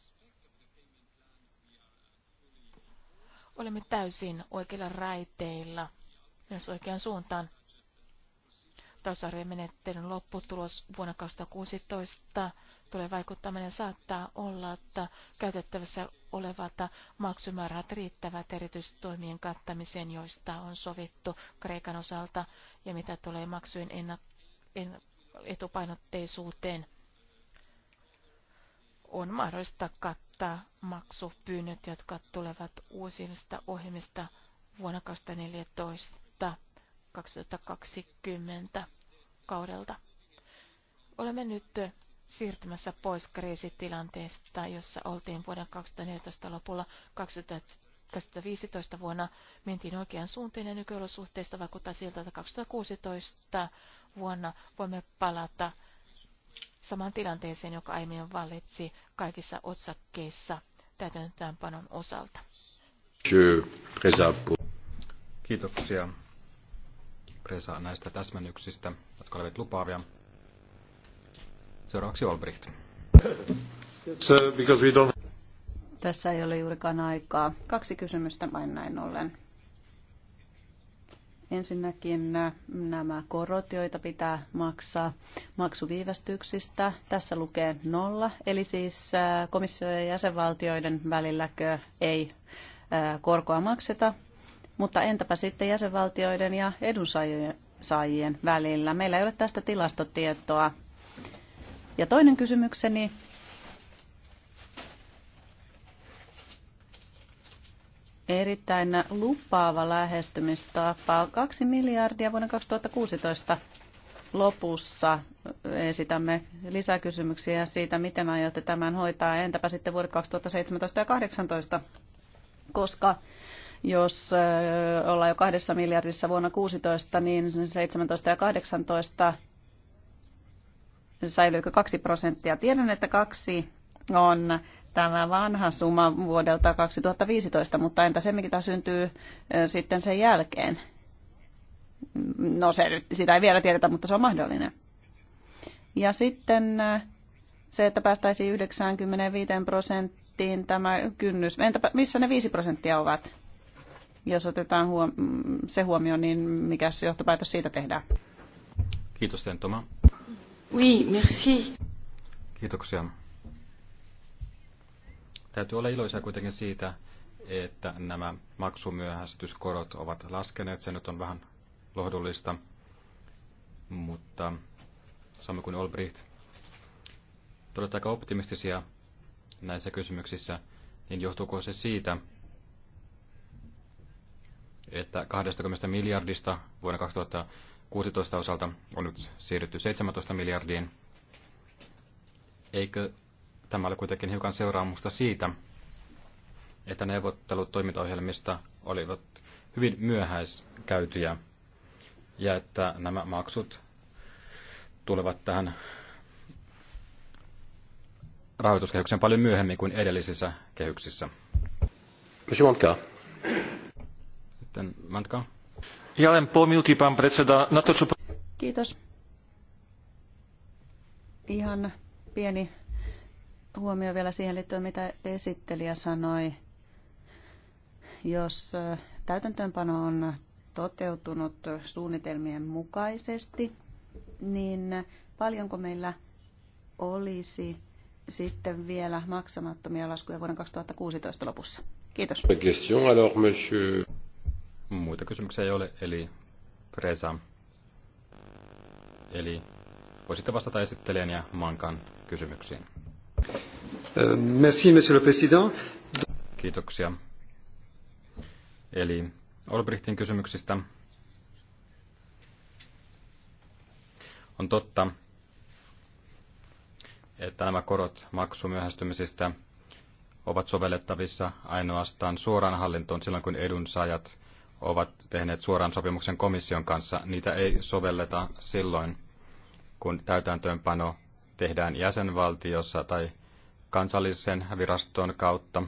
olemme täysin oikeilla raiteilla, myös oikeaan suuntaan. menettelyn lopputulos vuonna 2016 tulee vaikuttamaan ja saattaa olla, että käytettävissä olevat maksumäärät riittävät erityistoimien kattamiseen, joista on sovittu Kreikan osalta ja mitä tulee maksujen ennak- en- etupainotteisuuteen. On mahdollista kattaa maksupyynnöt, jotka tulevat uusista ohjelmista vuonna 2014 2020 kaudelta. Olemme nyt siirtymässä pois kriisitilanteesta, jossa oltiin vuoden 2014 lopulla 2015 vuonna mentiin oikean suuntaan ja nykyolosuhteista vaikuttaa siltä, että 2016 vuonna voimme palata samaan tilanteeseen, joka aiemmin vallitsi kaikissa otsakkeissa täytäntöönpanon osalta. Kiitoksia Presa näistä täsmennyksistä, jotka olivat lupaavia. Seuraavaksi Olbricht. Tässä ei ole juurikaan aikaa. Kaksi kysymystä vain näin ollen. Ensinnäkin äh, nämä korot, joita pitää maksaa maksuviivästyksistä. Tässä lukee nolla, eli siis äh, komission ja jäsenvaltioiden välilläkö ei äh, korkoa makseta. Mutta entäpä sitten jäsenvaltioiden ja edunsaajien välillä? Meillä ei ole tästä tilastotietoa. Ja toinen kysymykseni erittäin lupaava lähestymistapa. Kaksi miljardia vuoden 2016 lopussa esitämme lisäkysymyksiä siitä, miten aiotte tämän hoitaa. Entäpä sitten vuodet 2017 ja 2018, koska jos ollaan jo kahdessa miljardissa vuonna 2016, niin 17 ja 18 säilyykö 2 prosenttia. Tiedän, että kaksi on tämä vanha summa vuodelta 2015, mutta entä se, mitä syntyy sitten sen jälkeen? No se sitä ei vielä tiedetä, mutta se on mahdollinen. Ja sitten se, että päästäisiin 95 prosenttiin tämä kynnys. Entäpä, missä ne 5 prosenttia ovat? Jos otetaan huom- se huomioon, niin mikä johtopäätös siitä tehdään? Kiitos, Tentoma. Oui, merci. Kiitoksia. Täytyy olla iloisia kuitenkin siitä, että nämä maksumyöhästyskorot ovat laskeneet. Se nyt on vähän lohdullista, mutta samoin kuin Olbricht, te olette aika optimistisia näissä kysymyksissä, niin johtuuko se siitä, että 20 miljardista vuonna 2000 16 osalta on nyt siirrytty 17 miljardiin. Eikö tämä ole kuitenkin hiukan seuraamusta siitä, että neuvottelut toimintaohjelmista olivat hyvin myöhäiskäytyjä ja että nämä maksut tulevat tähän rahoituskehyksen paljon myöhemmin kuin edellisissä kehyksissä. Sitten Mantka len pol minuutti, pán predseda. Na to, čo... Kiitos. Ihan pieni huomio vielä siihen liittyen, mitä esittelijä sanoi. Jos täytäntöönpano on toteutunut suunnitelmien mukaisesti, niin paljonko meillä olisi sitten vielä maksamattomia laskuja vuoden 2016 lopussa? Kiitos. Muita kysymyksiä ei ole, eli Presa. Eli voisitte vastata esittelijän ja Mankan kysymyksiin. Euh, merci, monsieur le président. Kiitoksia. Eli Olbrichtin kysymyksistä. On totta, että nämä korot maksumyöhästymisistä ovat sovellettavissa ainoastaan suoraan hallintoon silloin, kun edunsaajat ovat tehneet suoran sopimuksen komission kanssa, niitä ei sovelleta silloin, kun täytäntöönpano tehdään jäsenvaltiossa tai kansallisen viraston kautta.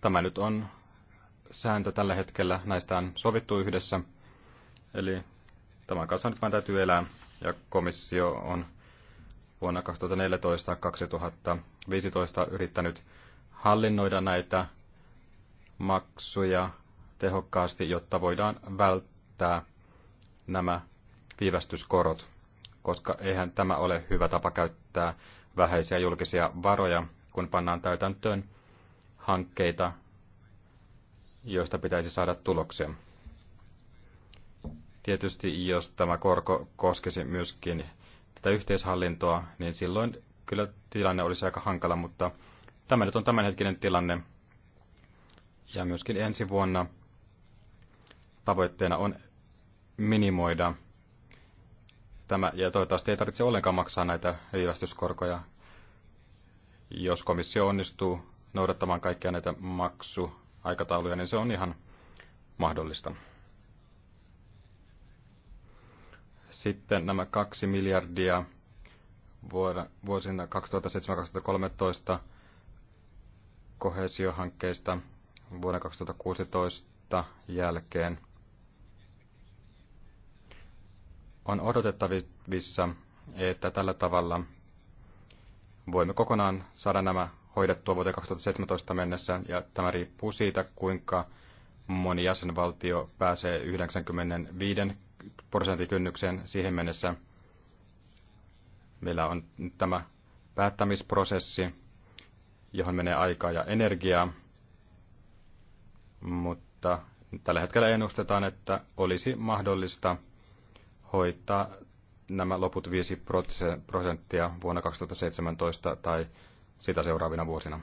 Tämä nyt on sääntö tällä hetkellä. Näistä on sovittu yhdessä. Eli tämän kanssa nyt vain täytyy elää. Ja komissio on vuonna 2014-2015 yrittänyt hallinnoida näitä maksuja tehokkaasti, jotta voidaan välttää nämä viivästyskorot, koska eihän tämä ole hyvä tapa käyttää vähäisiä julkisia varoja, kun pannaan täytäntöön hankkeita, joista pitäisi saada tuloksia. Tietysti jos tämä korko koskisi myöskin tätä yhteishallintoa, niin silloin kyllä tilanne olisi aika hankala, mutta tämä nyt on tämänhetkinen tilanne. Ja myöskin ensi vuonna tavoitteena on minimoida tämä, ja toivottavasti ei tarvitse ollenkaan maksaa näitä viivästyskorkoja, jos komissio onnistuu noudattamaan kaikkia näitä maksuaikatauluja, niin se on ihan mahdollista. Sitten nämä kaksi miljardia vuosina 2007-2013 kohesiohankkeista vuonna 2016 jälkeen on odotettavissa, että tällä tavalla voimme kokonaan saada nämä hoidettua vuoteen 2017 mennessä, ja tämä riippuu siitä, kuinka moni jäsenvaltio pääsee 95 prosenttikynnykseen siihen mennessä. Meillä on tämä päättämisprosessi, johon menee aikaa ja energiaa, mutta tällä hetkellä ennustetaan, että olisi mahdollista hoitaa nämä loput 5 prosenttia vuonna 2017 tai sitä seuraavina vuosina.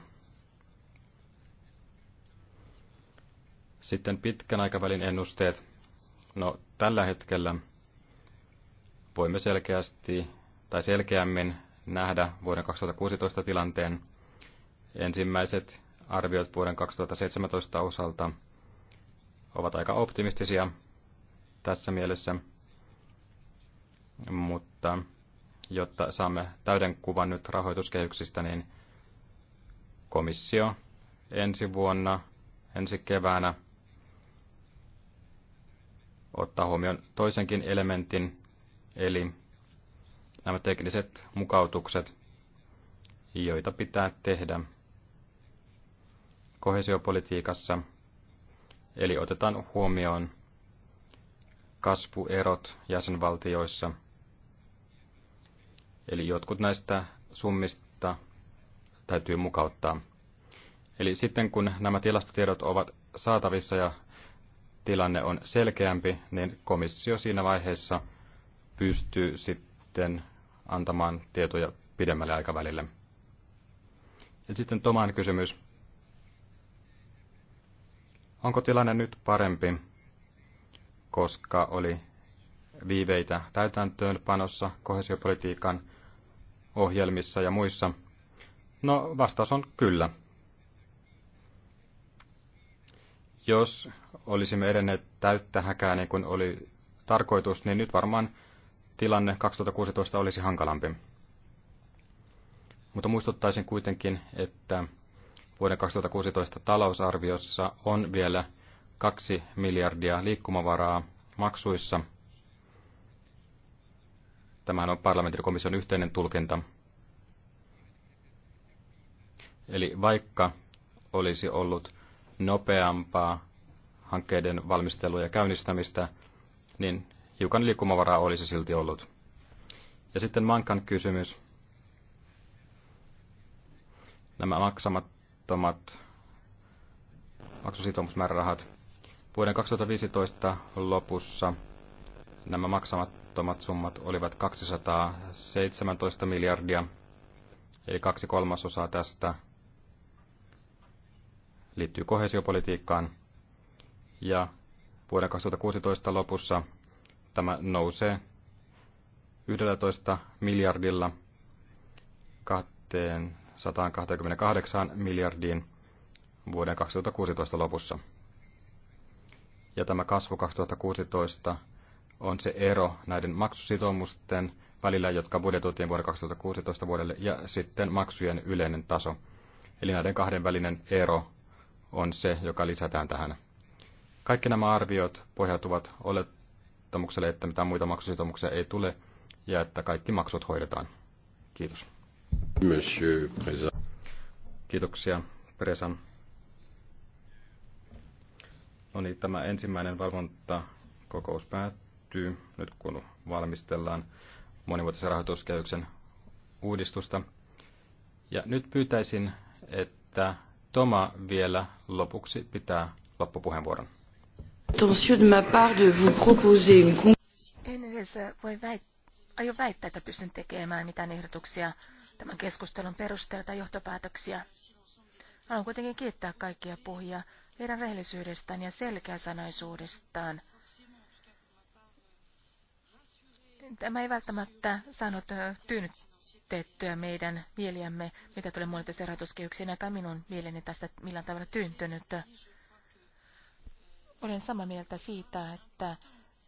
Sitten pitkän aikavälin ennusteet. No tällä hetkellä voimme selkeästi tai selkeämmin nähdä vuoden 2016 tilanteen ensimmäiset arviot vuoden 2017 osalta ovat aika optimistisia tässä mielessä, mutta jotta saamme täyden kuvan nyt rahoituskehyksistä, niin komissio ensi vuonna, ensi keväänä ottaa huomioon toisenkin elementin, eli nämä tekniset mukautukset, joita pitää tehdä kohesiopolitiikassa, eli otetaan huomioon kasvuerot jäsenvaltioissa. Eli jotkut näistä summista täytyy mukauttaa. Eli sitten kun nämä tilastotiedot ovat saatavissa ja tilanne on selkeämpi, niin komissio siinä vaiheessa pystyy sitten antamaan tietoja pidemmälle aikavälille. Ja sitten Toman kysymys. Onko tilanne nyt parempi, koska oli viiveitä täytäntöönpanossa, kohesiopolitiikan ohjelmissa ja muissa? No vastaus on kyllä. Jos olisimme edenneet täyttä häkää niin kuin oli tarkoitus, niin nyt varmaan tilanne 2016 olisi hankalampi. Mutta muistuttaisin kuitenkin, että vuoden 2016 talousarviossa on vielä 2 miljardia liikkumavaraa maksuissa. Tämä on parlamentin komission yhteinen tulkinta. Eli vaikka olisi ollut nopeampaa hankkeiden valmistelua ja käynnistämistä, niin hiukan liikkumavaraa olisi silti ollut. Ja sitten Mankan kysymys. Nämä maksamattomat maksusitoumusmäärärahat. Vuoden 2015 lopussa nämä maksamattomat summat olivat 217 miljardia, eli kaksi kolmasosaa tästä liittyy kohesiopolitiikkaan ja vuoden 2016 lopussa tämä nousee 11 miljardilla 228 miljardiin vuoden 2016 lopussa. Ja tämä kasvu 2016 on se ero näiden maksusitoumusten välillä, jotka budjetoitiin vuoden 2016 vuodelle, ja sitten maksujen yleinen taso. Eli näiden kahden välinen ero on se, joka lisätään tähän kaikki nämä arviot pohjautuvat olettamukselle, että mitään muita maksusitoumuksia ei tule ja että kaikki maksut hoidetaan. Kiitos. Monsieur Kiitoksia, Presan. No niin, tämä ensimmäinen valvontakokous päättyy nyt kun valmistellaan monivuotisen rahoituskehyksen uudistusta. Ja nyt pyytäisin, että Toma vielä lopuksi pitää loppupuheenvuoron. En edes voi väittää, aio väittää, että pystyn tekemään mitään ehdotuksia tämän keskustelun perusteella tai johtopäätöksiä. Haluan kuitenkin kiittää kaikkia puhujia heidän rehellisyydestään ja selkeäsanaisuudestaan. Tämä ei välttämättä saanut äh, tyyntettyä meidän mieliämme, mitä tulee muille rahoituskehyksiin, eikä minun mieleni tästä millään tavalla tyyntynyt. Olen samaa mieltä siitä, että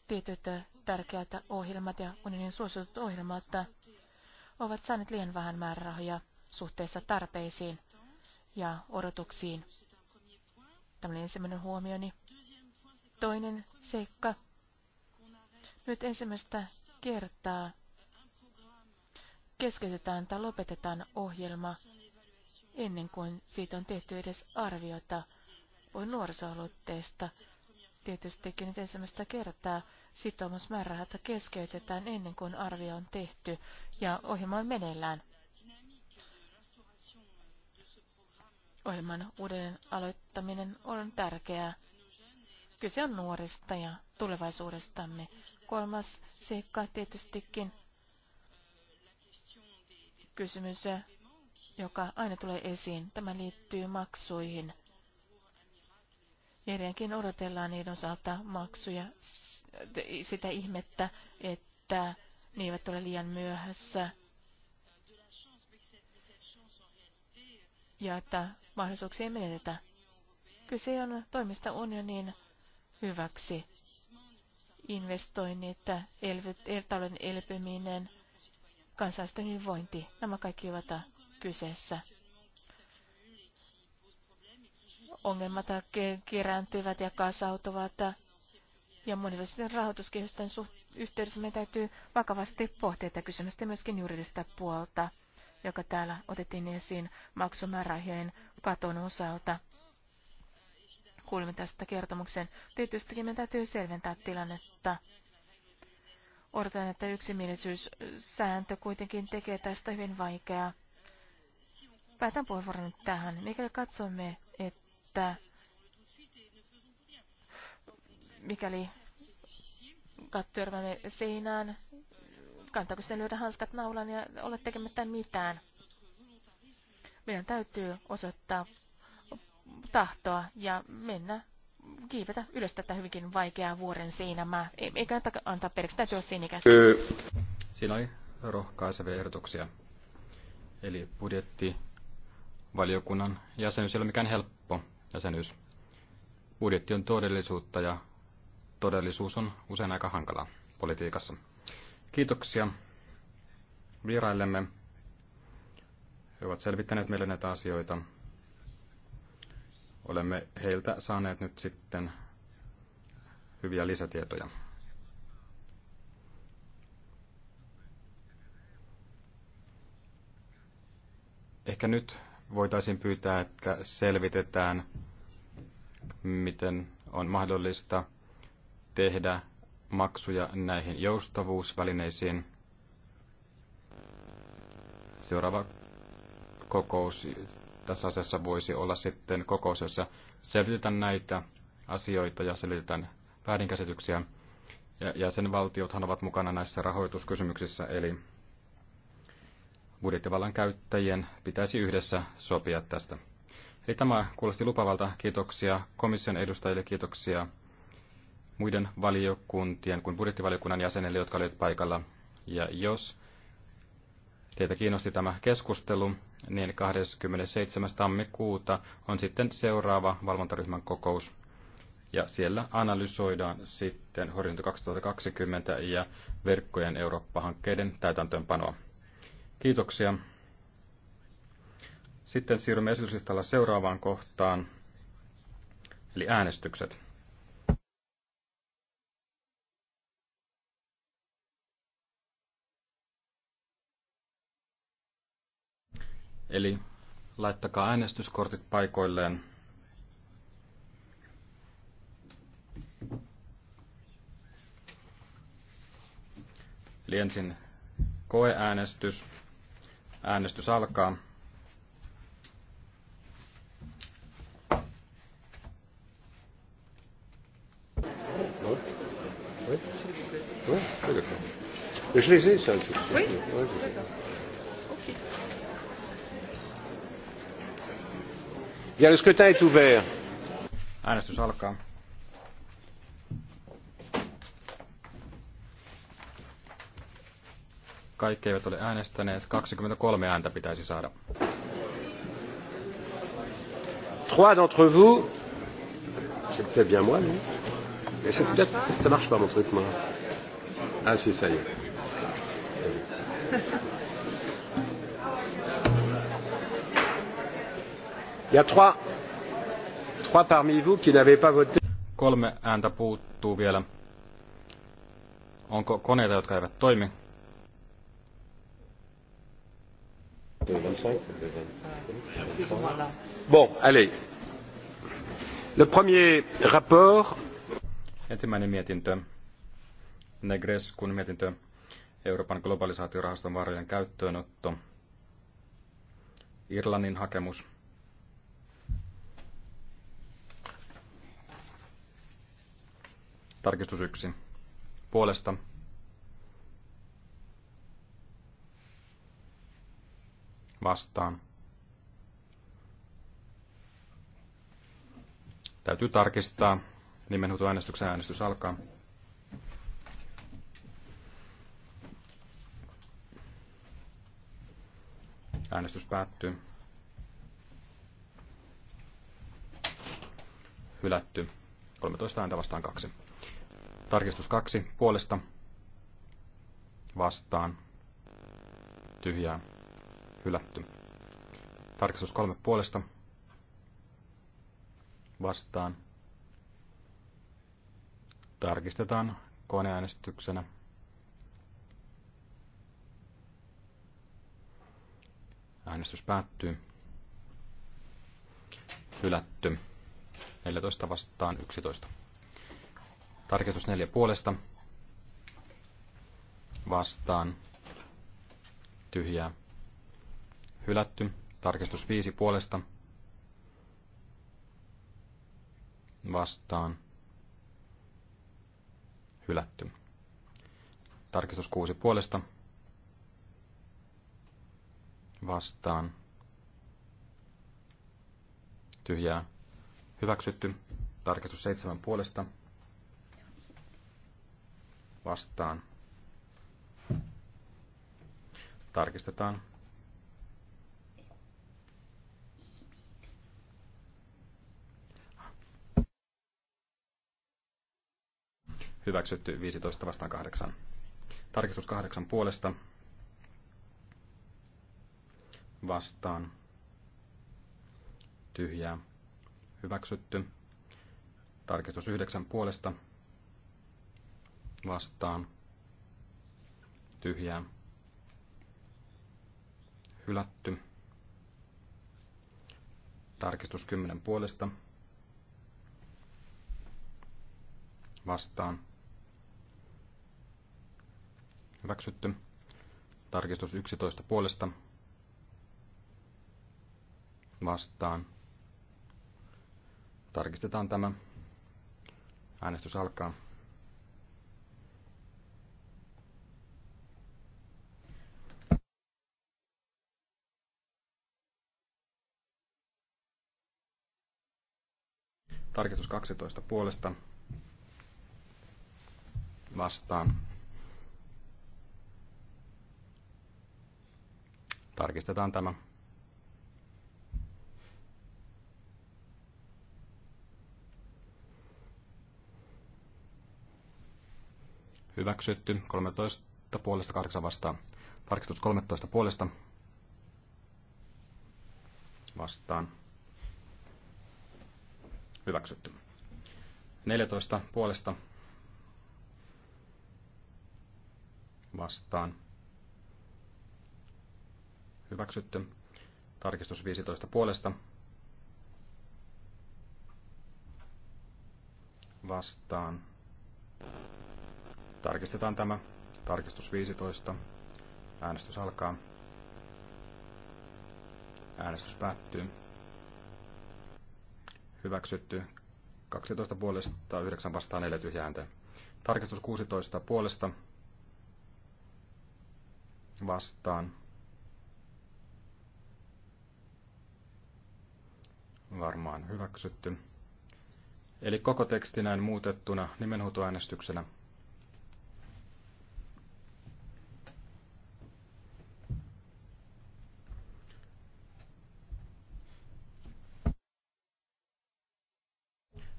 tietyt tärkeät ohjelmat ja unionin suositut ohjelmat ovat saaneet liian vähän määrärahoja suhteessa tarpeisiin ja odotuksiin. Tämä oli ensimmäinen huomioni. Toinen seikka. Nyt ensimmäistä kertaa keskeytetään tai lopetetaan ohjelma ennen kuin siitä on tehty edes arviota voi nuorisoaloitteesta tietystikin nyt ensimmäistä kertaa sitoumusmäärärahat keskeytetään ennen kuin arvio on tehty ja ohjelma on meneillään. Ohjelman uuden aloittaminen on tärkeää. Kyse on nuorista ja tulevaisuudestamme. Kolmas seikka tietystikin kysymys, joka aina tulee esiin. Tämä liittyy maksuihin. Edelleenkin odotellaan niiden osalta maksuja sitä ihmettä, että ne eivät ole liian myöhässä. Ja että mahdollisuuksia ei menetetä. Kyse on toimista unionin hyväksi. Investoinnit, elvy, talouden elpyminen, kansalaisten hyvinvointi, nämä kaikki ovat kyseessä ongelmat kerääntyvät ja kasautuvat. Ja monivälisten rahoituskehysten yhteydessä meidän täytyy vakavasti pohtia tätä kysymystä myöskin juridista puolta, joka täällä otettiin esiin maksumäärähien katon osalta. Kuulimme tästä kertomuksen. Tietystikin meidän täytyy selventää tilannetta. Odotan, että yksimielisyyssääntö kuitenkin tekee tästä hyvin vaikeaa. Päätän puheenvuoron tähän. Mikäli katsomme että mikäli törmäämme seinään, kantaako sitten lyödä hanskat naulan ja olla tekemättä mitään. Meidän täytyy osoittaa tahtoa ja mennä kiivetä ylös tätä hyvinkin vaikeaa vuoren seinämää. E- ei, kannata antaa periksi, täytyy olla sinikäs. Siinä oli rohkaisevia ehdotuksia. Eli valiokunnan jäsenyys ei ole mikään helppo jäsenyys. Budjetti on todellisuutta ja todellisuus on usein aika hankala politiikassa. Kiitoksia vieraillemme. He ovat selvittäneet meille näitä asioita. Olemme heiltä saaneet nyt sitten hyviä lisätietoja. Ehkä nyt voitaisiin pyytää, että selvitetään, miten on mahdollista tehdä maksuja näihin joustavuusvälineisiin. Seuraava kokous tässä asiassa voisi olla sitten kokous, jossa selvitetään näitä asioita ja selitetään väärinkäsityksiä. Ja jäsenvaltiothan ovat mukana näissä rahoituskysymyksissä, eli budjettivallan käyttäjien pitäisi yhdessä sopia tästä. Eli tämä kuulosti lupavalta. Kiitoksia komission edustajille, kiitoksia muiden valiokuntien kuin budjettivaliokunnan jäsenille, jotka olivat paikalla. Ja jos teitä kiinnosti tämä keskustelu, niin 27. tammikuuta on sitten seuraava valvontaryhmän kokous. Ja siellä analysoidaan sitten Horisontti 2020 ja verkkojen Eurooppa-hankkeiden täytäntöönpanoa. Kiitoksia. Sitten siirrymme esityslistalla seuraavaan kohtaan, eli äänestykset. Eli laittakaa äänestyskortit paikoilleen. Eli ensin koeäänestys. Äänestys alkaa. Je Bien, le scrutin est ouvert. Äänestys alkaa. Kaikki eivät ole äänestäneet. 23 ääntä pitäisi saada. Trois d'entre vous. C'est peut-être bien moi, non Mais c'est peut-être. Ça marche pas mon truc, moi. Ah, si, ça y est. Il y a trois, trois parmi vous qui n'avez pas voté. Kolme ääntä puuttuu vielä. Onko koneita, jotka eivät toimi? Ah, bon, allez. Le premier rapport. Ensimmäinen mietintö. kun mietintö. Euroopan globalisaatiorahaston varojen käyttöönotto. Irlannin hakemus. Tarkistus 1. Puolesta vastaan. Täytyy tarkistaa. Nimenhuutoäänestyksen äänestys alkaa. Äänestys päättyy. Hylätty. 13 ääntä vastaan 2. Tarkistus 2. Puolesta. Vastaan. Tyhjää hylätty. Tarkistus kolme puolesta vastaan. Tarkistetaan koneäänestyksenä. Äänestys päättyy. Hylätty. 14 vastaan 11. Tarkistus 4 puolesta. Vastaan. Tyhjää. Hylätty. Tarkistus 5 puolesta. Vastaan. Hylätty. Tarkistus 6 puolesta. Vastaan. Tyhjää. Hyväksytty. Tarkistus 7 puolesta. Vastaan. Tarkistetaan hyväksytty 15 vastaan 8. Tarkistus 8 puolesta vastaan tyhjää hyväksytty. Tarkistus 9 puolesta vastaan tyhjää hylätty. Tarkistus 10 puolesta vastaan hyväksytty. Tarkistus 11 puolesta vastaan. Tarkistetaan tämä. Äänestys alkaa. Tarkistus 12 puolesta vastaan Tarkistetaan tämä. Hyväksytty. 13 puolesta 8 vastaan. Tarkistus 13 puolesta vastaan. Hyväksytty. 14 puolesta vastaan hyväksytty. Tarkistus 15 puolesta vastaan. Tarkistetaan tämä. Tarkistus 15. Äänestys alkaa. Äänestys päättyy. Hyväksytty 12 puolesta, 9 vastaan 4 tyhjää ääntä. Tarkistus 16 puolesta vastaan varmaan hyväksytty. Eli koko teksti näin muutettuna nimenhuutoäänestyksenä.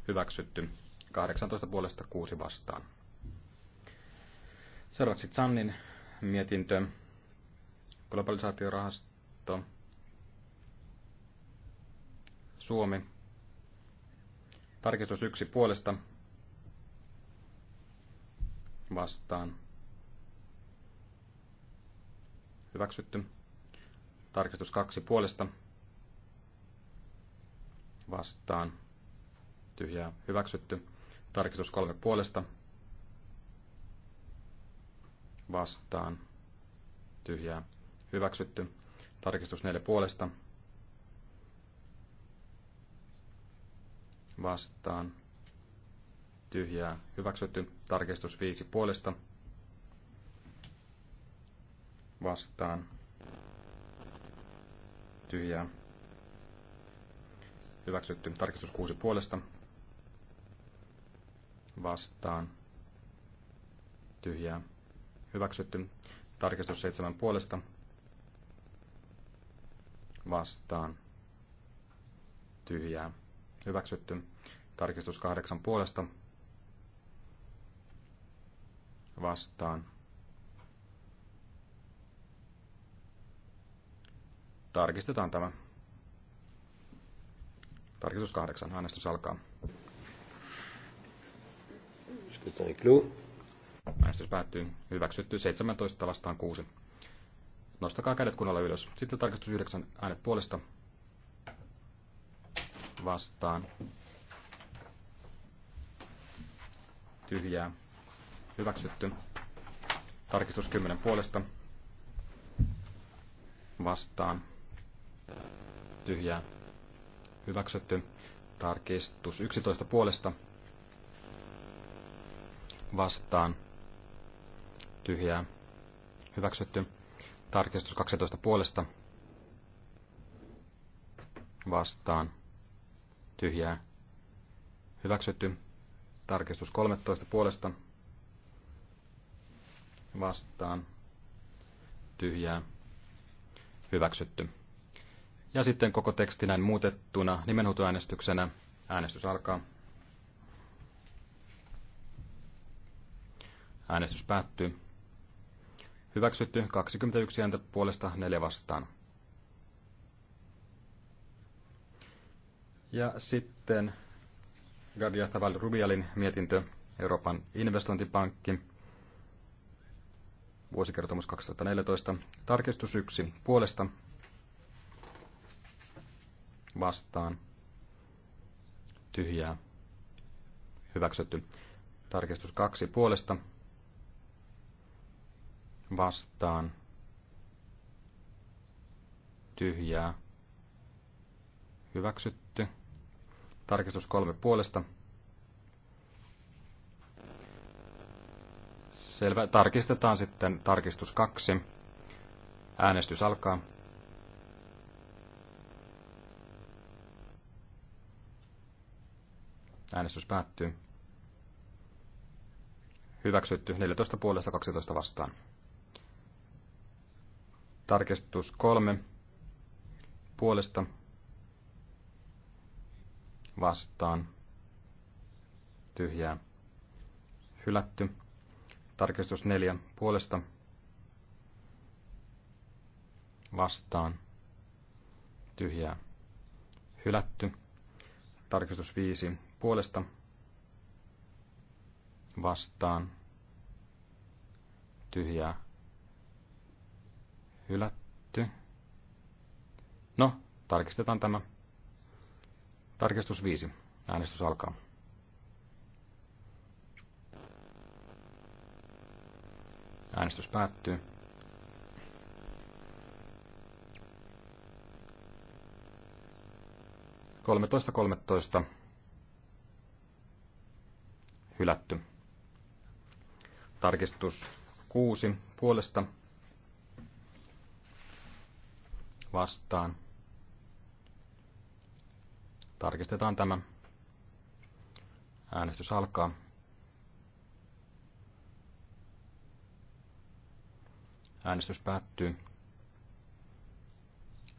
Hyväksytty. 18 puolesta 6 vastaan. Seuraavaksi Sannin mietintö. Globalisaatiorahasto. rahasto Suomi. Tarkistus yksi puolesta vastaan. Hyväksytty. Tarkistus kaksi puolesta vastaan. Tyhjää hyväksytty. Tarkistus kolme puolesta vastaan. Tyhjää hyväksytty. Tarkistus neljä puolesta vastaan vastaan tyhjää hyväksytty. Tarkistus 5 puolesta vastaan tyhjää hyväksytty. Tarkistus 6 puolesta vastaan tyhjää hyväksytty. Tarkistus 7 puolesta vastaan tyhjää hyväksytty. Tarkistus kahdeksan puolesta vastaan. Tarkistetaan tämä. Tarkistus kahdeksan. Äänestys alkaa. Äänestys päättyy. Hyväksytty 17 vastaan 6. Nostakaa kädet kunnolla ylös. Sitten tarkistus 9 äänet puolesta vastaan. tyhjää hyväksytty. Tarkistus 10 puolesta vastaan tyhjää hyväksytty. Tarkistus 11 puolesta vastaan tyhjää hyväksytty. Tarkistus 12 puolesta vastaan tyhjää hyväksytty Tarkistus 13 puolesta vastaan tyhjää hyväksytty. Ja sitten koko teksti näin muutettuna nimenhuutoäänestyksenä. Äänestys alkaa. Äänestys päättyy. Hyväksytty 21 ääntä puolesta 4 vastaan. Ja sitten Gardia Taval Rubialin mietintö Euroopan investointipankki vuosikertomus 2014. Tarkistus 1 puolesta vastaan tyhjää hyväksytty. Tarkistus 2 puolesta vastaan tyhjää hyväksytty. Tarkistus kolme puolesta. Selvä. Tarkistetaan sitten tarkistus kaksi. Äänestys alkaa. Äänestys päättyy. Hyväksytty 14 puolesta 12 vastaan. Tarkistus kolme puolesta vastaan tyhjää hylätty. Tarkistus 4 puolesta vastaan tyhjää hylätty. Tarkistus 5 puolesta vastaan tyhjää hylätty. No, tarkistetaan tämä. Tarkistus 5. Äänestys alkaa. Äänestys päättyy. Kolmetoista kolmetoista. Hylätty. Tarkistus kuusi puolesta vastaan Tarkistetaan tämä. Äänestys alkaa. Äänestys päättyy.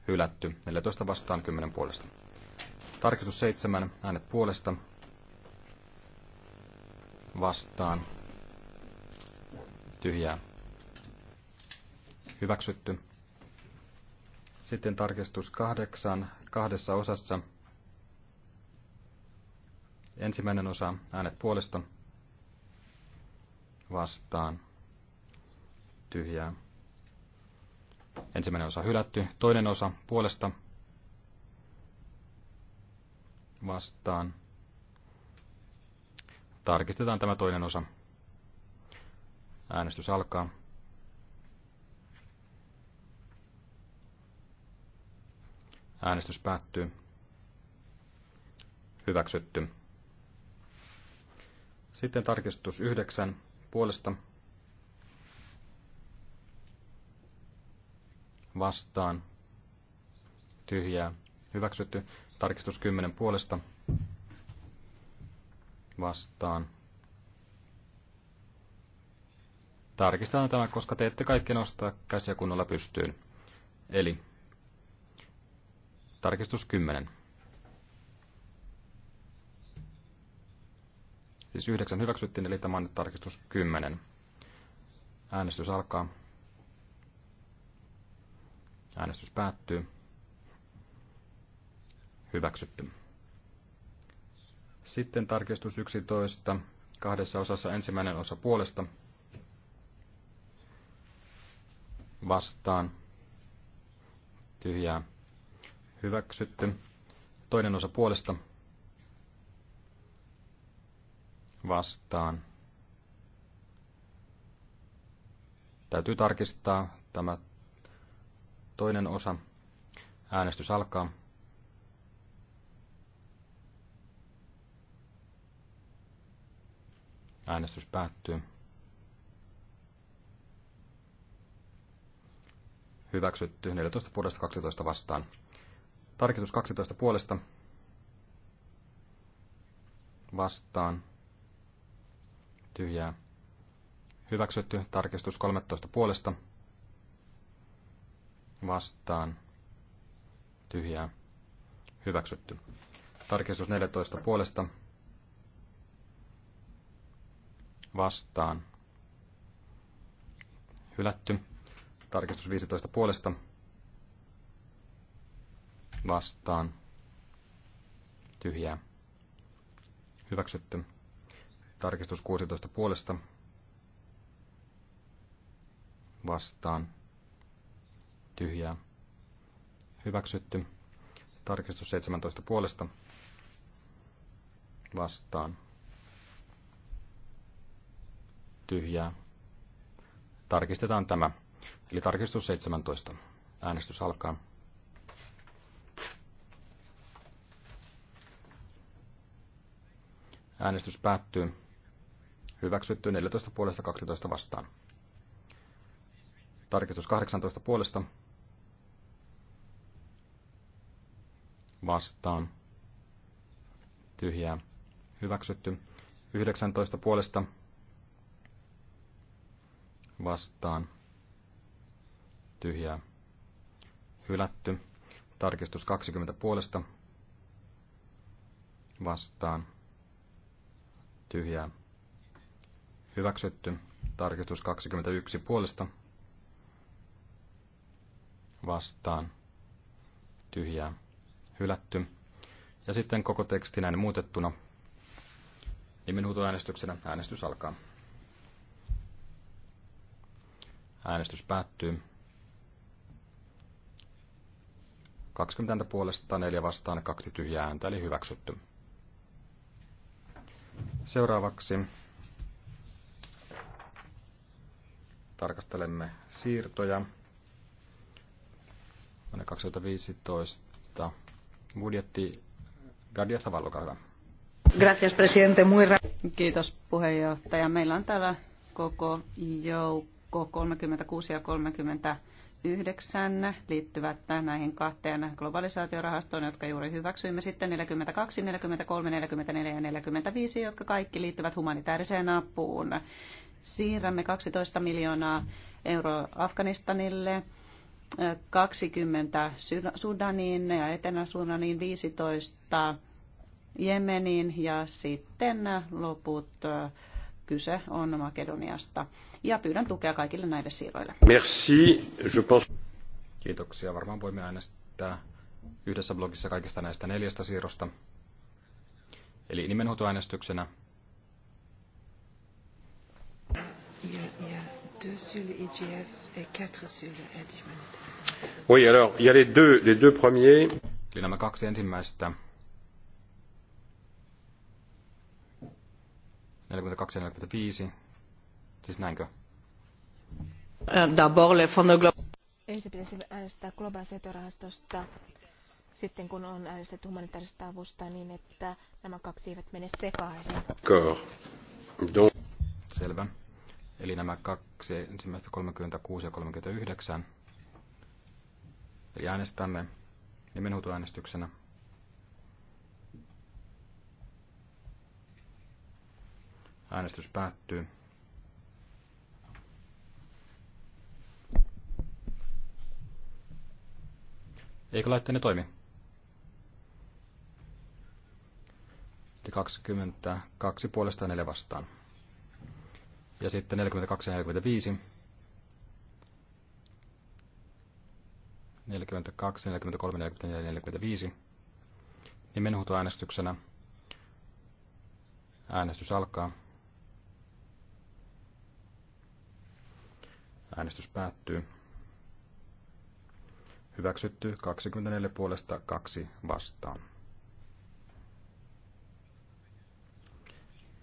Hylätty. 14 vastaan 10 puolesta. Tarkistus 7. Äänet puolesta. Vastaan. Tyhjää. Hyväksytty. Sitten tarkistus 8 kahdessa osassa – Ensimmäinen osa äänet puolesta vastaan tyhjää. Ensimmäinen osa hylätty. Toinen osa puolesta vastaan. Tarkistetaan tämä toinen osa. Äänestys alkaa. Äänestys päättyy. Hyväksytty. Sitten tarkistus yhdeksän puolesta vastaan tyhjää hyväksytty. Tarkistus kymmenen puolesta vastaan. Tarkistetaan tämä, koska te ette kaikki nostaa käsiä kunnolla pystyyn. Eli tarkistus 10. Siis yhdeksän hyväksyttiin, eli tämä on nyt tarkistus kymmenen Äänestys alkaa. Äänestys päättyy. Hyväksytty. Sitten tarkistus 11. Kahdessa osassa ensimmäinen osa puolesta. Vastaan. Tyhjää. Hyväksytty. Toinen osa puolesta vastaan. Täytyy tarkistaa tämä toinen osa. Äänestys alkaa. Äänestys päättyy. Hyväksytty 14 puolesta 12 vastaan. Tarkistus 12 puolesta vastaan tyhjää hyväksytty. Tarkistus 13 puolesta vastaan tyhjää hyväksytty. Tarkistus 14 puolesta vastaan hylätty. Tarkistus 15 puolesta vastaan tyhjää hyväksytty. Tarkistus 16 puolesta vastaan tyhjää hyväksytty. Tarkistus 17 puolesta vastaan tyhjää. Tarkistetaan tämä. Eli tarkistus 17. Äänestys alkaa. Äänestys päättyy. Hyväksytty 14 puolesta 12 vastaan. Tarkistus 18 puolesta. Vastaan. Tyhjää. Hyväksytty. 19 puolesta. Vastaan. Tyhjää. Hylätty. Tarkistus 20 puolesta. Vastaan. Tyhjää Hyväksytty. Tarkistus 21 puolesta. Vastaan. Tyhjää. Hylätty. Ja sitten koko teksti näin muutettuna. Nimenhuutoäänestyksenä äänestys alkaa. Äänestys päättyy. 20 puolesta, 4 vastaan, 2 tyhjää ääntä, eli hyväksytty. Seuraavaksi tarkastelemme siirtoja vuonna 2015 budjetti Gardia Tavallo, hyvä. Gracias, presidente. Muy Kiitos puheenjohtaja. Meillä on täällä koko joukko 36 ja 39 liittyvät näihin kahteen globalisaatiorahastoon, jotka juuri hyväksyimme sitten 42, 43, 44 ja 45, jotka kaikki liittyvät humanitaariseen apuun siirrämme 12 miljoonaa euroa Afganistanille, 20 Sudaniin ja Etelä-Sudaniin 15 Jemeniin ja sitten loput kyse on Makedoniasta. Ja pyydän tukea kaikille näille siirroille. Merci. Je pense... Kiitoksia. Varmaan voimme äänestää yhdessä blogissa kaikista näistä neljästä siirrosta. Eli nimenhoitoäänestyksenä deux sur le IGF e et quatre sur le aide humanitaire. Oui, alors, il y a les deux, les deux premiers. Eli nämä kaksi ensimmäistä. 42 ja 45. Siis näinkö? Äh, Ensin pitäisi äänestää globaalista globalisaatiorahastosta sitten kun on äänestetty humanitaarista avusta, niin että nämä kaksi eivät mene sekaisin. Selvä. Eli nämä kaksi ensimmäistä 36 ja 39. Eli äänestämme nimenhuutoäänestyksenä. Äänestys päättyy. Eikö laitteeni toimi? 22 puolesta 4 vastaan ja sitten 42 ja 45. 42, 43, 44 ja 45. Nimenhuutoäänestyksenä äänestys alkaa. Äänestys päättyy. Hyväksytty 24 puolesta 2 vastaan.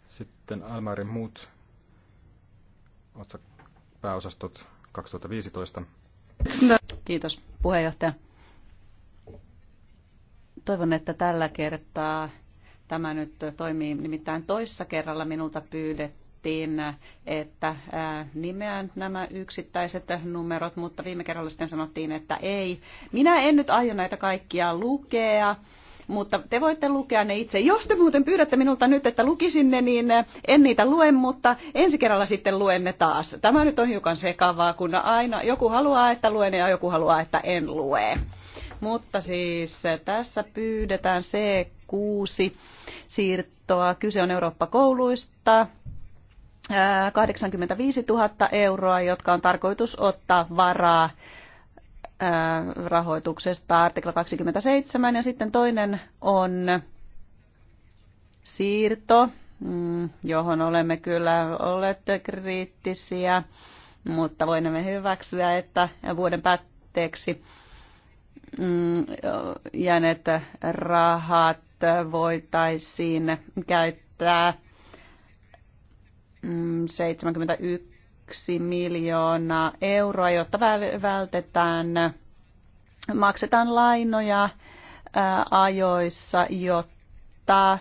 Sitten Almarin muut pääosastot 2015. Kiitos puheenjohtaja. Toivon, että tällä kertaa tämä nyt toimii. Nimittäin toissa kerralla minulta pyydettiin, että nimeän nämä yksittäiset numerot, mutta viime kerralla sitten sanottiin, että ei. Minä en nyt aio näitä kaikkia lukea mutta te voitte lukea ne itse. Jos te muuten pyydätte minulta nyt, että lukisin ne, niin eh, en niitä lue, mutta ensi kerralla sitten luen ne taas. Tämä nyt on hiukan sekavaa, kun aina joku haluaa, että luen ja joku haluaa, että en lue. Mutta siis eh, tässä pyydetään C6 siirtoa. Kyse on Eurooppa-kouluista. 85 eh, 000 euroa, jotka on tarkoitus ottaa varaa rahoituksesta, artikla 27, ja sitten toinen on siirto, mm, johon olemme kyllä olleet kriittisiä, mutta voimme hyväksyä, että vuoden päätteeksi mm, jääneet rahat voitaisiin käyttää 71 mm, yksi miljoonaa euroa, jotta vältetään, maksetaan lainoja ajoissa, jotta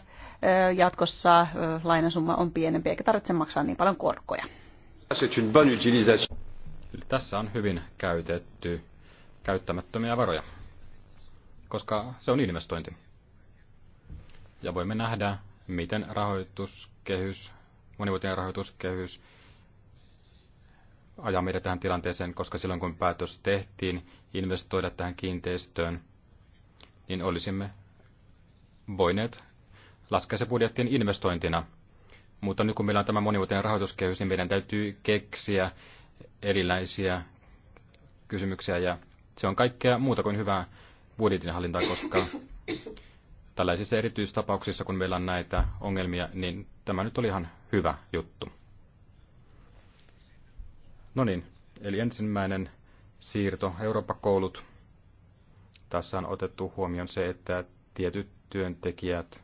jatkossa lainasumma on pienempi eikä tarvitse maksaa niin paljon korkoja. Eli tässä on hyvin käytetty käyttämättömiä varoja, koska se on investointi. Ja voimme nähdä, miten rahoituskehys, monivuotinen rahoituskehys ajaa meidät tähän tilanteeseen, koska silloin kun päätös tehtiin investoida tähän kiinteistöön, niin olisimme voineet laskea se budjettiin investointina. Mutta nyt kun meillä on tämä monivuotinen rahoituskehys, niin meidän täytyy keksiä erilaisia kysymyksiä ja se on kaikkea muuta kuin hyvää budjetinhallintaa, koska tällaisissa erityistapauksissa, kun meillä on näitä ongelmia, niin tämä nyt oli ihan hyvä juttu. No niin, eli ensimmäinen siirto, Eurooppa-koulut. Tässä on otettu huomioon se, että tietyt työntekijät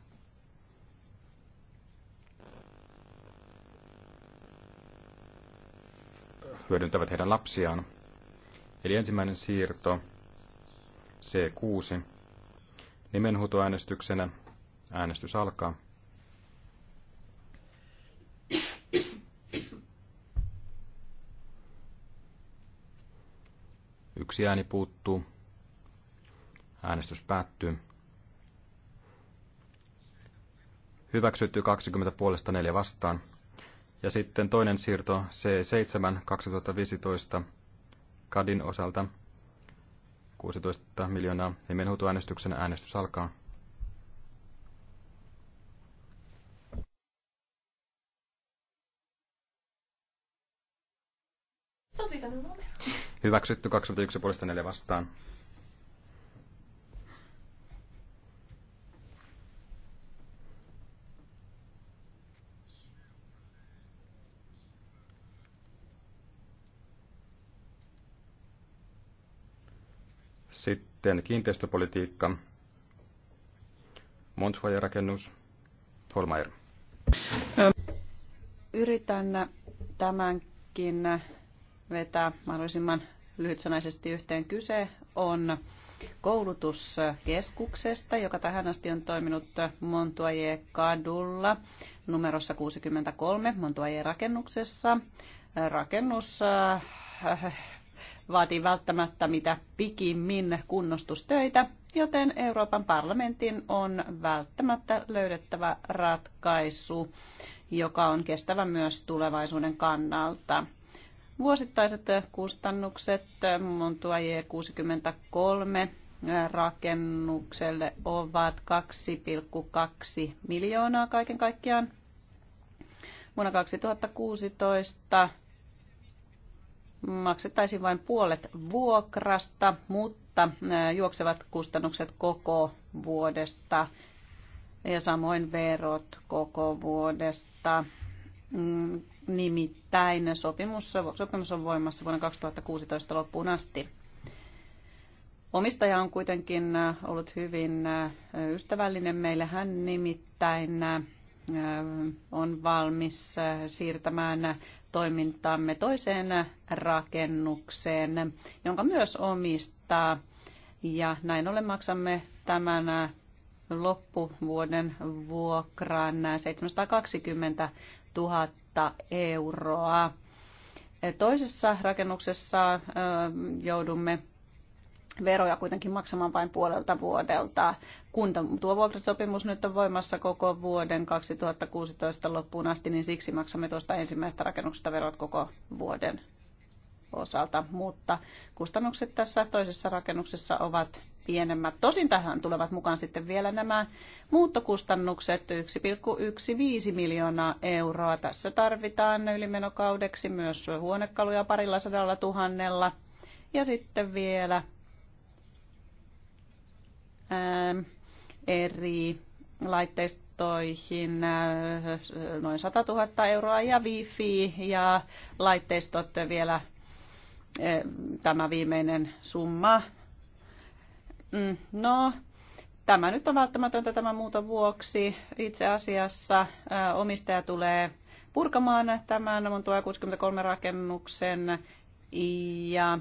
hyödyntävät heidän lapsiaan. Eli ensimmäinen siirto, C6. Nimenhuutoäänestyksenä äänestys alkaa. Yksi ääni puuttuu. Äänestys päättyy. Hyväksytty 20 puolesta 4 vastaan. Ja sitten toinen siirto C7 2015 Kadin osalta. 16 miljoonaa nimenhuutoäänestyksen äänestys alkaa. Sopi Hyväksytty 21 puolesta 4 vastaan. Sitten kiinteistöpolitiikka, Montfoyer-rakennus. Holmeier. Yritän tämänkin vetää mahdollisimman lyhytsanaisesti yhteen. Kyse on koulutuskeskuksesta, joka tähän asti on toiminut Montoyer kadulla numerossa 63 Montoyer rakennuksessa. Rakennus äh, vaatii välttämättä mitä pikimmin kunnostustöitä, joten Euroopan parlamentin on välttämättä löydettävä ratkaisu, joka on kestävä myös tulevaisuuden kannalta. Vuosittaiset kustannukset Montua J63 rakennukselle ovat 2,2 miljoonaa kaiken kaikkiaan. Vuonna 2016 maksettaisiin vain puolet vuokrasta, mutta juoksevat kustannukset koko vuodesta ja samoin verot koko vuodesta. Mm, Nimittäin sopimus, sopimus on voimassa vuonna 2016 loppuun asti. Omistaja on kuitenkin ollut hyvin ystävällinen meille. Hän nimittäin on valmis siirtämään toimintaamme toiseen rakennukseen, jonka myös omistaa. Ja näin ollen maksamme tämän loppuvuoden vuokran 720 000 euroa. Toisessa rakennuksessa joudumme veroja kuitenkin maksamaan vain puolelta vuodelta. Kun tuo vuokrasopimus nyt on voimassa koko vuoden 2016 loppuun asti, niin siksi maksamme tuosta ensimmäisestä rakennuksesta verot koko vuoden osalta, mutta kustannukset tässä toisessa rakennuksessa ovat pienemmät. Tosin tähän tulevat mukaan sitten vielä nämä muuttokustannukset, 1,15 miljoonaa euroa. Tässä tarvitaan ylimenokaudeksi myös huonekaluja parilla sadalla tuhannella. Ja sitten vielä ää, ähm, eri laitteistoihin äh, noin 100 000 euroa ja wifi ja laitteistot vielä Eh, tämä viimeinen summa. Mm, no, tämä nyt on välttämätöntä tämän muuton vuoksi. Itse asiassa eh, omistaja tulee purkamaan tämän mun 63 rakennuksen ja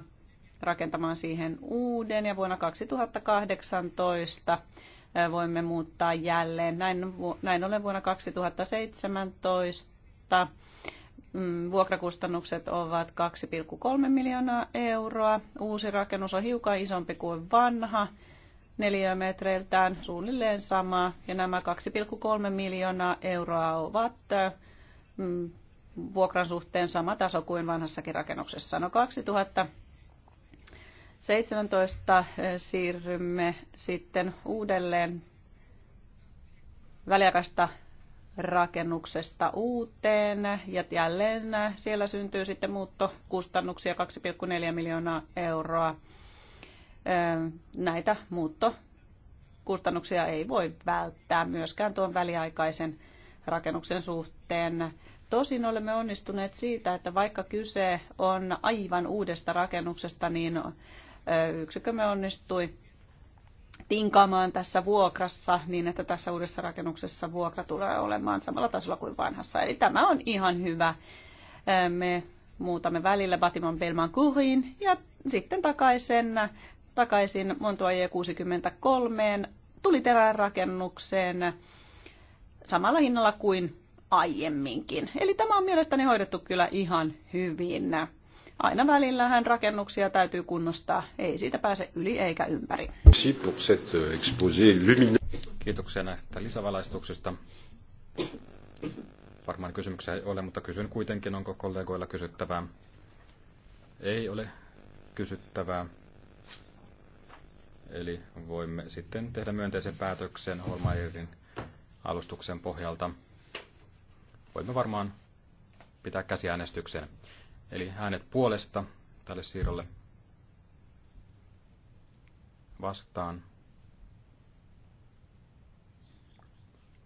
rakentamaan siihen uuden ja vuonna 2018 eh, voimme muuttaa jälleen. Näin, näin ollen vuonna 2017 Mm, vuokrakustannukset ovat 2,3 miljoonaa euroa. Uusi rakennus on hiukan isompi kuin vanha neliömetreiltään suunnilleen sama. Ja nämä 2,3 miljoonaa euroa ovat mm, vuokran suhteen sama taso kuin vanhassakin rakennuksessa. No 2017 siirrymme sitten uudelleen väliaikaista rakennuksesta uuteen ja jälleen siellä syntyy sitten muuttokustannuksia 2,4 miljoonaa euroa. Öö, näitä muuttokustannuksia ei voi välttää myöskään tuon väliaikaisen rakennuksen suhteen. Tosin olemme onnistuneet siitä, että vaikka kyse on aivan uudesta rakennuksesta, niin yksikömme onnistui tinkaamaan tässä vuokrassa niin, että tässä uudessa rakennuksessa vuokra tulee olemaan samalla tasolla kuin vanhassa. Eli tämä on ihan hyvä. Me muutamme välillä Batiman Belman kuhiin ja sitten takaisin, takaisin Montoyer 63 tuliterän rakennukseen samalla hinnalla kuin aiemminkin. Eli tämä on mielestäni hoidettu kyllä ihan hyvin aina välillä hän rakennuksia täytyy kunnostaa. Ei siitä pääse yli eikä ympäri. Euh, Kiitoksia näistä lisävalaistuksista. Varmaan kysymyksiä ei ole, mutta kysyn kuitenkin, onko kollegoilla kysyttävää. Ei ole kysyttävää. Eli voimme sitten tehdä myönteisen päätöksen Holmairin alustuksen pohjalta. Voimme varmaan pitää käsiäänestyksen. Eli äänet puolesta tälle siirrolle vastaan.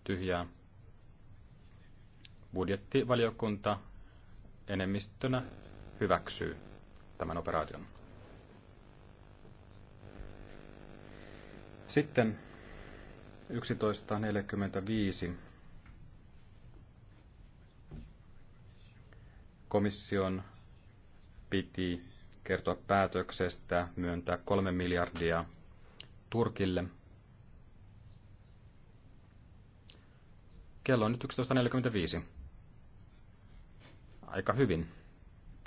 Tyhjää. Budjettivaliokunta enemmistönä hyväksyy tämän operaation. Sitten 11.45 komission piti kertoa päätöksestä myöntää kolme miljardia Turkille. Kello on nyt 11.45. Aika hyvin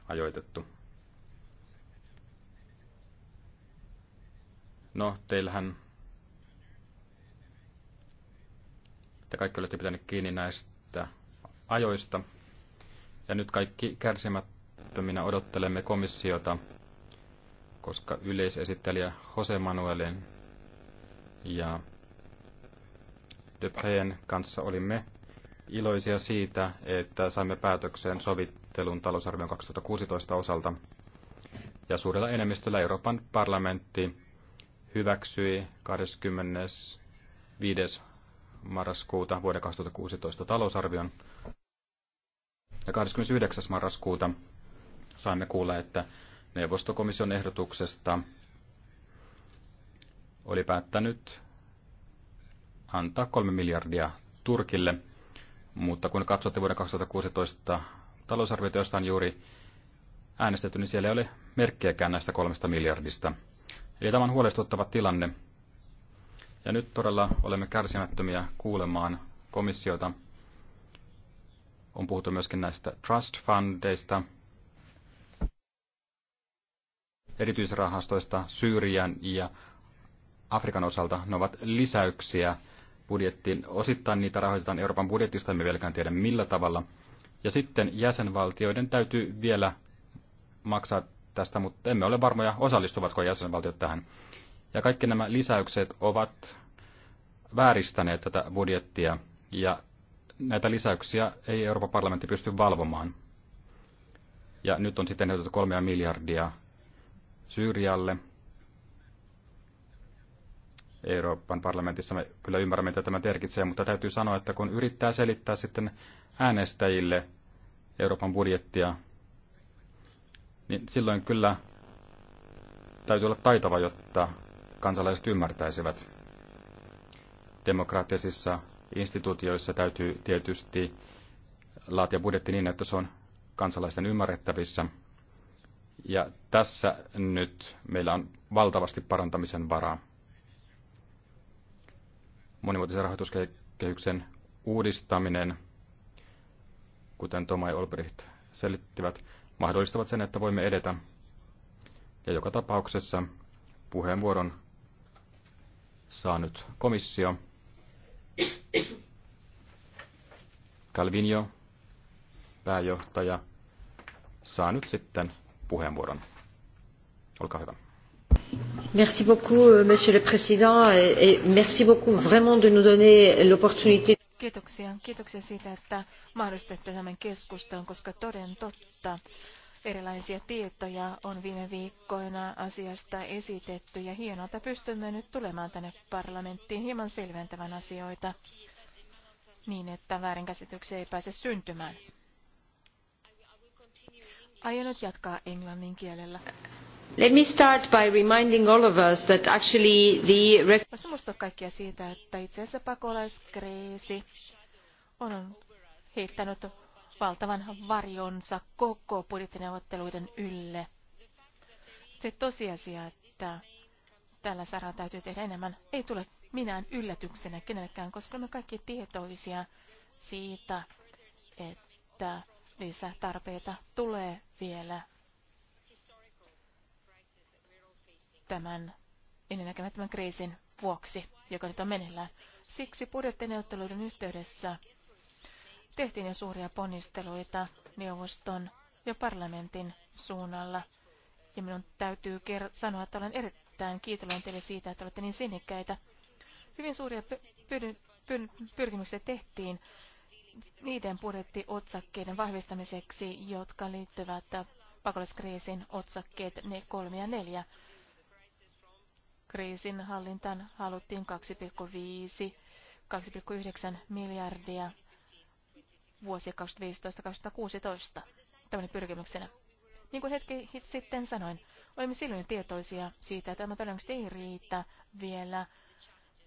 ajoitettu. No, teillähän te kaikki olette pitäneet kiinni näistä ajoista. Ja nyt kaikki kärsimättöminä odottelemme komissiota, koska yleisesittelijä Jose Manuelin ja Depreen kanssa olimme iloisia siitä, että saimme päätökseen sovittelun talousarvion 2016 osalta. Ja suurella enemmistöllä Euroopan parlamentti hyväksyi 25. marraskuuta vuoden 2016 talousarvion. Ja 29. marraskuuta saimme kuulla, että neuvostokomission ehdotuksesta oli päättänyt antaa 3 miljardia Turkille, mutta kun katsotte vuoden 2016 talousarviota, josta on juuri äänestetty, niin siellä ei ole merkkiäkään näistä kolmesta miljardista. Eli tämä on huolestuttava tilanne. Ja nyt todella olemme kärsimättömiä kuulemaan komissiota on puhuttu myöskin näistä trust fundeista, erityisrahastoista Syyrian ja Afrikan osalta. Ne ovat lisäyksiä budjettiin. Osittain niitä rahoitetaan Euroopan budjetista, emme vieläkään tiedä millä tavalla. Ja sitten jäsenvaltioiden täytyy vielä maksaa tästä, mutta emme ole varmoja, osallistuvatko jäsenvaltiot tähän. Ja kaikki nämä lisäykset ovat vääristäneet tätä budjettia ja näitä lisäyksiä ei Euroopan parlamentti pysty valvomaan. Ja nyt on sitten ehdotettu kolmea miljardia Syyrialle. Euroopan parlamentissa me kyllä ymmärrämme, mitä tämä merkitsee, mutta täytyy sanoa, että kun yrittää selittää sitten äänestäjille Euroopan budjettia, niin silloin kyllä täytyy olla taitava, jotta kansalaiset ymmärtäisivät. Demokraattisissa instituutioissa täytyy tietysti laatia budjetti niin, että se on kansalaisten ymmärrettävissä. Ja tässä nyt meillä on valtavasti parantamisen varaa. Monimuotoisen rahoituskehyksen uudistaminen, kuten Toma ja Olbricht selittivät, mahdollistavat sen, että voimme edetä. Ja joka tapauksessa puheenvuoron saa nyt komissio. Calvinio, pääjohtaja, saa nyt sitten puheenvuoron. Olkaa hyvä. Merci beaucoup, euh, Monsieur le Président, et merci beaucoup vraiment de nous donner l'opportunité. Kiitoksia. Kiitoksia siitä, että mahdollistatte tämän keskustelun, koska toden totta Erilaisia tietoja on viime viikkoina asiasta esitetty ja hienoa, että pystymme nyt tulemaan tänne parlamenttiin hieman selventävän asioita niin, että väärinkäsityksiä ei pääse syntymään. Aion nyt jatkaa englannin kielellä. Let me start by reminding all of us that actually the... Voisi kaikkia siitä, että itse asiassa pakolaiskriisi on heittänyt valtavan varjonsa koko budjettineuvotteluiden ylle. Se tosiasia, että tällä saralla täytyy tehdä enemmän, ei tule minään yllätyksenä kenellekään, koska me kaikki tietoisia siitä, että lisätarpeita tulee vielä tämän ennennäkemättömän kriisin vuoksi, joka nyt on meneillään. Siksi budjettineuvotteluiden yhteydessä tehtiin jo suuria ponnisteluita neuvoston ja parlamentin suunnalla. Ja minun täytyy ker- sanoa, että olen erittäin kiitollinen teille siitä, että olette niin sinnikkäitä. Hyvin suuria py- py- pyrkimyksiä tehtiin niiden budjettiotsakkeiden vahvistamiseksi, jotka liittyvät pakolaiskriisin otsakkeet ne kolme ja neljä. Kriisin hallintaan haluttiin 2,5 2,9 miljardia vuosia 2015-2016 tämmöinen pyrkimyksenä. Niin kuin hetki sitten sanoin, olimme silloin tietoisia siitä, että tämä todennäköisesti ei riitä vielä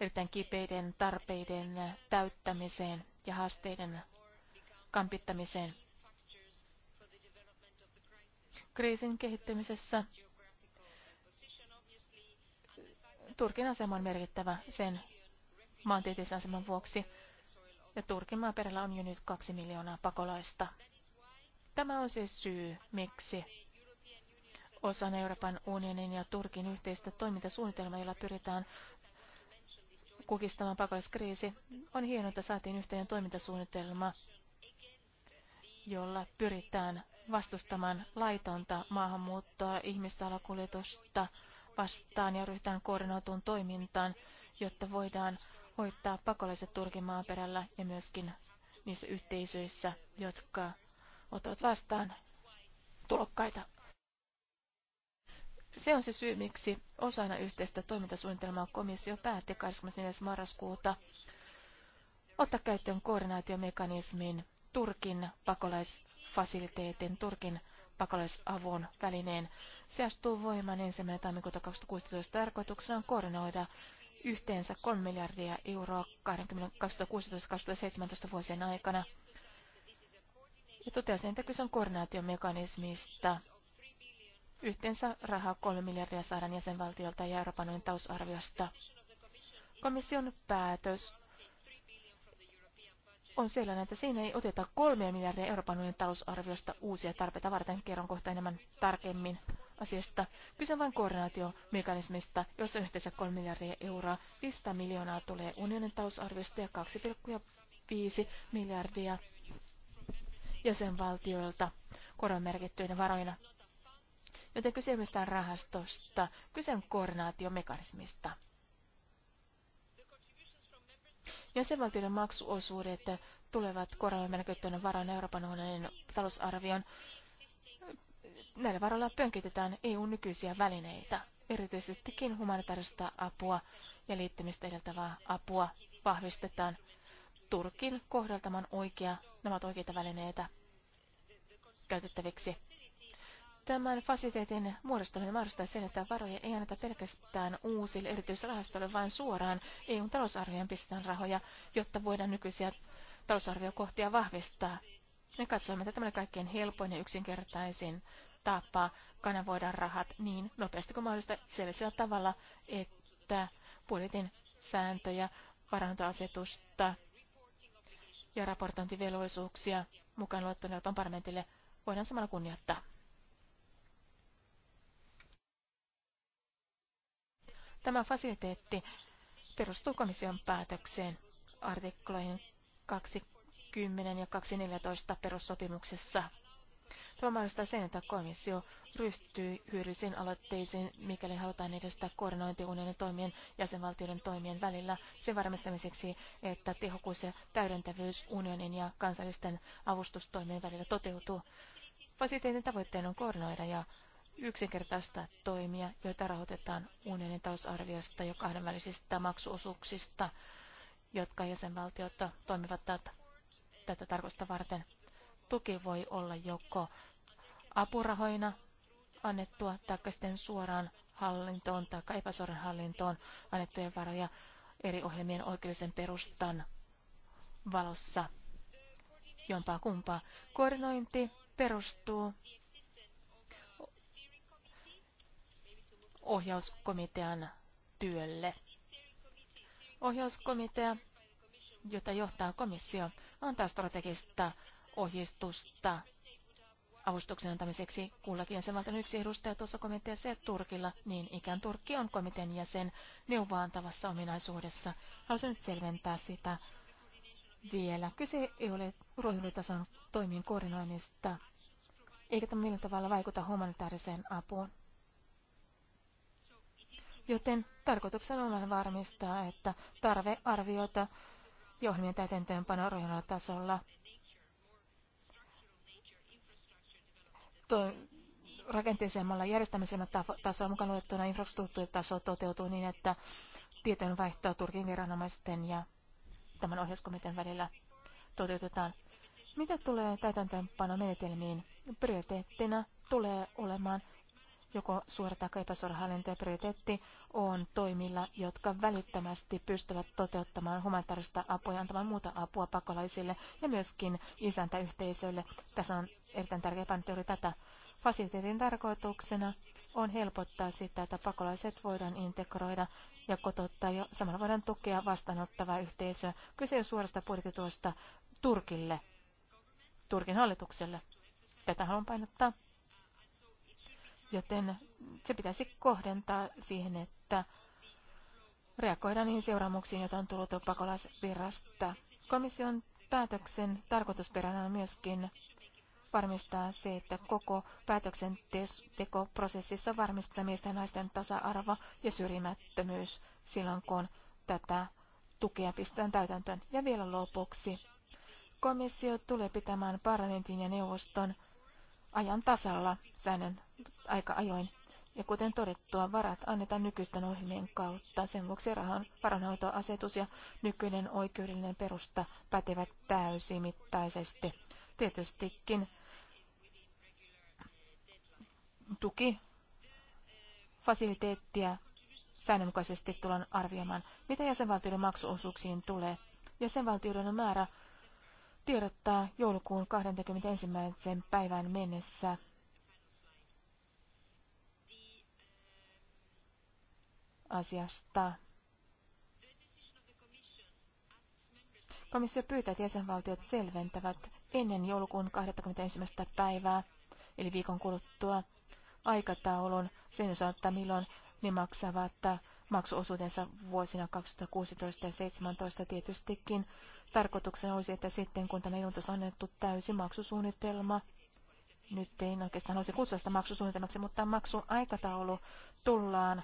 erittäin kipeiden tarpeiden täyttämiseen ja haasteiden kampittamiseen. Kriisin kehittymisessä Turkin asema on merkittävä sen maantieteellisen aseman vuoksi. Ja Turkin maaperällä on jo nyt kaksi miljoonaa pakolaista. Tämä on siis syy, miksi osana Euroopan unionin ja Turkin yhteistä toimintasuunnitelmaa, jolla pyritään kukistamaan pakolaiskriisi. On hienoa, että saatiin yhteinen toimintasuunnitelma, jolla pyritään vastustamaan laitonta maahanmuuttoa, ihmissalakuljetusta vastaan ja ryhtään koordinoituun toimintaan, jotta voidaan voittaa pakolaiset Turkin maaperällä ja myöskin niissä yhteisöissä, jotka ottavat vastaan tulokkaita. Se on se syy, miksi osana yhteistä toimintasuunnitelmaa komissio päätti 24. marraskuuta ottaa käyttöön koordinaatiomekanismin Turkin pakolaisfasiliteetin, Turkin pakolaisavun välineen. Se astuu voimaan ensimmäinen tammikuuta 2016. Tarkoituksena on koordinoida yhteensä 3 miljardia euroa 2016-2017 vuosien aikana. Ja totesin, että kyse on koordinaatiomekanismista. Yhteensä rahaa 3 miljardia saadaan jäsenvaltiolta ja Euroopan unionin talousarviosta. Komission päätös on sellainen, että siinä ei oteta kolmea miljardia Euroopan unionin talousarviosta uusia tarpeita varten. Kerron kohta enemmän tarkemmin asiasta. Kyse on vain koordinaatiomekanismista, jossa yhteensä 3 miljardia euroa, 500 miljoonaa tulee unionin talousarviosta ja 2,5 miljardia jäsenvaltioilta koronamerkittyinä varoina. Joten kyse ei mistään rahastosta, kyse on koordinaatiomekanismista. Jäsenvaltioiden maksuosuudet tulevat koronamerkittyinä varoina Euroopan unionin talousarvion näillä varoilla pönkitetään EUn nykyisiä välineitä, erityisestikin humanitaarista apua ja liittymistä edeltävää apua vahvistetaan. Turkin kohdeltaman oikea, nämä ovat oikeita välineitä käytettäviksi. Tämän fasiteetin muodostaminen mahdollistaa sen, että varoja ei anneta pelkästään uusille erityisrahastoille, vaan suoraan EUn talousarvioon pistetään rahoja, jotta voidaan nykyisiä talousarviokohtia vahvistaa. Me katsoimme, että tämä oli kaikkein helpoin ja yksinkertaisin tapa kanavoida rahat niin nopeasti kuin mahdollista sellaisella tavalla, että budjetin sääntöjä, varantoasetusta ja raportointivelvollisuuksia mukaan luettuna Euroopan parlamentille voidaan samalla kunnioittaa. Tämä fasiliteetti perustuu komission päätökseen artikloihin 2 10 ja 214 perussopimuksessa. Tämä mahdollistaa sen, että komissio ryhtyy hyödyllisiin aloitteisiin, mikäli halutaan edistää koordinointiunionin toimien jäsenvaltioiden toimien välillä sen varmistamiseksi, että tehokkuus ja täydentävyys unionin ja kansallisten avustustoimien välillä toteutuu. Fasiteetin tavoitteena on koordinoida ja yksinkertaista toimia, joita rahoitetaan unionin talousarviosta ja kahdenvälisistä maksuosuuksista, jotka jäsenvaltiot toimivat täältä tätä tarkoista varten. Tuki voi olla joko apurahoina annettua tai sitten suoraan hallintoon tai epäsuoran hallintoon annettujen varoja eri ohjelmien oikeellisen perustan valossa. Jompaa kumpaa. Koordinointi perustuu ohjauskomitean työlle. Ohjauskomitea jota johtaa komissio, antaa strategista ohjeistusta avustuksen antamiseksi kullakin jäsenvaltion yksi edustaja tuossa komiteassa ja Turkilla, niin ikään Turkki on komitean jäsen neuvoantavassa ominaisuudessa. Haluaisin nyt selventää sitä vielä. Kyse ei ole ruohonjuuritason toimien koordinoinnista, eikä tämä millään tavalla vaikuta humanitaariseen apuun. Joten tarkoituksena on varmistaa, että tarve arvioita ja ohjelmien täytäntöönpano ohjelman tasolla. To, rakenteisemmalla järjestämisellä tasolla mukaan luettuna infrastruktuuritaso toteutuu niin, että tietojen vaihtoa Turkin viranomaisten ja tämän ohjauskomitean välillä toteutetaan. Mitä tulee täytäntöönpanomenetelmiin? Prioriteettina tulee olemaan joko suora tai epäsuora hallinto ja prioriteetti on toimilla, jotka välittömästi pystyvät toteuttamaan humanitaarista apua ja antamaan muuta apua pakolaisille ja myöskin isäntäyhteisöille. Tässä on erittäin tärkeä pantti juuri tätä. Fasiliteetin tarkoituksena on helpottaa sitä, että pakolaiset voidaan integroida ja kotouttaa ja samalla voidaan tukea vastaanottavaa yhteisöä. Kyse on suorasta budjettituosta Turkille, Turkin hallitukselle. Tätä haluan painottaa joten se pitäisi kohdentaa siihen, että reagoidaan niihin seuraamuksiin, joita on tullut pakolaisvirrasta. Komission päätöksen tarkoitusperänä on myöskin varmistaa se, että koko päätöksentekoprosessissa varmistetaan miesten ja naisten tasa-arvo ja syrjimättömyys silloin, kun tätä tukea pistetään täytäntöön. Ja vielä lopuksi. Komissio tulee pitämään parlamentin ja neuvoston ajan tasalla säännön aika ajoin. Ja kuten todettua, varat annetaan nykyisten ohjelmien kautta. Sen vuoksi rahan, varanhoitoasetus ja nykyinen oikeudellinen perusta pätevät täysimittaisesti. Tietystikin tuki fasiliteettia säännönmukaisesti tullaan arvioimaan, mitä jäsenvaltioiden maksuosuuksiin tulee. Jäsenvaltioiden määrä tiedottaa joulukuun 21. päivään mennessä asiasta. Komissio pyytää, että jäsenvaltiot selventävät ennen joulukuun 21. päivää, eli viikon kuluttua, aikataulun sen osalta, milloin ne maksavat maksuosuutensa vuosina 2016 ja 2017 tietystikin. Tarkoituksena olisi, että sitten kun tämä ilmoitus on annettu täysi maksusuunnitelma, nyt ei oikeastaan olisi kutsua sitä maksusuunnitelmaksi, mutta maksuaikataulu tullaan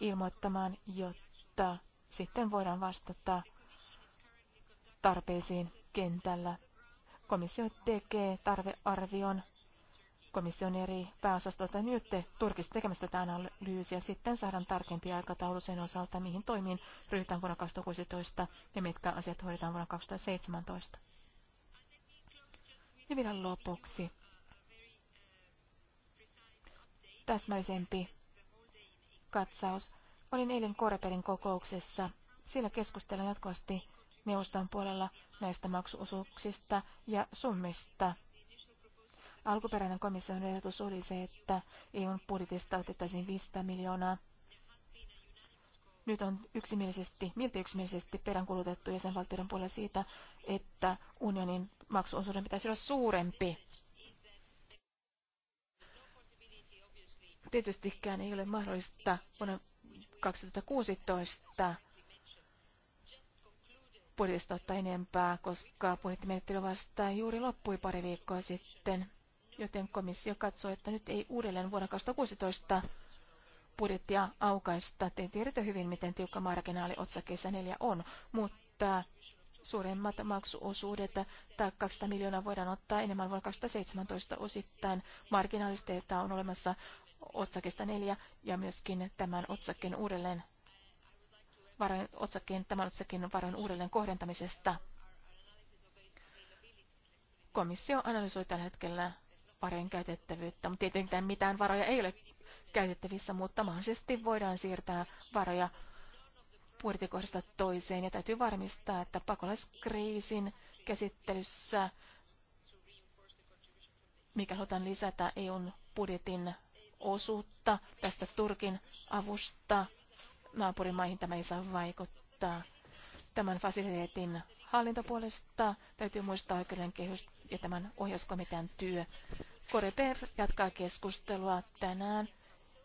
ilmoittamaan, jotta sitten voidaan vastata tarpeisiin kentällä. Komissio tekee tarvearvion. Komission eri pääosastolta nyt Turkissa tekemästä tätä analyysiä. Sitten saadaan tarkempi aikataulu sen osalta, mihin toimiin ryhdytään vuonna 2016 ja mitkä asiat hoidetaan vuonna 2017. Ja vielä lopuksi täsmäisempi katsaus. Olin eilen Korepelin kokouksessa. Siellä keskustellaan jatkuvasti neuvoston puolella näistä maksuosuuksista ja summista. Alkuperäinen komission ehdotus oli se, että EUn budjetista otettaisiin 500 miljoonaa. Nyt on yksimielisesti, milti yksimielisesti peräänkulutettu jäsenvaltioiden puolella siitä, että unionin maksuosuuden pitäisi olla suurempi. tietystikään ei ole mahdollista vuonna 2016 budjetista ottaa enempää, koska budjettimenettely vasta juuri loppui pari viikkoa sitten, joten komissio katsoo, että nyt ei uudelleen vuonna 2016 budjettia aukaista. Te tiedätte hyvin, miten tiukka marginaali otsakeessa 4 on, mutta suuremmat maksuosuudet tai 200 miljoonaa voidaan ottaa enemmän vuonna 2017 osittain. Marginaalisteita on olemassa otsakesta neljä ja myöskin tämän otsakkeen uudelleen varojen, otsakkeen, tämän otsakkeen varojen uudelleen kohdentamisesta. Komissio analysoi tällä hetkellä varojen käytettävyyttä, mutta tietenkään mitään varoja ei ole käytettävissä, mutta mahdollisesti voidaan siirtää varoja budjettikohdasta toiseen ja täytyy varmistaa, että pakolaiskriisin käsittelyssä, mikä halutaan lisätä EUn budjetin osuutta tästä Turkin avusta naapurimaihin. Tämä ei saa vaikuttaa. Tämän fasiliteetin hallintopuolesta täytyy muistaa oikeuden kehys ja tämän ohjauskomitean työ. Koreper jatkaa keskustelua tänään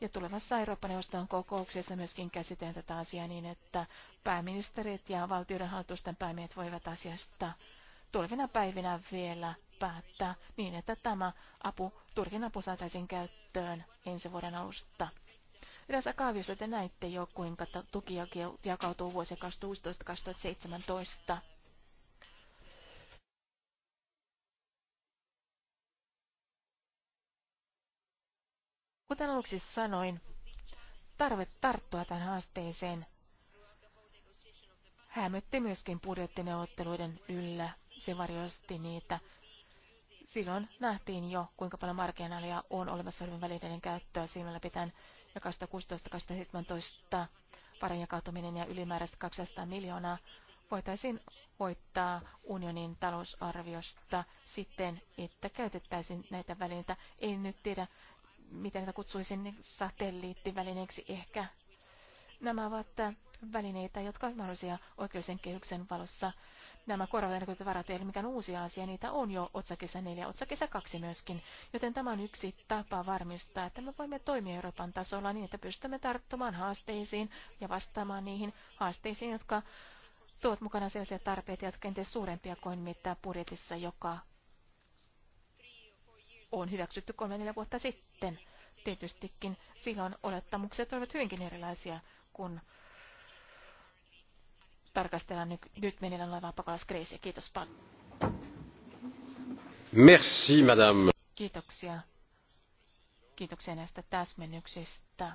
ja tulevassa Euroopan neuvoston kokouksessa myöskin käsitellään tätä asiaa niin, että pääministerit ja valtioiden hallitusten päämiehet voivat asiasta tulevina päivinä vielä päättää niin, että tämä apu, Turkin apu saataisiin käyttöön ensi vuoden alusta. Yleensä kaaviossa te näitte jo, kuinka tuki jakautuu vuosi 2016-2017. Kuten aluksi sanoin, tarve tarttua tähän haasteeseen hämötti myöskin budjettineuvotteluiden yllä. Se varjosti niitä silloin nähtiin jo, kuinka paljon marginaalia on olemassa olevien välineiden käyttöä silmällä pitäen ja 2016-2017 varan jakautuminen ja ylimääräistä 200 miljoonaa voitaisiin hoitaa unionin talousarviosta sitten että käytettäisiin näitä välineitä. En nyt tiedä, miten niitä kutsuisin satelliittivälineeksi ehkä Nämä ovat välineitä, jotka ovat mahdollisia oikeudellisen kehyksen valossa. Nämä korvamerkityt varat ei mikään uusi asia, niitä on jo otsakesä 4, otsakesä 2 myöskin, joten tämä on yksi tapa varmistaa, että me voimme toimia Euroopan tasolla niin, että pystymme tarttumaan haasteisiin ja vastaamaan niihin haasteisiin, jotka tuot mukana sellaisia tarpeita, jotka kenties suurempia kuin mitä budjetissa, joka on hyväksytty kolme neljä vuotta sitten. Tietystikin silloin olettamukset olivat hyvinkin erilaisia kun tarkastellaan nyt, nyt meneillään olevaa pakolaiskriisiä. Kiitos paljon. Merci, madame. Kiitoksia. Kiitoksia näistä täsmennyksistä.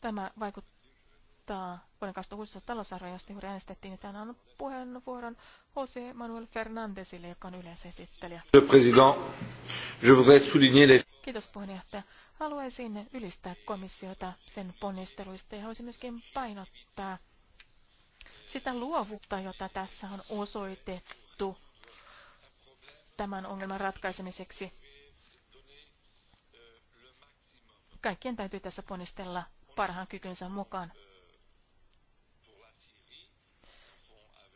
Tämä vaikuttaa vuoden 2016 talousarvioon, josta juuri äänestettiin. tänään on puheenvuoron Jose Manuel Fernandesille, joka on esittelijä. Le président, je voudrais souligner les... Kiitos puheenjohtaja. Haluaisin ylistää komissiota sen ponnisteluista ja haluaisin myöskin painottaa sitä luovuutta, jota tässä on osoitettu tämän ongelman ratkaisemiseksi. Kaikkien täytyy tässä ponnistella parhaan kykynsä mukaan.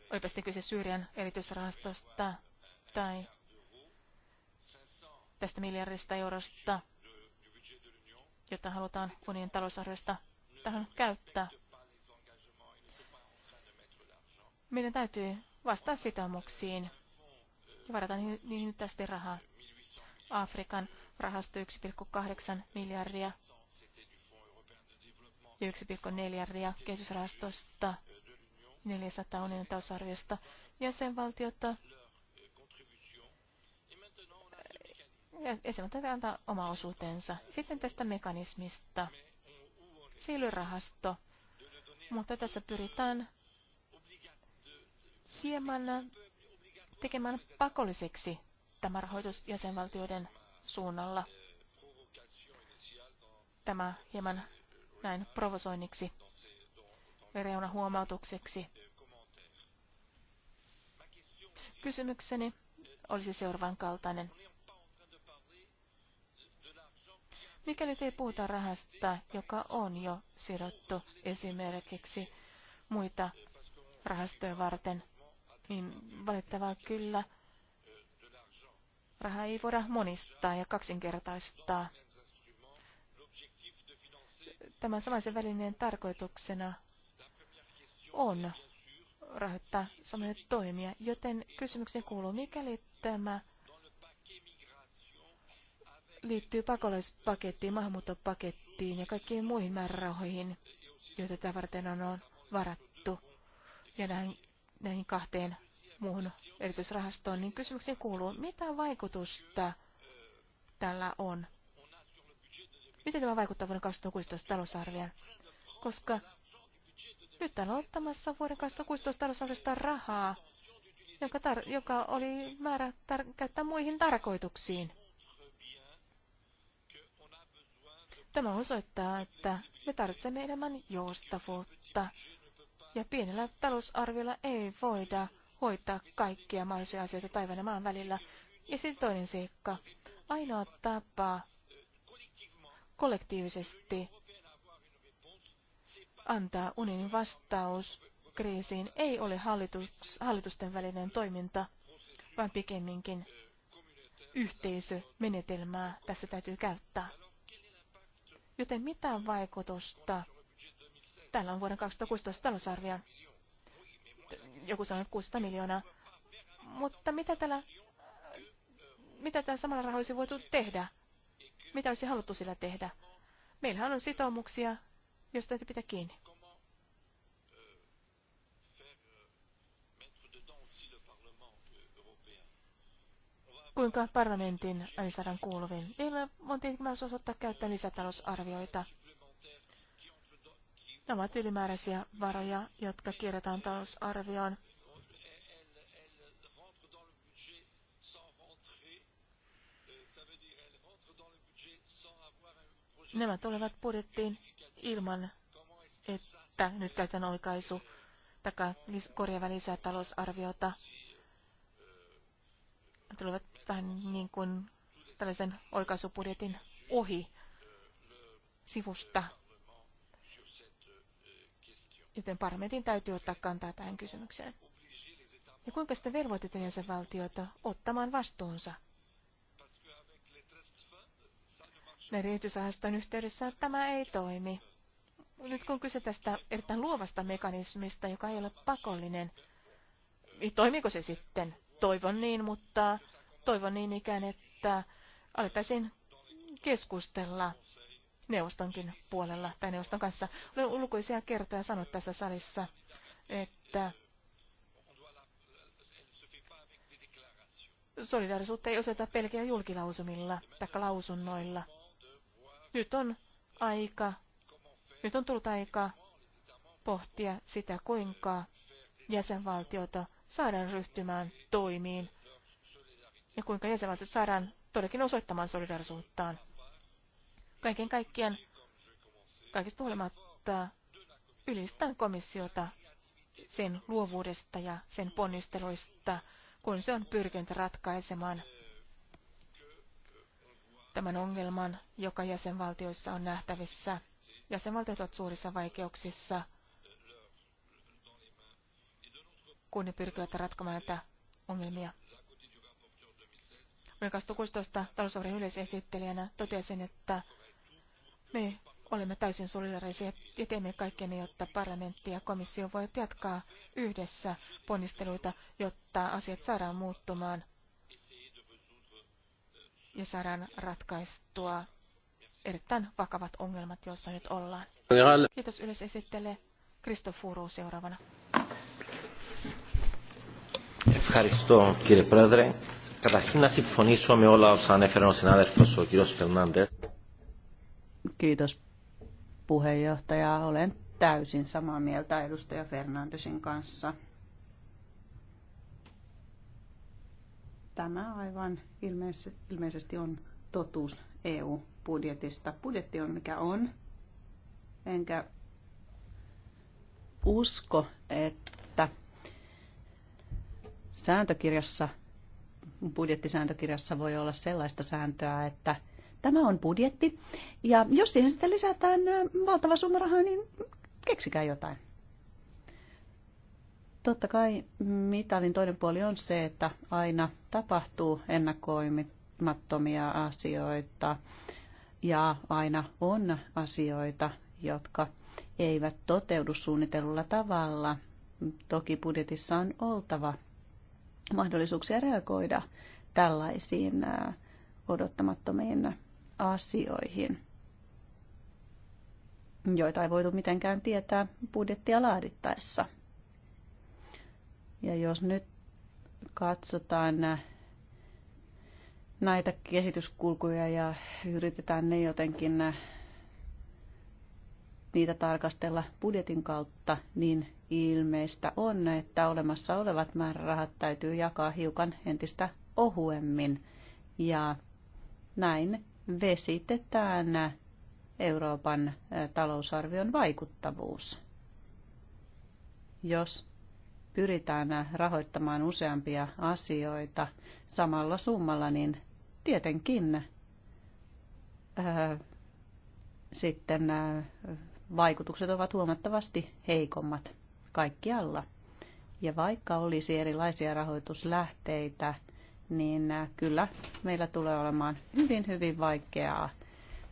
Olipa sitten kyse Syyrian erityisrahastosta tai tästä miljardista eurosta, jota halutaan unionin talousarviosta tähän käyttää. Meidän täytyy vastata sitoumuksiin ja varata niihin tästä rahaa. Afrikan rahasto 1,8 miljardia ja 1,4 miljardia kehitysrahastosta, 400 unionin talousarviosta jäsenvaltiota jäsenvaltioiden antaa oma osuutensa. Sitten tästä mekanismista. Siilyrahasto. Mutta tässä pyritään hieman tekemään pakolliseksi tämä rahoitus jäsenvaltioiden suunnalla. Tämä hieman näin provosoinniksi, huomautukseksi. Kysymykseni olisi seuraavan kaltainen. Mikäli ei puhuta rahasta, joka on jo sidottu esimerkiksi muita rahastoja varten, niin valittavaa kyllä raha ei voida monistaa ja kaksinkertaistaa. Tämän samaisen välineen tarkoituksena on rahoittaa samoja toimia, joten kysymykseni kuuluu, mikäli tämä liittyy pakolaispakettiin, maahanmuuttopakettiin ja kaikkiin muihin määrärahoihin, joita tätä varten on varattu. Ja näihin, näihin kahteen muuhun erityisrahastoon, niin kysymykseen kuuluu, mitä vaikutusta tällä on? Miten tämä vaikuttaa vuoden 2016 talousarvioon? Koska nyt täällä on ottamassa vuoden 2016 talousarviosta rahaa, joka, tar- joka oli määrä tar- käyttää muihin tarkoituksiin. Tämä osoittaa, että me tarvitsemme enemmän joustavuutta. Ja pienellä talousarviolla ei voida hoitaa kaikkia mahdollisia asioita taivaan ja maan välillä. Ja sitten toinen seikka. Ainoa tapa kollektiivisesti antaa unionin vastaus kriisiin ei ole hallitus, hallitusten välinen toiminta, vaan pikemminkin yhteisömenetelmää tässä täytyy käyttää joten mitään vaikutusta tällä on vuoden 2016 talousarvioon. Joku sanoi 600 miljoonaa. Mutta mitä tällä, mitä tällä samalla rahalla olisi voitu tehdä? Mitä olisi haluttu sillä tehdä? Meillähän on sitoumuksia, joista täytyy pitää kiinni. kuinka parlamentin äänisadan kuuluvin. Meillä on tietenkin myös osoittaa käyttää lisätalousarvioita. Nämä ovat ylimääräisiä varoja, jotka kirjataan talousarvioon. Nämä tulevat budjettiin ilman, että nyt käytän oikaisu tai korjaava lisätalousarviota. Tulevat vähän niin kuin tällaisen oikaisubudjetin ohi sivusta. Joten parlamentin täytyy ottaa kantaa tähän kysymykseen. Ja kuinka sitten velvoitetaan jäsenvaltioita ottamaan vastuunsa? Näiden erityisrahaston yhteydessä tämä ei toimi. Nyt kun kyse tästä erittäin luovasta mekanismista, joka ei ole pakollinen, niin toimiko se sitten? Toivon niin, mutta Toivon niin ikään, että alettaisiin keskustella neuvostonkin puolella tai neuvoston kanssa. Olen ulkoisia kertoja sanonut tässä salissa, että solidaarisuutta ei osata pelkiä julkilausumilla tai lausunnoilla. Nyt on aika, nyt on tullut aika pohtia sitä, kuinka jäsenvaltiota saadaan ryhtymään toimiin ja kuinka jäsenvaltiot saadaan todellakin osoittamaan solidarisuuttaan. Kaiken kaikkiaan, kaikista huolimatta, ylistän komissiota sen luovuudesta ja sen ponnisteluista, kun se on pyrkinyt ratkaisemaan tämän ongelman, joka jäsenvaltioissa on nähtävissä. Jäsenvaltiot ovat suurissa vaikeuksissa, kun ne pyrkivät ratkomaan näitä ongelmia. Vuoden 2016 talousarvion yleisesittelijänä totesin, että me olemme täysin solidaarisia ja teemme kaikkemme, jotta parlamentti ja komissio voivat jatkaa yhdessä ponnisteluita, jotta asiat saadaan muuttumaan ja saadaan ratkaistua erittäin vakavat ongelmat, joissa nyt ollaan. Kiitos yleisesittelee Kristo Furu seuraavana. Ευχαριστώ κύριε Πρόεδρε. Καταρχήν να συμφωνήσω με όλα όσα ανέφερε ο συνάδελφος ο κύριος Φερνάντες. Kiitos puheenjohtaja. Olen täysin samaa mieltä edustaja Fernandesin kanssa. Tämä aivan ilmeisesti on totuus EU-budjetista. Budjetti on mikä on, enkä usko, että sääntökirjassa – budjettisääntökirjassa voi olla sellaista sääntöä, että tämä on budjetti. Ja jos siihen sitten lisätään valtava summa rahaa, niin keksikää jotain. Totta kai mitalin toinen puoli on se, että aina tapahtuu ennakoimattomia asioita ja aina on asioita, jotka eivät toteudu suunnitellulla tavalla. Toki budjetissa on oltava mahdollisuuksia reagoida tällaisiin odottamattomiin asioihin, joita ei voitu mitenkään tietää budjettia laadittaessa. Ja jos nyt katsotaan näitä kehityskulkuja ja yritetään ne jotenkin niitä tarkastella budjetin kautta, niin ilmeistä on, että olemassa olevat määrärahat täytyy jakaa hiukan entistä ohuemmin. Ja näin vesitetään Euroopan talousarvion vaikuttavuus. Jos pyritään rahoittamaan useampia asioita samalla summalla, niin tietenkin äh, sitten äh, vaikutukset ovat huomattavasti heikommat kaikkialla. Ja vaikka olisi erilaisia rahoituslähteitä, niin kyllä meillä tulee olemaan hyvin, hyvin vaikeaa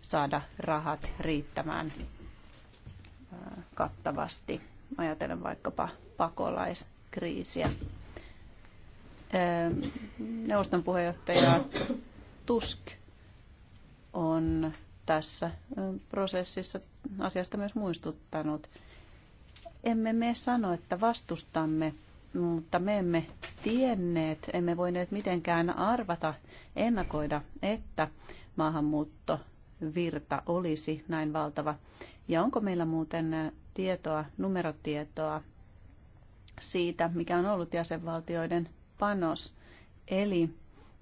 saada rahat riittämään kattavasti. Ajatellen vaikkapa pakolaiskriisiä. Neuvoston puheenjohtaja Tusk on tässä prosessissa asiasta myös muistuttanut. Emme me sano, että vastustamme, mutta me emme tienneet, emme voineet mitenkään arvata, ennakoida, että maahanmuutto virta olisi näin valtava. Ja onko meillä muuten tietoa, numerotietoa siitä, mikä on ollut jäsenvaltioiden panos? Eli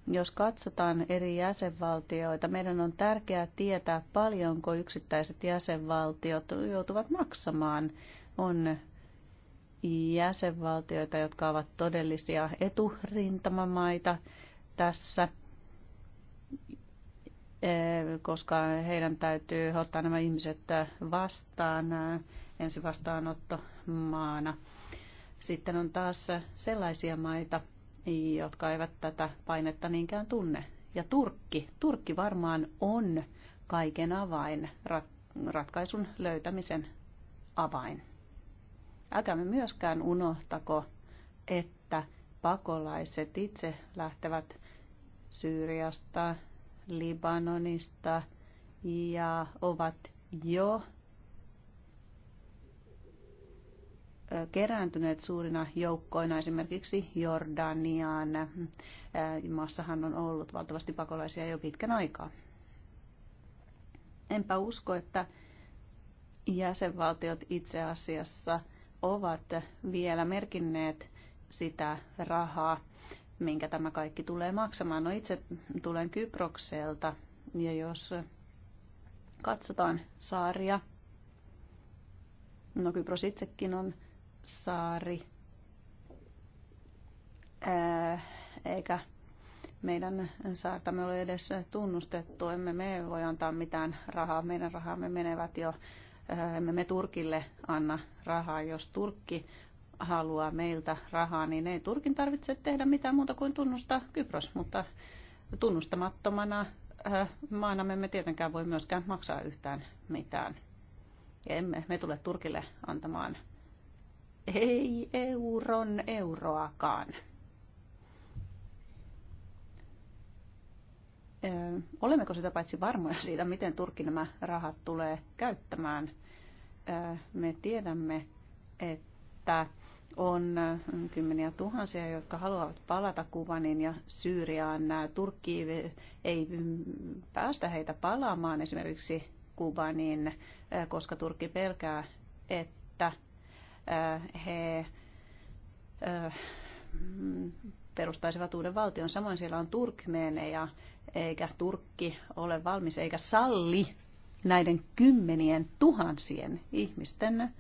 jos katsotaan eri jäsenvaltioita, meidän on tärkeää tietää, paljonko yksittäiset jäsenvaltiot joutuvat maksamaan on jäsenvaltioita, jotka ovat todellisia eturintamamaita tässä, eh, koska heidän täytyy ottaa nämä ihmiset vastaan eh, ensi vastaanottomaana. Sitten on taas sellaisia maita, jotka eivät tätä painetta niinkään tunne. Ja Turkki. Turkki varmaan on kaiken avain, ratkaisun löytämisen avain. Älkäämme myöskään unohtako, että pakolaiset itse lähtevät Syyriasta, Libanonista ja ovat jo kerääntyneet suurina joukkoina esimerkiksi Jordaniaan. Maassahan on ollut valtavasti pakolaisia jo pitkän aikaa. Enpä usko, että jäsenvaltiot itse asiassa – ovat vielä merkinneet sitä rahaa, minkä tämä kaikki tulee maksamaan. No itse tulen Kyprokselta ja jos katsotaan saaria, no Kypros itsekin on saari, ää, eikä meidän saartamme ole edes tunnustettu, emme me voi antaa mitään rahaa, meidän rahamme menevät jo Äh, emme me Turkille anna rahaa. Jos Turkki haluaa meiltä rahaa, niin ei Turkin tarvitse tehdä mitään muuta kuin tunnustaa Kypros, mutta tunnustamattomana äh, maana me emme tietenkään voi myöskään maksaa yhtään mitään. Ja emme me tule Turkille antamaan ei euron euroakaan. olemmeko sitä paitsi varmoja siitä, miten Turkki nämä rahat tulee käyttämään. Me tiedämme, että on kymmeniä tuhansia, jotka haluavat palata Kuvanin ja Syyriaan. Turkki ei päästä heitä palaamaan esimerkiksi Kubaniin, koska Turkki pelkää, että he mm, perustaisivat uuden valtion. Samoin siellä on turkmeeneja, eikä Turkki ole valmis eikä salli näiden kymmenien tuhansien ihmisten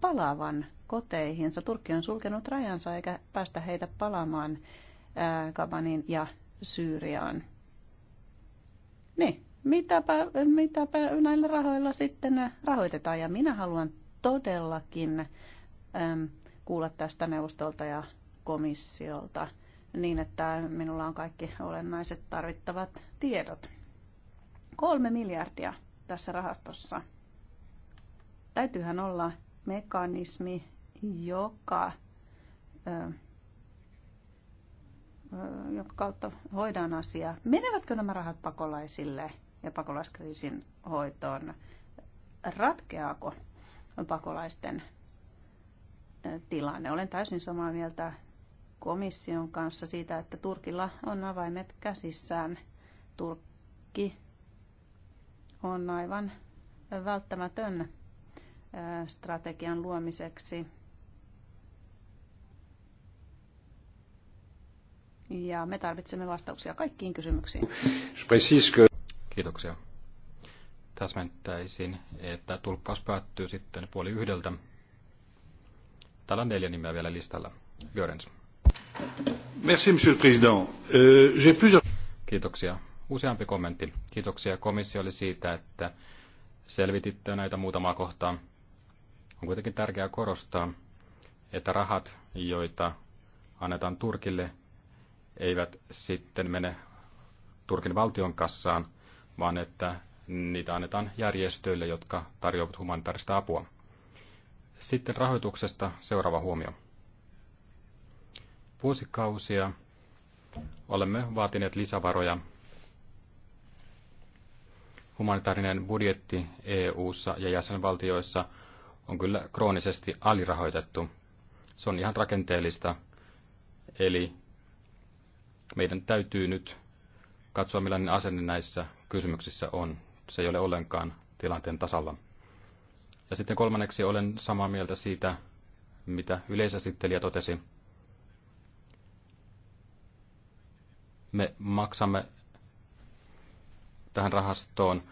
palaavan koteihinsa. Turkki on sulkenut rajansa eikä päästä heitä palaamaan Kabanin ja Syyriaan. Niin, mitäpä, mitäpä näillä rahoilla sitten rahoitetaan. Ja minä haluan todellakin äm, kuulla tästä neuvostolta ja komissiolta niin, että minulla on kaikki olennaiset tarvittavat tiedot. Kolme miljardia tässä rahastossa. Täytyyhän olla mekanismi, joka, ö, jonka kautta hoidaan asia. Menevätkö nämä rahat pakolaisille ja pakolaiskriisin hoitoon? Ratkeaako pakolaisten tilanne? Olen täysin samaa mieltä komission kanssa siitä, että Turkilla on avaimet käsissään. Turkki on aivan välttämätön strategian luomiseksi. Ja me tarvitsemme vastauksia kaikkiin kysymyksiin. Kiitoksia. Täsmentäisin, että tulkkaus päättyy sitten puoli yhdeltä. Täällä on neljä nimeä vielä listalla. Görens monsieur le président. Euh, plusieurs... Kiitoksia. Useampi kommentti. Kiitoksia komissiolle siitä, että selvititte näitä muutamaa kohtaa. On kuitenkin tärkeää korostaa, että rahat, joita annetaan Turkille, eivät sitten mene Turkin valtion kassaan, vaan että niitä annetaan järjestöille, jotka tarjoavat humanitaarista apua. Sitten rahoituksesta seuraava huomio. Vuosikausia olemme vaatineet lisävaroja. Humanitaarinen budjetti EU:ssa ja jäsenvaltioissa on kyllä kroonisesti alirahoitettu. Se on ihan rakenteellista. Eli meidän täytyy nyt katsoa, millainen asenne näissä kysymyksissä on. Se ei ole ollenkaan tilanteen tasalla. Ja sitten kolmanneksi olen samaa mieltä siitä, mitä yleisesittelijä totesi. Me maksamme tähän rahastoon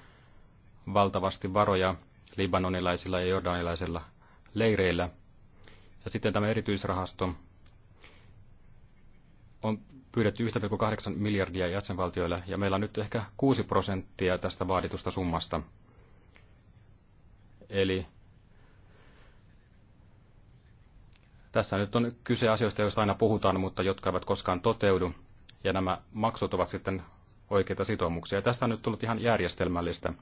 valtavasti varoja libanonilaisilla ja jordanilaisilla leireillä. Ja sitten tämä erityisrahasto on pyydetty 1,8 miljardia jäsenvaltioille, ja meillä on nyt ehkä 6 prosenttia tästä vaaditusta summasta. Eli tässä nyt on kyse asioista, joista aina puhutaan, mutta jotka eivät koskaan toteudu ja nämä maksut ovat sitten oikeita sitoumuksia. Tästä on nyt tullut ihan järjestelmällistä.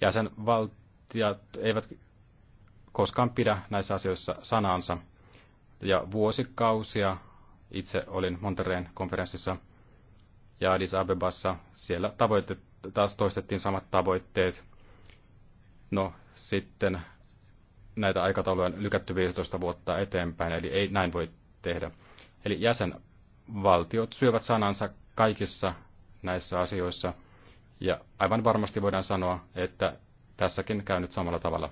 Jäsenvaltiot eivät koskaan pidä näissä asioissa sanansa. Ja vuosikausia itse olin Montereen konferenssissa ja Addis Abebassa. Siellä tavoitteet, taas toistettiin samat tavoitteet. No sitten näitä aikatauluja on lykätty 15 vuotta eteenpäin, eli ei näin voi tehdä. Eli jäsen valtiot syövät sanansa kaikissa näissä asioissa. Ja aivan varmasti voidaan sanoa, että tässäkin käy nyt samalla tavalla.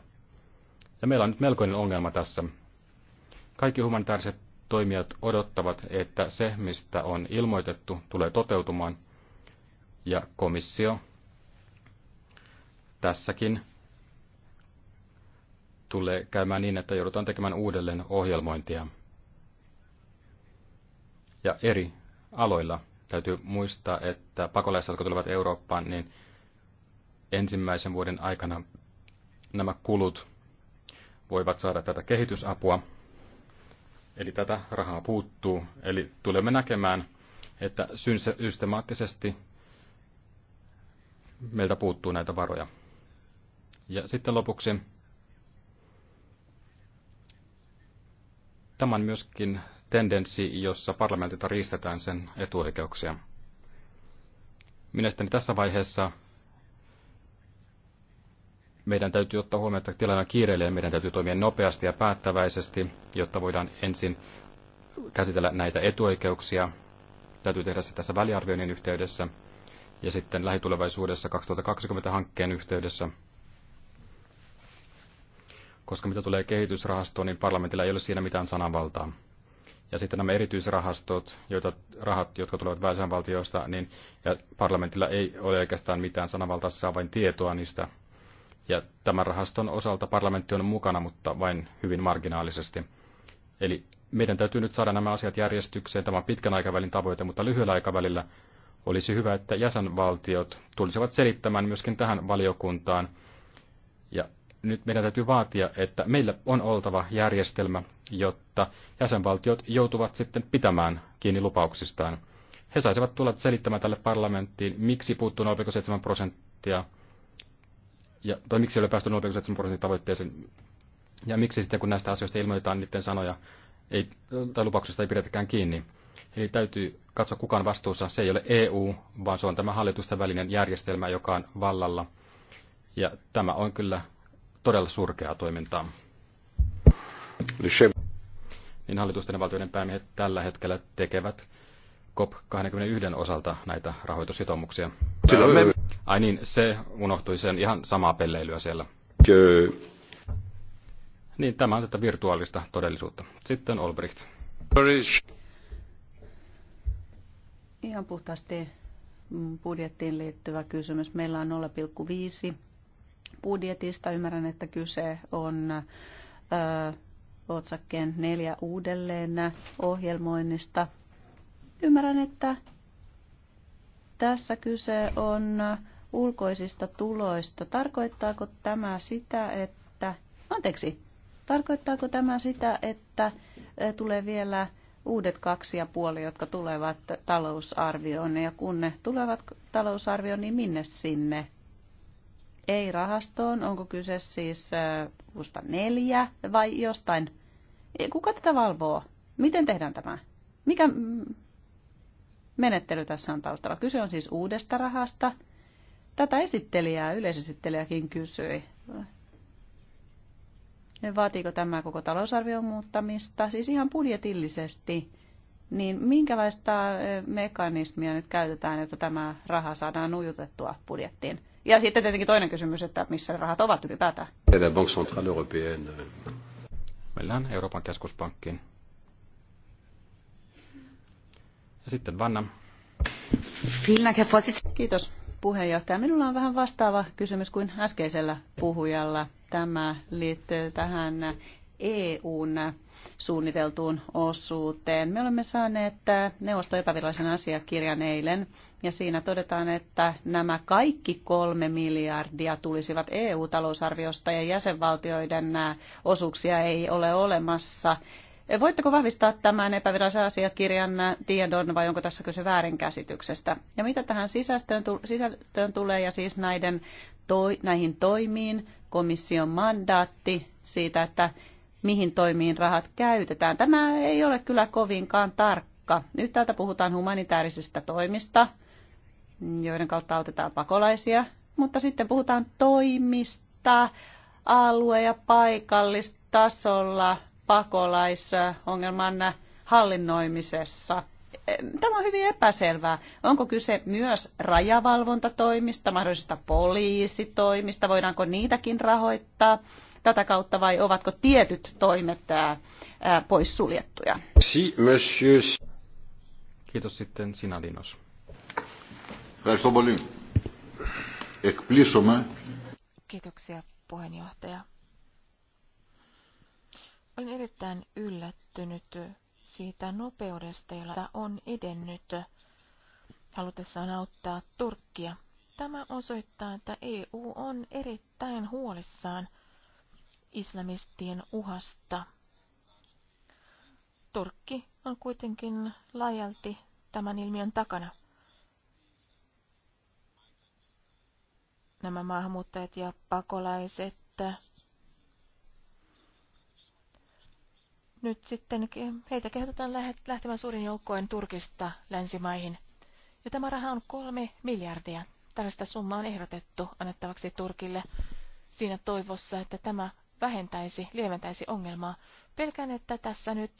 Ja meillä on nyt melkoinen ongelma tässä. Kaikki humanitaariset toimijat odottavat, että se, mistä on ilmoitettu, tulee toteutumaan. Ja komissio tässäkin tulee käymään niin, että joudutaan tekemään uudelleen ohjelmointia ja eri aloilla. Täytyy muistaa, että pakolaiset, jotka tulevat Eurooppaan, niin ensimmäisen vuoden aikana nämä kulut voivat saada tätä kehitysapua. Eli tätä rahaa puuttuu. Eli tulemme näkemään, että systemaattisesti meiltä puuttuu näitä varoja. Ja sitten lopuksi tämän myöskin tendenssi, jossa parlamentilta riistetään sen etuoikeuksia. Mielestäni tässä vaiheessa meidän täytyy ottaa huomioon, että tilanne on kiireellinen, meidän täytyy toimia nopeasti ja päättäväisesti, jotta voidaan ensin käsitellä näitä etuoikeuksia. Täytyy tehdä se tässä väliarvioinnin yhteydessä ja sitten lähitulevaisuudessa 2020 hankkeen yhteydessä. Koska mitä tulee kehitysrahastoon, niin parlamentilla ei ole siinä mitään sananvaltaa. Ja sitten nämä erityisrahastot, joita, rahat, jotka tulevat välisenvaltioista, niin ja parlamentilla ei ole oikeastaan mitään sanavaltaa, saa vain tietoa niistä. Ja tämän rahaston osalta parlamentti on mukana, mutta vain hyvin marginaalisesti. Eli meidän täytyy nyt saada nämä asiat järjestykseen. Tämä on pitkän aikavälin tavoite, mutta lyhyellä aikavälillä olisi hyvä, että jäsenvaltiot tulisivat selittämään myöskin tähän valiokuntaan ja nyt meidän täytyy vaatia, että meillä on oltava järjestelmä, jotta jäsenvaltiot joutuvat sitten pitämään kiinni lupauksistaan. He saisivat tulla selittämään tälle parlamenttiin, miksi puuttuu 0,7 prosenttia, ja, tai miksi ei ole päästy 0,7 prosentin tavoitteeseen, ja miksi sitten kun näistä asioista ilmoitetaan niiden sanoja, ei, tai lupauksista ei pidetäkään kiinni. Eli täytyy katsoa kukaan vastuussa. Se ei ole EU, vaan se on tämä hallitusten välinen järjestelmä, joka on vallalla. Ja tämä on kyllä todella surkeaa toimintaa. Niin hallitusten ja valtioiden päämiehet tällä hetkellä tekevät COP21 osalta näitä rahoitussitoumuksia. Me... Ai niin, se unohtui sen ihan samaa pelleilyä siellä. Kö... Niin, tämä on tätä virtuaalista todellisuutta. Sitten Olbricht. Ihan puhtaasti budjettiin liittyvä kysymys. Meillä on 0,5 budjetista. Ymmärrän, että kyse on ö, otsakkeen neljä uudelleen ohjelmoinnista. Ymmärrän, että tässä kyse on ulkoisista tuloista. Tarkoittaako tämä sitä, että... Anteeksi. Tarkoittaako tämä sitä, että tulee vielä uudet kaksi ja puoli, jotka tulevat talousarvioon, ja kun ne tulevat talousarvioon, niin minne sinne ei rahastoon. Onko kyse siis luvusta äh, neljä vai jostain? Kuka tätä valvoo? Miten tehdään tämä? Mikä menettely tässä on taustalla? Kyse on siis uudesta rahasta. Tätä esittelijää, yleisesittelijäkin kysyi. Vaatiiko tämä koko talousarvion muuttamista? Siis ihan budjetillisesti niin minkälaista äh, mekanismia nyt käytetään, jotta tämä raha saadaan ujutettua budjettiin? Ja sitten tietenkin toinen kysymys, että missä rahat ovat ylipäätään. Meillä on Euroopan keskuspankkiin. Ja sitten Vanna. Kiitos puheenjohtaja. Minulla on vähän vastaava kysymys kuin äskeisellä puhujalla. Tämä liittyy tähän EUn suunniteltuun osuuteen. Me olemme saaneet äh, neuvosto epävirallisen asiakirjan eilen, ja siinä todetaan, että nämä kaikki kolme miljardia tulisivat EU-talousarviosta ja jäsenvaltioiden äh, osuuksia ei ole olemassa. Voitteko vahvistaa tämän epävirallisen asiakirjan äh, tiedon vai onko tässä kyse väärinkäsityksestä? Ja mitä tähän sisältöön tulee ja siis näiden toi, näihin toimiin, komission mandaatti siitä, että mihin toimiin rahat käytetään. Tämä ei ole kyllä kovinkaan tarkka. Yhtäältä puhutaan humanitaarisista toimista, joiden kautta autetaan pakolaisia, mutta sitten puhutaan toimista alue- ja paikallistasolla pakolaisongelman hallinnoimisessa. Tämä on hyvin epäselvää. Onko kyse myös rajavalvontatoimista, mahdollisista poliisitoimista, voidaanko niitäkin rahoittaa? tätä kautta vai ovatko tietyt toimet poissuljettuja? Si, monsieur. Kiitos sitten Sinadinos. Kiitoksia puheenjohtaja. Olen erittäin yllättynyt siitä nopeudesta, jolla on edennyt halutessaan auttaa Turkkia. Tämä osoittaa, että EU on erittäin huolissaan – islamistien uhasta. Turkki on kuitenkin laajalti tämän ilmiön takana. Nämä maahanmuuttajat ja pakolaiset nyt sitten heitä kehotetaan lähtemään suurin joukkoin Turkista länsimaihin. Ja tämä raha on kolme miljardia. Tällaista summaa on ehdotettu annettavaksi Turkille siinä toivossa, että tämä vähentäisi, lieventäisi ongelmaa. Pelkään, että tässä nyt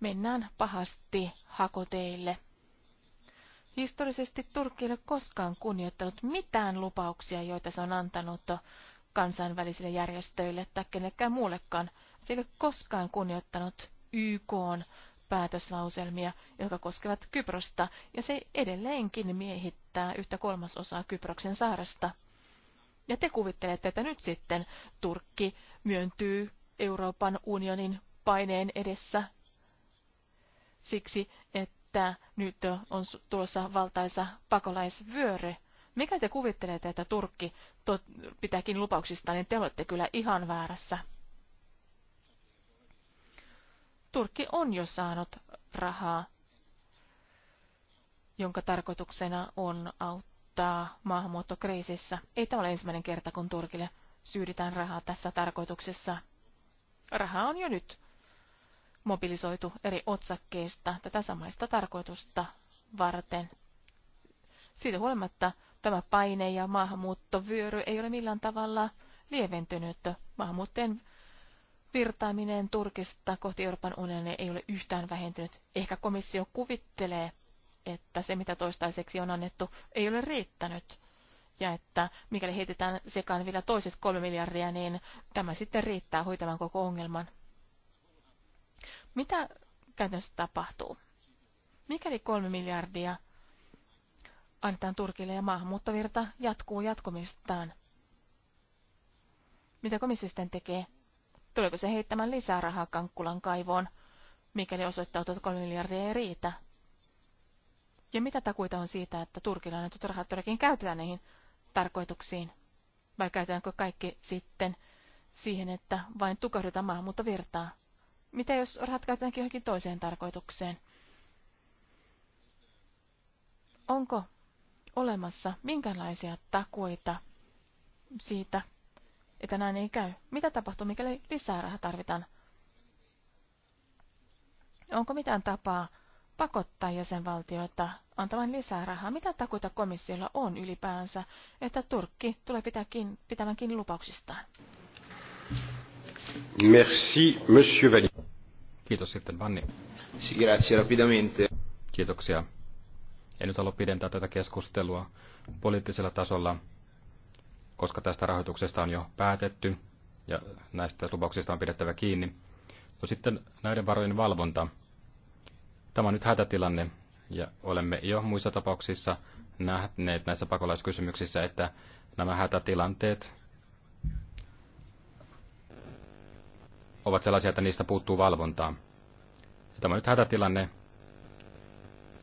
mennään pahasti hakoteille. Historisesti Turkki ei ole koskaan kunnioittanut mitään lupauksia, joita se on antanut kansainvälisille järjestöille tai kenellekään muullekaan. Se ei ole koskaan kunnioittanut YK päätöslauselmia, jotka koskevat Kyprosta, ja se edelleenkin miehittää yhtä kolmasosaa Kyproksen saaresta. Ja te kuvittelette, että nyt sitten Turkki myöntyy Euroopan unionin paineen edessä siksi, että nyt on tulossa valtaisa pakolaisvyöry. Mikä te kuvittelette, että Turkki tot, pitääkin lupauksista, niin te olette kyllä ihan väärässä. Turkki on jo saanut rahaa, jonka tarkoituksena on auttaa auttaa maahanmuuttokriisissä. Ei tämä ole ensimmäinen kerta, kun Turkille syydetään rahaa tässä tarkoituksessa. Raha on jo nyt mobilisoitu eri otsakkeista tätä samaista tarkoitusta varten. Siitä huolimatta tämä paine ja maahanmuuttovyöry ei ole millään tavalla lieventynyt. Maahanmuuttajien virtaaminen Turkista kohti Euroopan unionia ei ole yhtään vähentynyt. Ehkä komissio kuvittelee, että se mitä toistaiseksi on annettu ei ole riittänyt. Ja että mikäli heitetään sekaan vielä toiset kolme miljardia, niin tämä sitten riittää hoitamaan koko ongelman. Mitä käytännössä tapahtuu? Mikäli kolme miljardia annetaan Turkille ja maahanmuuttovirta jatkuu jatkumistaan, mitä komissio sitten tekee? Tuleeko se heittämään lisää rahaa Kankkulan kaivoon, mikäli osoittautuu, että kolme miljardia ei riitä? Ja mitä takuita on siitä, että Turkilla annetut rahat todellakin käytetään näihin tarkoituksiin? Vai käytetäänkö kaikki sitten siihen, että vain tukahdutaan virtaa? Mitä jos rahat käytetäänkin johonkin toiseen tarkoitukseen? Onko olemassa minkälaisia takuita siitä, että näin ei käy? Mitä tapahtuu, mikäli lisää rahaa tarvitaan? Onko mitään tapaa pakottaa jäsenvaltioita antamaan lisää rahaa. Mitä takuita komissiolla on ylipäänsä, että Turkki tulee pitääkin, pitämäänkin lupauksistaan? Merci, monsieur Vanni. Kiitos sitten, Vanni. Si, grazie, rapidamente. Kiitoksia. En nyt halua pidentää tätä keskustelua poliittisella tasolla, koska tästä rahoituksesta on jo päätetty ja näistä lupauksista on pidettävä kiinni. No sitten näiden varojen valvonta Tämä on nyt hätätilanne ja olemme jo muissa tapauksissa nähneet näissä pakolaiskysymyksissä, että nämä hätätilanteet ovat sellaisia, että niistä puuttuu valvontaa. Tämä on nyt hätätilanne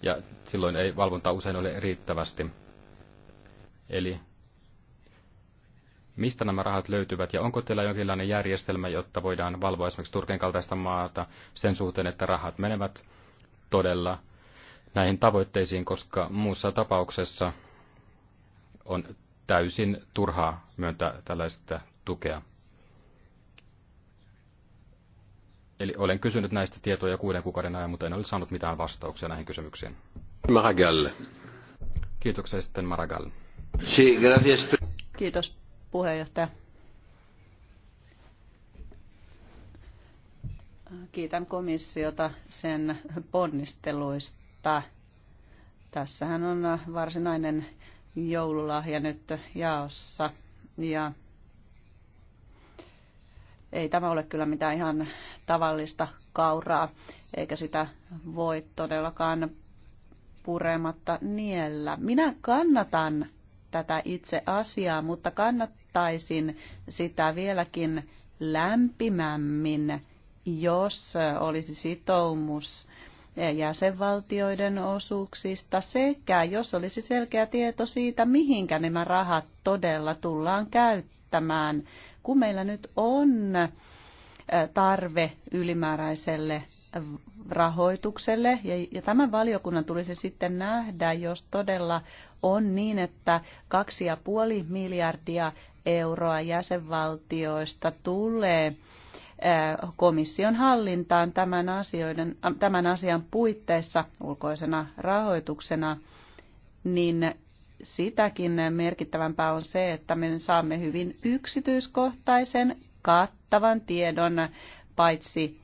ja silloin ei valvontaa usein ole riittävästi. Eli mistä nämä rahat löytyvät ja onko teillä jonkinlainen järjestelmä, jotta voidaan valvoa esimerkiksi Turkin kaltaista maata sen suhteen, että rahat menevät todella näihin tavoitteisiin, koska muussa tapauksessa on täysin turhaa myöntää tällaista tukea. Eli olen kysynyt näistä tietoja kuuden kuukauden ajan, mutta en ole saanut mitään vastauksia näihin kysymyksiin. Maragall. Kiitoksia sitten Maragall. Kiitos puheenjohtaja. Kiitän komissiota sen ponnisteluista. Tässähän on varsinainen joululahja nyt jaossa. Ja ei tämä ole kyllä mitään ihan tavallista kauraa, eikä sitä voi todellakaan purematta niellä. Minä kannatan tätä itse asiaa, mutta kannattaisin sitä vieläkin lämpimämmin jos äh, olisi sitoumus äh, jäsenvaltioiden osuuksista sekä jos olisi selkeä tieto siitä, mihinkä nämä rahat todella tullaan käyttämään, kun meillä nyt on äh, tarve ylimääräiselle rahoitukselle. Ja, ja tämän valiokunnan tulisi sitten nähdä, jos todella on niin, että 2,5 miljardia euroa jäsenvaltioista tulee Äh, komission hallintaan tämän, asioiden, äh, tämän asian puitteissa ulkoisena rahoituksena, niin sitäkin merkittävämpää on se, että me saamme hyvin yksityiskohtaisen, kattavan tiedon paitsi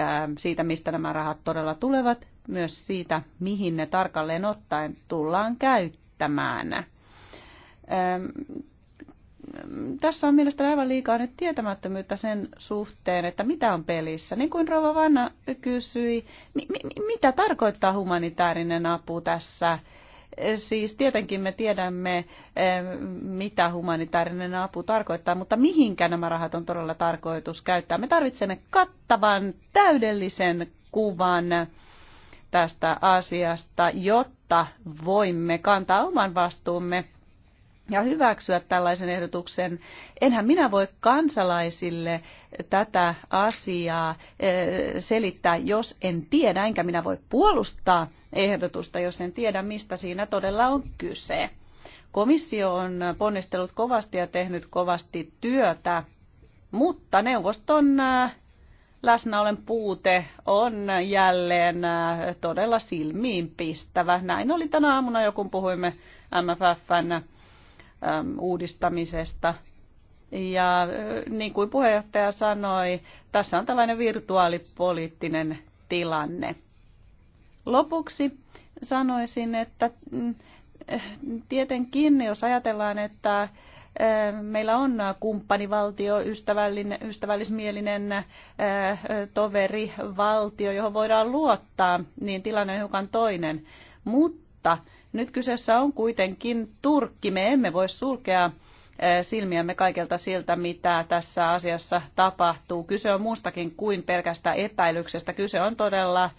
äh, siitä, mistä nämä rahat todella tulevat, myös siitä, mihin ne tarkalleen ottaen tullaan käyttämään. Ähm, tässä on mielestäni aivan liikaa nyt tietämättömyyttä sen suhteen, että mitä on pelissä. Niin kuin Rova Vanna kysyi, mi- mi- mitä tarkoittaa humanitaarinen apu tässä? Siis tietenkin me tiedämme, eh, mitä humanitaarinen apu tarkoittaa, mutta mihinkä nämä rahat on todella tarkoitus käyttää. Me tarvitsemme kattavan, täydellisen kuvan tästä asiasta, jotta voimme kantaa oman vastuumme ja hyväksyä tällaisen ehdotuksen. Enhän minä voi kansalaisille tätä asiaa eh, selittää, jos en tiedä, enkä minä voi puolustaa ehdotusta, jos en tiedä, mistä siinä todella on kyse. Komissio on ponnistellut kovasti ja tehnyt kovasti työtä, mutta neuvoston eh, läsnäolen puute on jälleen eh, todella silmiinpistävä. Näin oli tänä aamuna, jo kun puhuimme MFFn uudistamisesta. Ja niin kuin puheenjohtaja sanoi, tässä on tällainen virtuaalipoliittinen tilanne. Lopuksi sanoisin, että mm, tietenkin, jos ajatellaan, että meillä on kumppanivaltio, ystävällinen, ystävällismielinen toverivaltio, johon voidaan luottaa, niin tilanne on hiukan toinen. Mutta nyt kyseessä on kuitenkin Turkki. Me emme voi sulkea eh, silmiämme kaikelta siltä, mitä tässä asiassa tapahtuu. Kyse on muustakin kuin pelkästä epäilyksestä. Kyse on todella eh,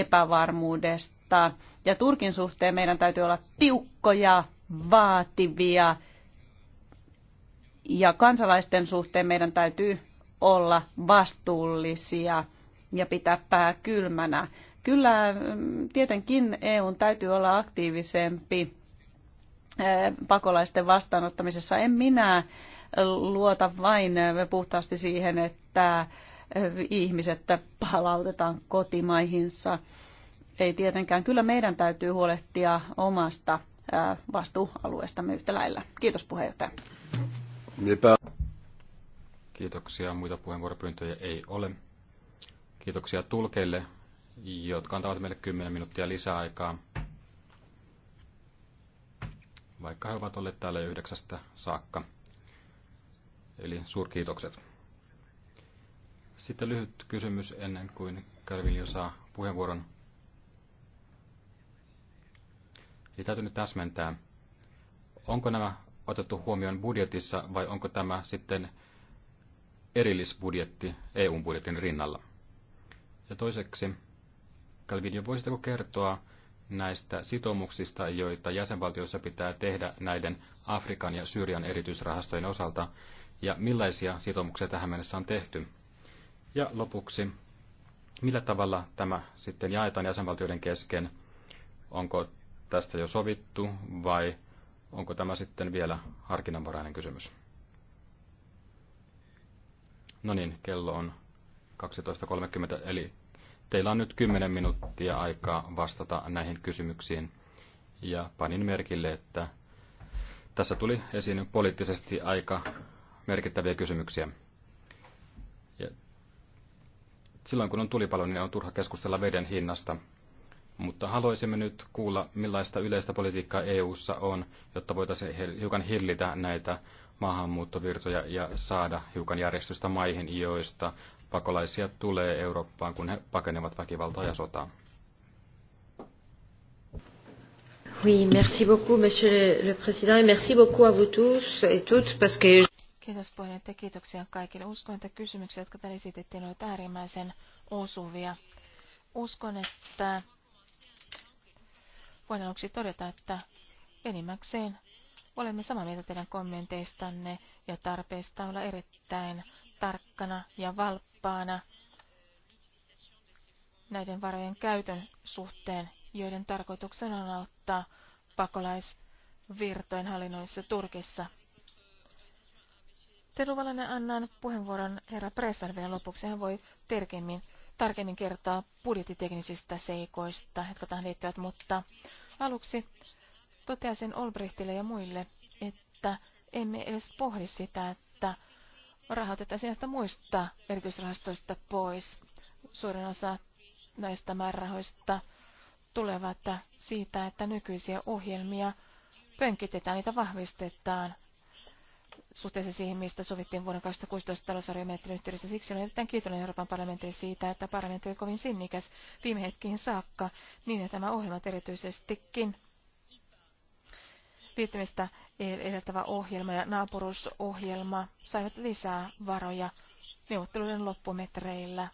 epävarmuudesta. Ja Turkin suhteen meidän täytyy olla tiukkoja, vaativia. Ja kansalaisten suhteen meidän täytyy olla vastuullisia ja pitää pää kylmänä. Kyllä mm, tietenkin EUn täytyy olla aktiivisempi eh, pakolaisten vastaanottamisessa. En minä luota vain eh, puhtaasti siihen, että eh, ihmiset palautetaan kotimaihinsa. Ei tietenkään. Kyllä meidän täytyy huolehtia omasta vastuualueestamme yhtä lailla. Kiitos puheenjohtaja. Mipä? Kiitoksia. Muita puheenvuoropyyntöjä ei ole. Kiitoksia tulkeille jotka antavat meille 10 minuuttia lisäaikaa, vaikka he ovat olleet täällä yhdeksästä saakka. Eli suurkiitokset. Sitten lyhyt kysymys ennen kuin Carvilio saa puheenvuoron. Eli täytyy nyt täsmentää, onko nämä otettu huomioon budjetissa vai onko tämä sitten erillisbudjetti eu budjetin rinnalla? Ja toiseksi, video voisitteko kertoa näistä sitoumuksista, joita jäsenvaltioissa pitää tehdä näiden Afrikan ja Syyrian erityisrahastojen osalta, ja millaisia sitoumuksia tähän mennessä on tehty? Ja lopuksi, millä tavalla tämä sitten jaetaan jäsenvaltioiden kesken? Onko tästä jo sovittu vai onko tämä sitten vielä harkinnanvarainen kysymys? No niin, kello on 12.30, eli Teillä on nyt 10 minuuttia aikaa vastata näihin kysymyksiin. Ja panin merkille, että tässä tuli esiin poliittisesti aika merkittäviä kysymyksiä. Ja silloin kun on tulipalo, niin on turha keskustella veden hinnasta. Mutta haluaisimme nyt kuulla, millaista yleistä politiikkaa EU:ssa on, jotta voitaisiin hiukan hillitä näitä maahanmuuttovirtoja ja saada hiukan järjestystä maihin, joista pakolaisia tulee Eurooppaan, kun he pakenevat väkivaltaa ja sotaa. Oui, merci beaucoup, monsieur le président, et merci beaucoup à vous tous et toutes, parce que... Kiitos puheenjohtaja, kiitoksia kaikille. Uskon, että kysymykset, jotka täällä esitettiin, olivat äärimmäisen osuvia. Uskon, että voin aluksi todeta, että enimmäkseen olemme samaa mieltä teidän kommenteistanne ja tarpeesta olla erittäin tarkkana ja valppaana näiden varojen käytön suhteen, joiden tarkoituksena on auttaa pakolaisvirtojen hallinnoissa Turkissa. Teluvallainen annan puheenvuoron herra Pressan vielä lopuksi. Hän voi terkemmin, tarkemmin kertoa budjettiteknisistä seikoista, jotka tähän liittyvät, mutta aluksi toteaisin Olbrichtille ja muille, että emme edes pohdi sitä, että rahat että näistä muista erityisrahastoista pois. Suurin osa näistä määrärahoista tulevat siitä, että nykyisiä ohjelmia pönkitetään, niitä vahvistetaan suhteessa siihen, mistä sovittiin vuonna 2016 talousarviomenettelyn yhteydessä. Siksi olen erittäin kiitollinen Euroopan parlamentille siitä, että parlamentti oli kovin sinnikäs viime hetkiin saakka, niin että nämä ohjelmat erityisestikin liittymistä edeltävä ohjelma ja naapuruusohjelma saivat lisää varoja neuvotteluiden loppumetreillä.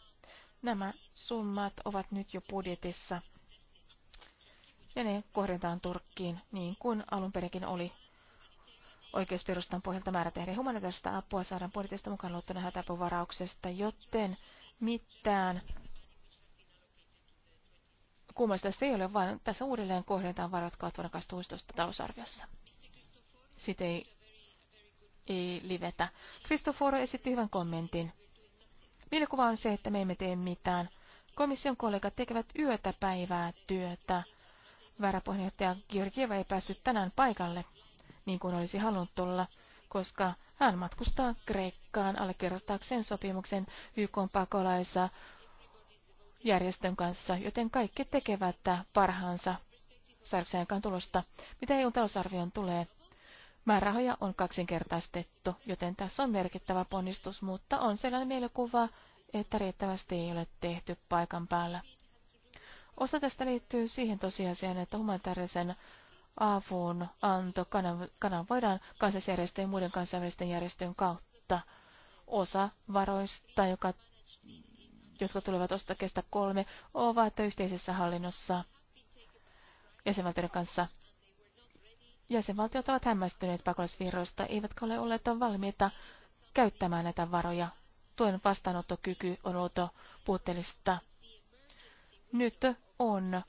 Nämä summat ovat nyt jo budjetissa ja ne kohdentaan Turkkiin niin kuin alun perinkin oli oikeusperustan pohjalta määrä tehdä humanitaarista apua saadaan budjetista mukaan luottuna hätäapuvarauksesta, joten mitään kummallista, se ei ole, vaan tässä uudelleen kohdentaan varat vuonna 2016 talousarviossa. Sitten ei, ei livetä. Cristoforo esitti hyvän kommentin. Mielikuva on se, että me emme tee mitään. Komission kollegat tekevät yötä päivää työtä. Varapuheenjohtaja Georgieva ei päässyt tänään paikalle, niin kuin olisi halunnut tulla, koska hän matkustaa Kreikkaan allekirjoittaakseen sopimuksen YK pakolaisa järjestön kanssa, joten kaikki tekevät parhaansa saadakseen tulosta. Mitä EU-talousarvioon tulee? Määrärahoja on kaksinkertaistettu, joten tässä on merkittävä ponnistus, mutta on sellainen mielikuva, että riittävästi ei ole tehty paikan päällä. Osa tästä liittyy siihen tosiasiaan, että humanitaarisen avun anto kanavoidaan kansallisjärjestöjen ja muiden kansainvälisten järjestöjen kautta. Osa varoista, joka jotka tulevat osakkeesta kolme, ovat yhteisessä hallinnossa jäsenvaltioiden kanssa. Jäsenvaltiot ovat hämmästyneet pakolaisvirroista, eivätkä ole olleet valmiita käyttämään näitä varoja. Tuen vastaanottokyky on ollut puutteellista. Nyt on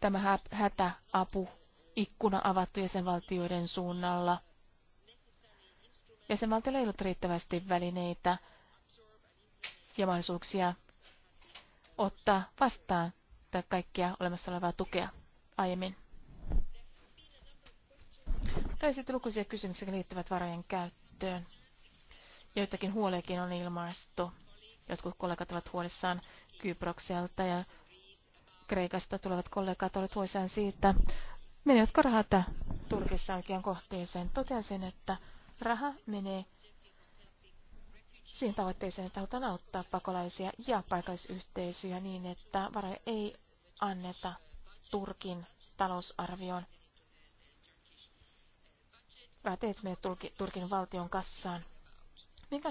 tämä hätäapu ikkuna avattu jäsenvaltioiden suunnalla. Jäsenvaltioilla ei ollut riittävästi välineitä ja mahdollisuuksia ottaa vastaan tätä kaikkia olemassa olevaa tukea aiemmin. Tai sitten lukuisia kysymyksiä liittyvät varojen käyttöön. Joitakin huoleekin on ilmaistu. Jotkut kollegat ovat huolissaan Kyprokselta ja Kreikasta tulevat kollegat olivat huolissaan siitä, menevätkö rahat Turkissa oikean kohteeseen. Totean sen, että raha menee siihen tavoitteeseen, että halutaan auttaa pakolaisia ja paikallisyhteisöjä niin, että varoja ei anneta Turkin talousarvioon. Rahat eivät Turkin valtion kassaan.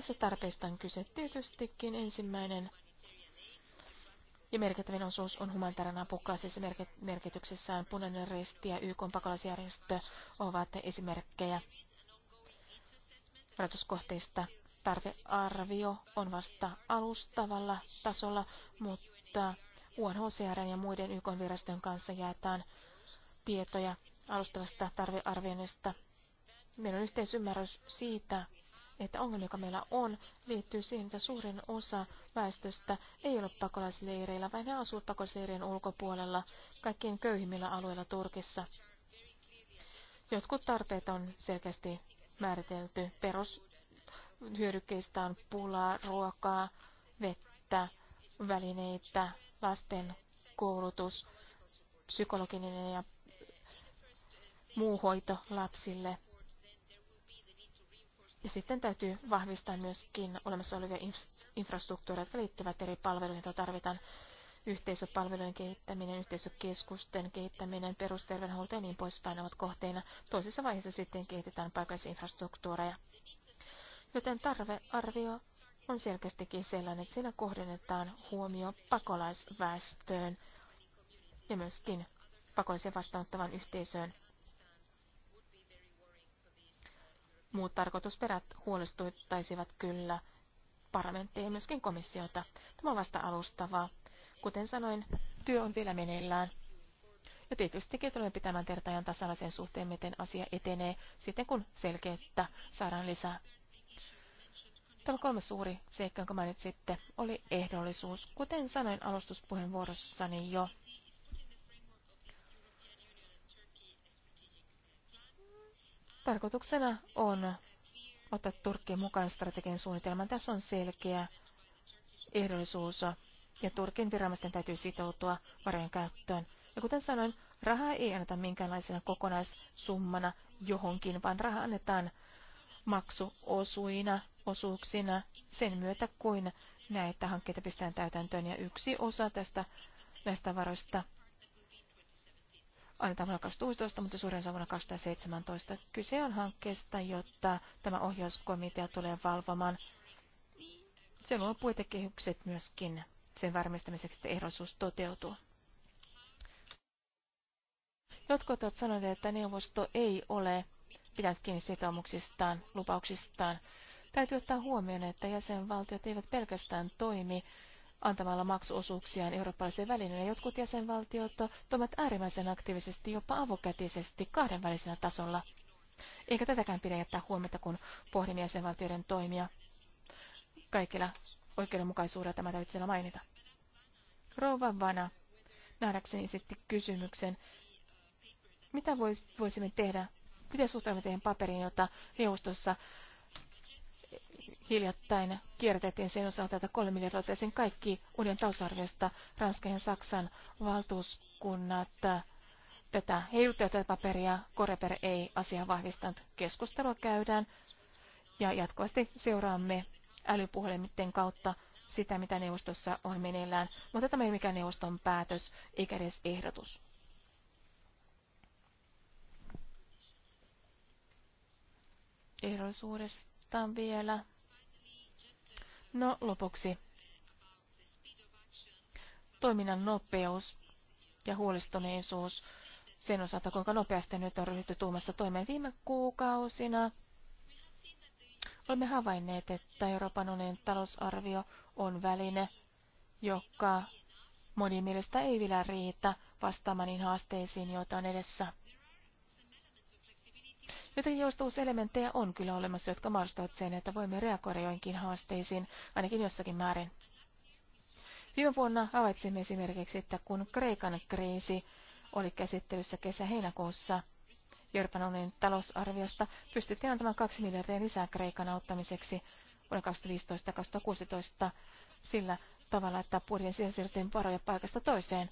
se tarpeista on kyse? Tietystikin ensimmäinen ja merkittävin osuus on humanitaarinen apu klassisessa merkityksessään. Punainen risti ja YK pakolaisjärjestö ovat esimerkkejä rahoituskohteista. Tarvearvio on vasta alustavalla tasolla, mutta UNHCR ja muiden YK-viraston kanssa jaetaan tietoja alustavasta tarvearvioinnista. Meillä on yhteisymmärrys siitä, että ongelma, joka meillä on, liittyy siihen, että suurin osa väestöstä ei ole pakolaisleireillä, vaan ne asuvat pakolaisleirien ulkopuolella, kaikkien köyhimmillä alueilla Turkissa. Jotkut tarpeet on selkeästi määritelty. Perus hyödykkeistä on pulaa, ruokaa, vettä, välineitä, lasten koulutus, psykologinen ja muu hoito lapsille. Ja sitten täytyy vahvistaa myöskin olemassa olevia infrastruktuureja, jotka liittyvät eri palveluihin, joita tarvitaan. Yhteisöpalvelujen kehittäminen, yhteisökeskusten kehittäminen, perusterveydenhuolto ja niin poispäin ovat kohteina. Toisessa vaiheessa sitten kehitetään paikallisia infrastruktuureja joten tarvearvio on selkeästikin sellainen, että siinä kohdennetaan huomio pakolaisväestöön ja myöskin pakollisen vastaanottavan yhteisöön. Muut tarkoitusperät huolestuttaisivat kyllä parlamenttia ja myöskin komissiota. Tämä on vasta alustavaa. Kuten sanoin, työ on vielä meneillään. Ja tietystikin tulemme pitämään tertajan tasalla sen suhteen, miten asia etenee sitten, kun selkeyttä saadaan lisää Tämä kolmas suuri seikka, jonka mainitsitte, oli ehdollisuus. Kuten sanoin alustuspuheenvuorossani jo, tarkoituksena on ottaa Turkki mukaan strategian suunnitelman. Tässä on selkeä ehdollisuus ja Turkin viranomaisten täytyy sitoutua varojen käyttöön. Ja kuten sanoin, rahaa ei anneta minkäänlaisena kokonaissummana johonkin, vaan raha annetaan maksuosuina osuuksina sen myötä, kuin näitä hankkeita pistetään täytäntöön. Ja yksi osa tästä näistä varoista annetaan vuonna 2016, mutta suurin osa vuonna 2017. Kyse on hankkeesta, jotta tämä ohjauskomitea tulee valvomaan. Se luo puitekehykset myöskin sen varmistamiseksi, että ehdollisuus toteutuu. Jotkut ovat sanoneet, että neuvosto ei ole pitänyt kiinni sitoumuksistaan, lupauksistaan. Täytyy ottaa huomioon, että jäsenvaltiot eivät pelkästään toimi antamalla maksuosuuksiaan eurooppalaisille välineille. Jotkut jäsenvaltiot toimivat äärimmäisen aktiivisesti, jopa avokätisesti kahdenvälisellä tasolla. Eikä tätäkään pidä jättää huomiota, kun pohdin jäsenvaltioiden toimia. Kaikilla oikeudenmukaisuudella tämä täytyy siellä mainita. Rouva Vana nähdäkseni esitti kysymyksen, mitä voisimme tehdä, miten suhtaudumme teidän paperiin, jota neuvostossa hiljattain kierrätettiin sen osalta, että kolme miljardia sen kaikki uuden talousarviosta Ranskan ja Saksan valtuuskunnat tätä heiluttivat tätä paperia. Koreper ei asiaa vahvistanut. Keskustelua käydään ja jatkuvasti seuraamme älypuhelimiden kautta sitä, mitä neuvostossa on meneillään, mutta tämä ei ole mikään neuvoston päätös eikä edes ehdotus. Ehdollisuudestaan vielä. No lopuksi. Toiminnan nopeus ja huolestuneisuus sen osalta, kuinka nopeasti nyt on ryhdytty tuumasta toimeen viime kuukausina. Olemme havainneet, että Euroopan unionin talousarvio on väline, joka monin mielestä ei vielä riitä vastaamaan niin haasteisiin, joita on edessä. Joten joustavuuselementtejä on kyllä olemassa, jotka mahdollistavat sen, että voimme reagoida joinkin haasteisiin, ainakin jossakin määrin. Viime vuonna havaitsimme esimerkiksi, että kun Kreikan kriisi oli käsittelyssä kesä-heinäkuussa, Euroopan unionin talousarviosta pystyttiin antamaan 2 miljardia lisää Kreikan auttamiseksi vuonna 2015-2016 sillä tavalla, että budjetin sisäsiirrettiin varoja paikasta toiseen.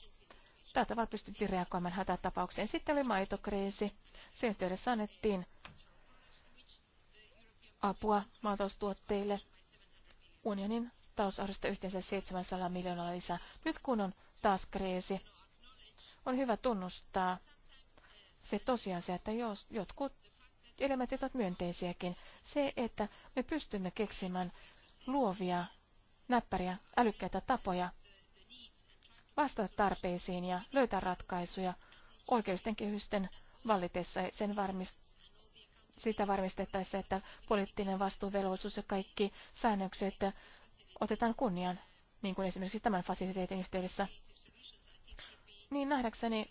Tällä tavalla pystyttiin reagoimaan hätätapaukseen. Sitten oli maitokriisi. Sen yhteydessä annettiin apua maataloustuotteille unionin talousarvosta yhteensä 700 miljoonaa lisää. Nyt kun on taas kriisi, on hyvä tunnustaa se tosiasia, että jos jotkut elementit ovat myönteisiäkin. Se, että me pystymme keksimään luovia, näppäriä, älykkäitä tapoja vastata tarpeisiin ja löytää ratkaisuja oikeisten kehysten vallitessa sen varmist- sitä varmistettaessa, että poliittinen vastuuvelvollisuus ja kaikki säännökset otetaan kunnian, niin kuin esimerkiksi tämän fasiliteetin yhteydessä. Niin nähdäkseni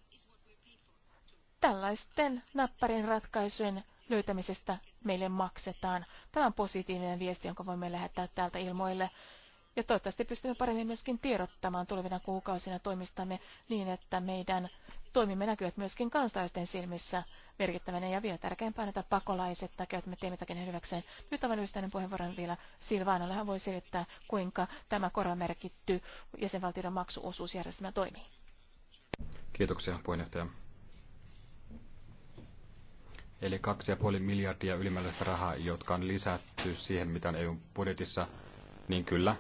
tällaisten näppärin ratkaisujen löytämisestä meille maksetaan. Tämä on positiivinen viesti, jonka voimme lähettää täältä ilmoille. Ja toivottavasti pystymme paremmin myöskin tiedottamaan tulevina kuukausina toimistamme niin, että meidän toimimme näkyvät myöskin kansalaisten silmissä merkittävänä ja vielä tärkeämpää näitä pakolaiset näkevät, me teemme takia hyväkseen. Nyt avan ystäinen puheenvuoron vielä Silvaanolle. Hän voi selittää, kuinka tämä korvamerkitty jäsenvaltioiden maksuosuusjärjestelmä toimii. Kiitoksia puheenjohtaja. Eli 2,5 miljardia ylimääräistä rahaa, jotka on lisätty siihen, mitä on e budjetissa, niin kyllä,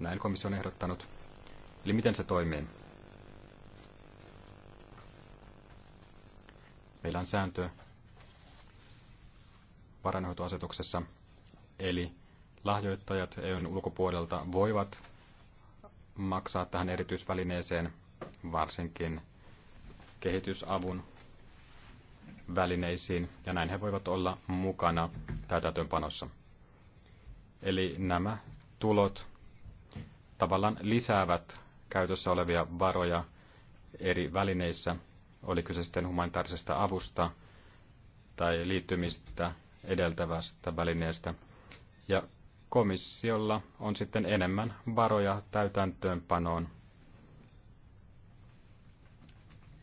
näin komissio on ehdottanut. Eli miten se toimii? Meillä on sääntö varainhoitoasetuksessa, eli lahjoittajat EUn ulkopuolelta voivat maksaa tähän erityisvälineeseen, varsinkin kehitysavun välineisiin, ja näin he voivat olla mukana täytäntöönpanossa. Eli nämä tulot tavallaan lisäävät käytössä olevia varoja eri välineissä, oli kyse sitten humanitaarisesta avusta tai liittymistä edeltävästä välineestä. Ja komissiolla on sitten enemmän varoja täytäntöönpanoon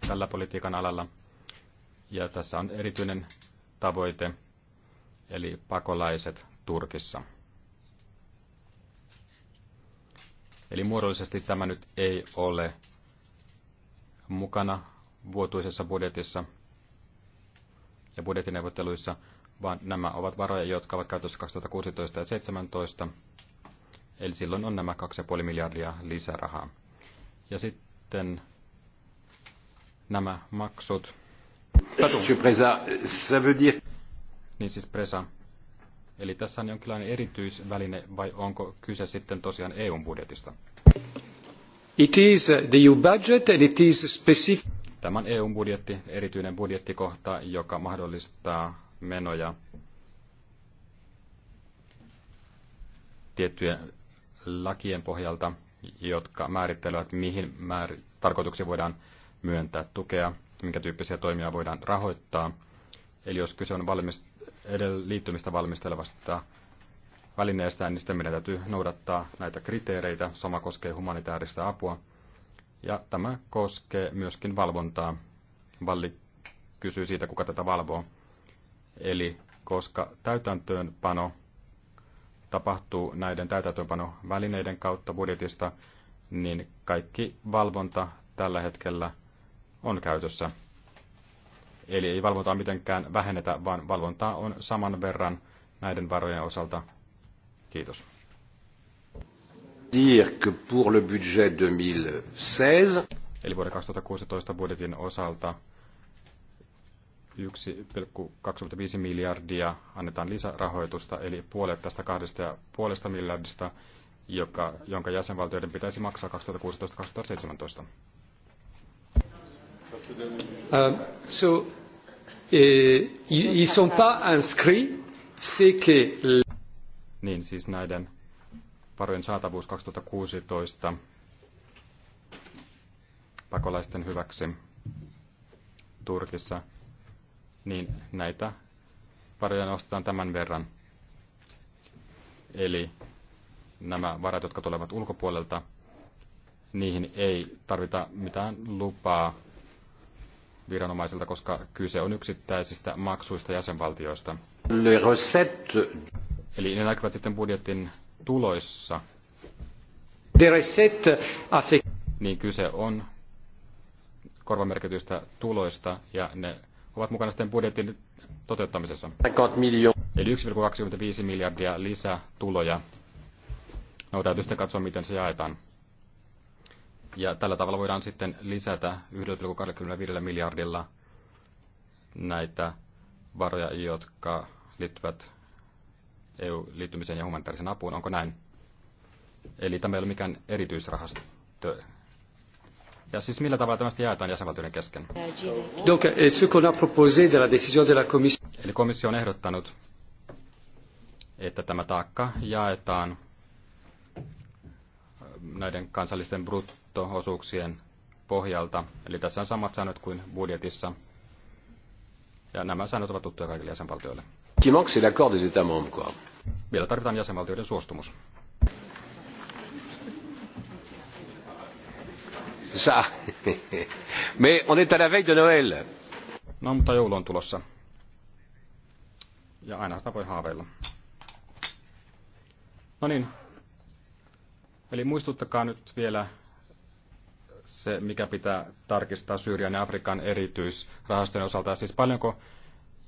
tällä politiikan alalla. Ja tässä on erityinen tavoite, eli pakolaiset Turkissa. Eli muodollisesti tämä nyt ei ole mukana vuotuisessa budjetissa ja budjettineuvotteluissa, vaan nämä ovat varoja, jotka ovat käytössä 2016 ja 2017. Eli silloin on nämä 2,5 miljardia lisärahaa. Ja sitten nämä maksut. Niin siis Presa, Eli tässä on jonkinlainen erityisväline vai onko kyse sitten tosiaan eu budjetista? It is uh, the EU budget and it is specific. Tämä on eu budjetti, erityinen budjettikohta, joka mahdollistaa menoja tiettyjen lakien pohjalta, jotka määrittelevät, mihin määr- tarkoituksiin voidaan myöntää tukea, minkä tyyppisiä toimia voidaan rahoittaa. Eli jos kyse on valmis- edellä liittymistä valmistelevasta välineestä, niin sitten meidän täytyy noudattaa näitä kriteereitä. Sama koskee humanitaarista apua. Ja tämä koskee myöskin valvontaa. Valli kysyy siitä, kuka tätä valvoo. Eli koska täytäntöönpano tapahtuu näiden täytäntöönpanovälineiden kautta budjetista, niin kaikki valvonta tällä hetkellä on käytössä. Eli ei valvontaa mitenkään vähennetä, vaan valvontaa on saman verran näiden varojen osalta. Kiitos. Dire que pour le budget 2016... Eli vuoden 2016 budjetin osalta 1,25 miljardia annetaan lisärahoitusta, eli puolet tästä kahdesta puolesta miljardista, joka, jonka jäsenvaltioiden pitäisi maksaa 2016-2017. Um, so, eh, ils sont pas inscrits, c'est que... Niin, siis näiden varojen saatavuus 2016 pakolaisten hyväksi Turkissa, niin näitä varoja nostetaan tämän verran. Eli nämä varat, jotka tulevat ulkopuolelta, niihin ei tarvita mitään lupaa viranomaisilta, koska kyse on yksittäisistä maksuista jäsenvaltioista. Eli ne näkyvät sitten budjetin tuloissa. Niin kyse on korvamerkityistä tuloista ja ne ovat mukana sitten budjetin toteuttamisessa. Eli 1,25 miljardia lisätuloja. No täytyy sitten katsoa, miten se jaetaan. Ja tällä tavalla voidaan sitten lisätä 1,25 miljardilla näitä varoja, jotka liittyvät EU-liittymiseen ja humanitaarisen apuun. Onko näin? Eli tämä ei ole mikään erityisrahasto. Ja siis millä tavalla tämä jaetaan jäsenvaltioiden kesken? Eh, Eli komissio on ehdottanut, että tämä taakka jaetaan näiden kansallisten brutto nettoosuuksien pohjalta. Eli tässä on samat säännöt kuin budjetissa. Ja nämä säännöt ovat tuttuja kaikille jäsenvaltioille. Vielä tarvitaan jäsenvaltioiden suostumus. Ça. Mais on est à la veille de Noël. No, mutta joulu on tulossa. Ja aina sitä voi haaveilla. No niin. Eli muistuttakaa nyt vielä se, mikä pitää tarkistaa Syyrian ja Afrikan erityisrahastojen osalta. Siis paljonko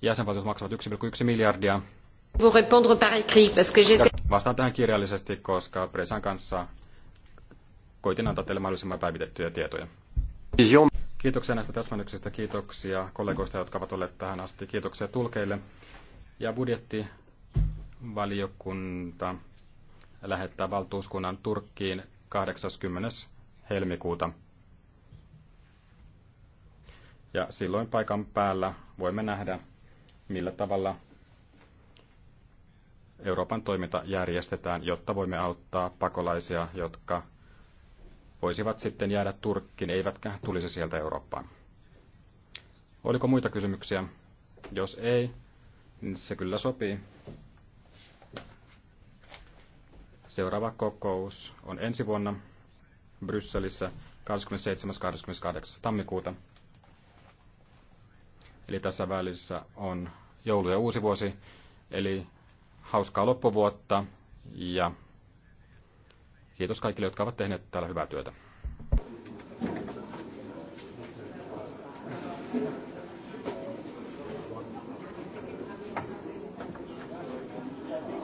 jäsenvaltiot maksavat 1,1 miljardia? Vastaan tähän kirjallisesti, koska Presan kanssa koitin antaa teille mahdollisimman päivitettyjä tietoja. Kiitoksia näistä täsmennyksistä, kiitoksia kollegoista, jotka ovat olleet tähän asti, kiitoksia tulkeille. Ja budjettivaliokunta lähettää valtuuskunnan Turkkiin 80. helmikuuta. Ja silloin paikan päällä voimme nähdä, millä tavalla Euroopan toiminta järjestetään, jotta voimme auttaa pakolaisia, jotka voisivat sitten jäädä Turkkiin, eivätkä tulisi sieltä Eurooppaan. Oliko muita kysymyksiä? Jos ei, niin se kyllä sopii. Seuraava kokous on ensi vuonna Brysselissä 27.–28. tammikuuta. Eli tässä välissä on joulu ja uusi vuosi, eli hauskaa loppuvuotta ja kiitos kaikille, jotka ovat tehneet täällä hyvää työtä.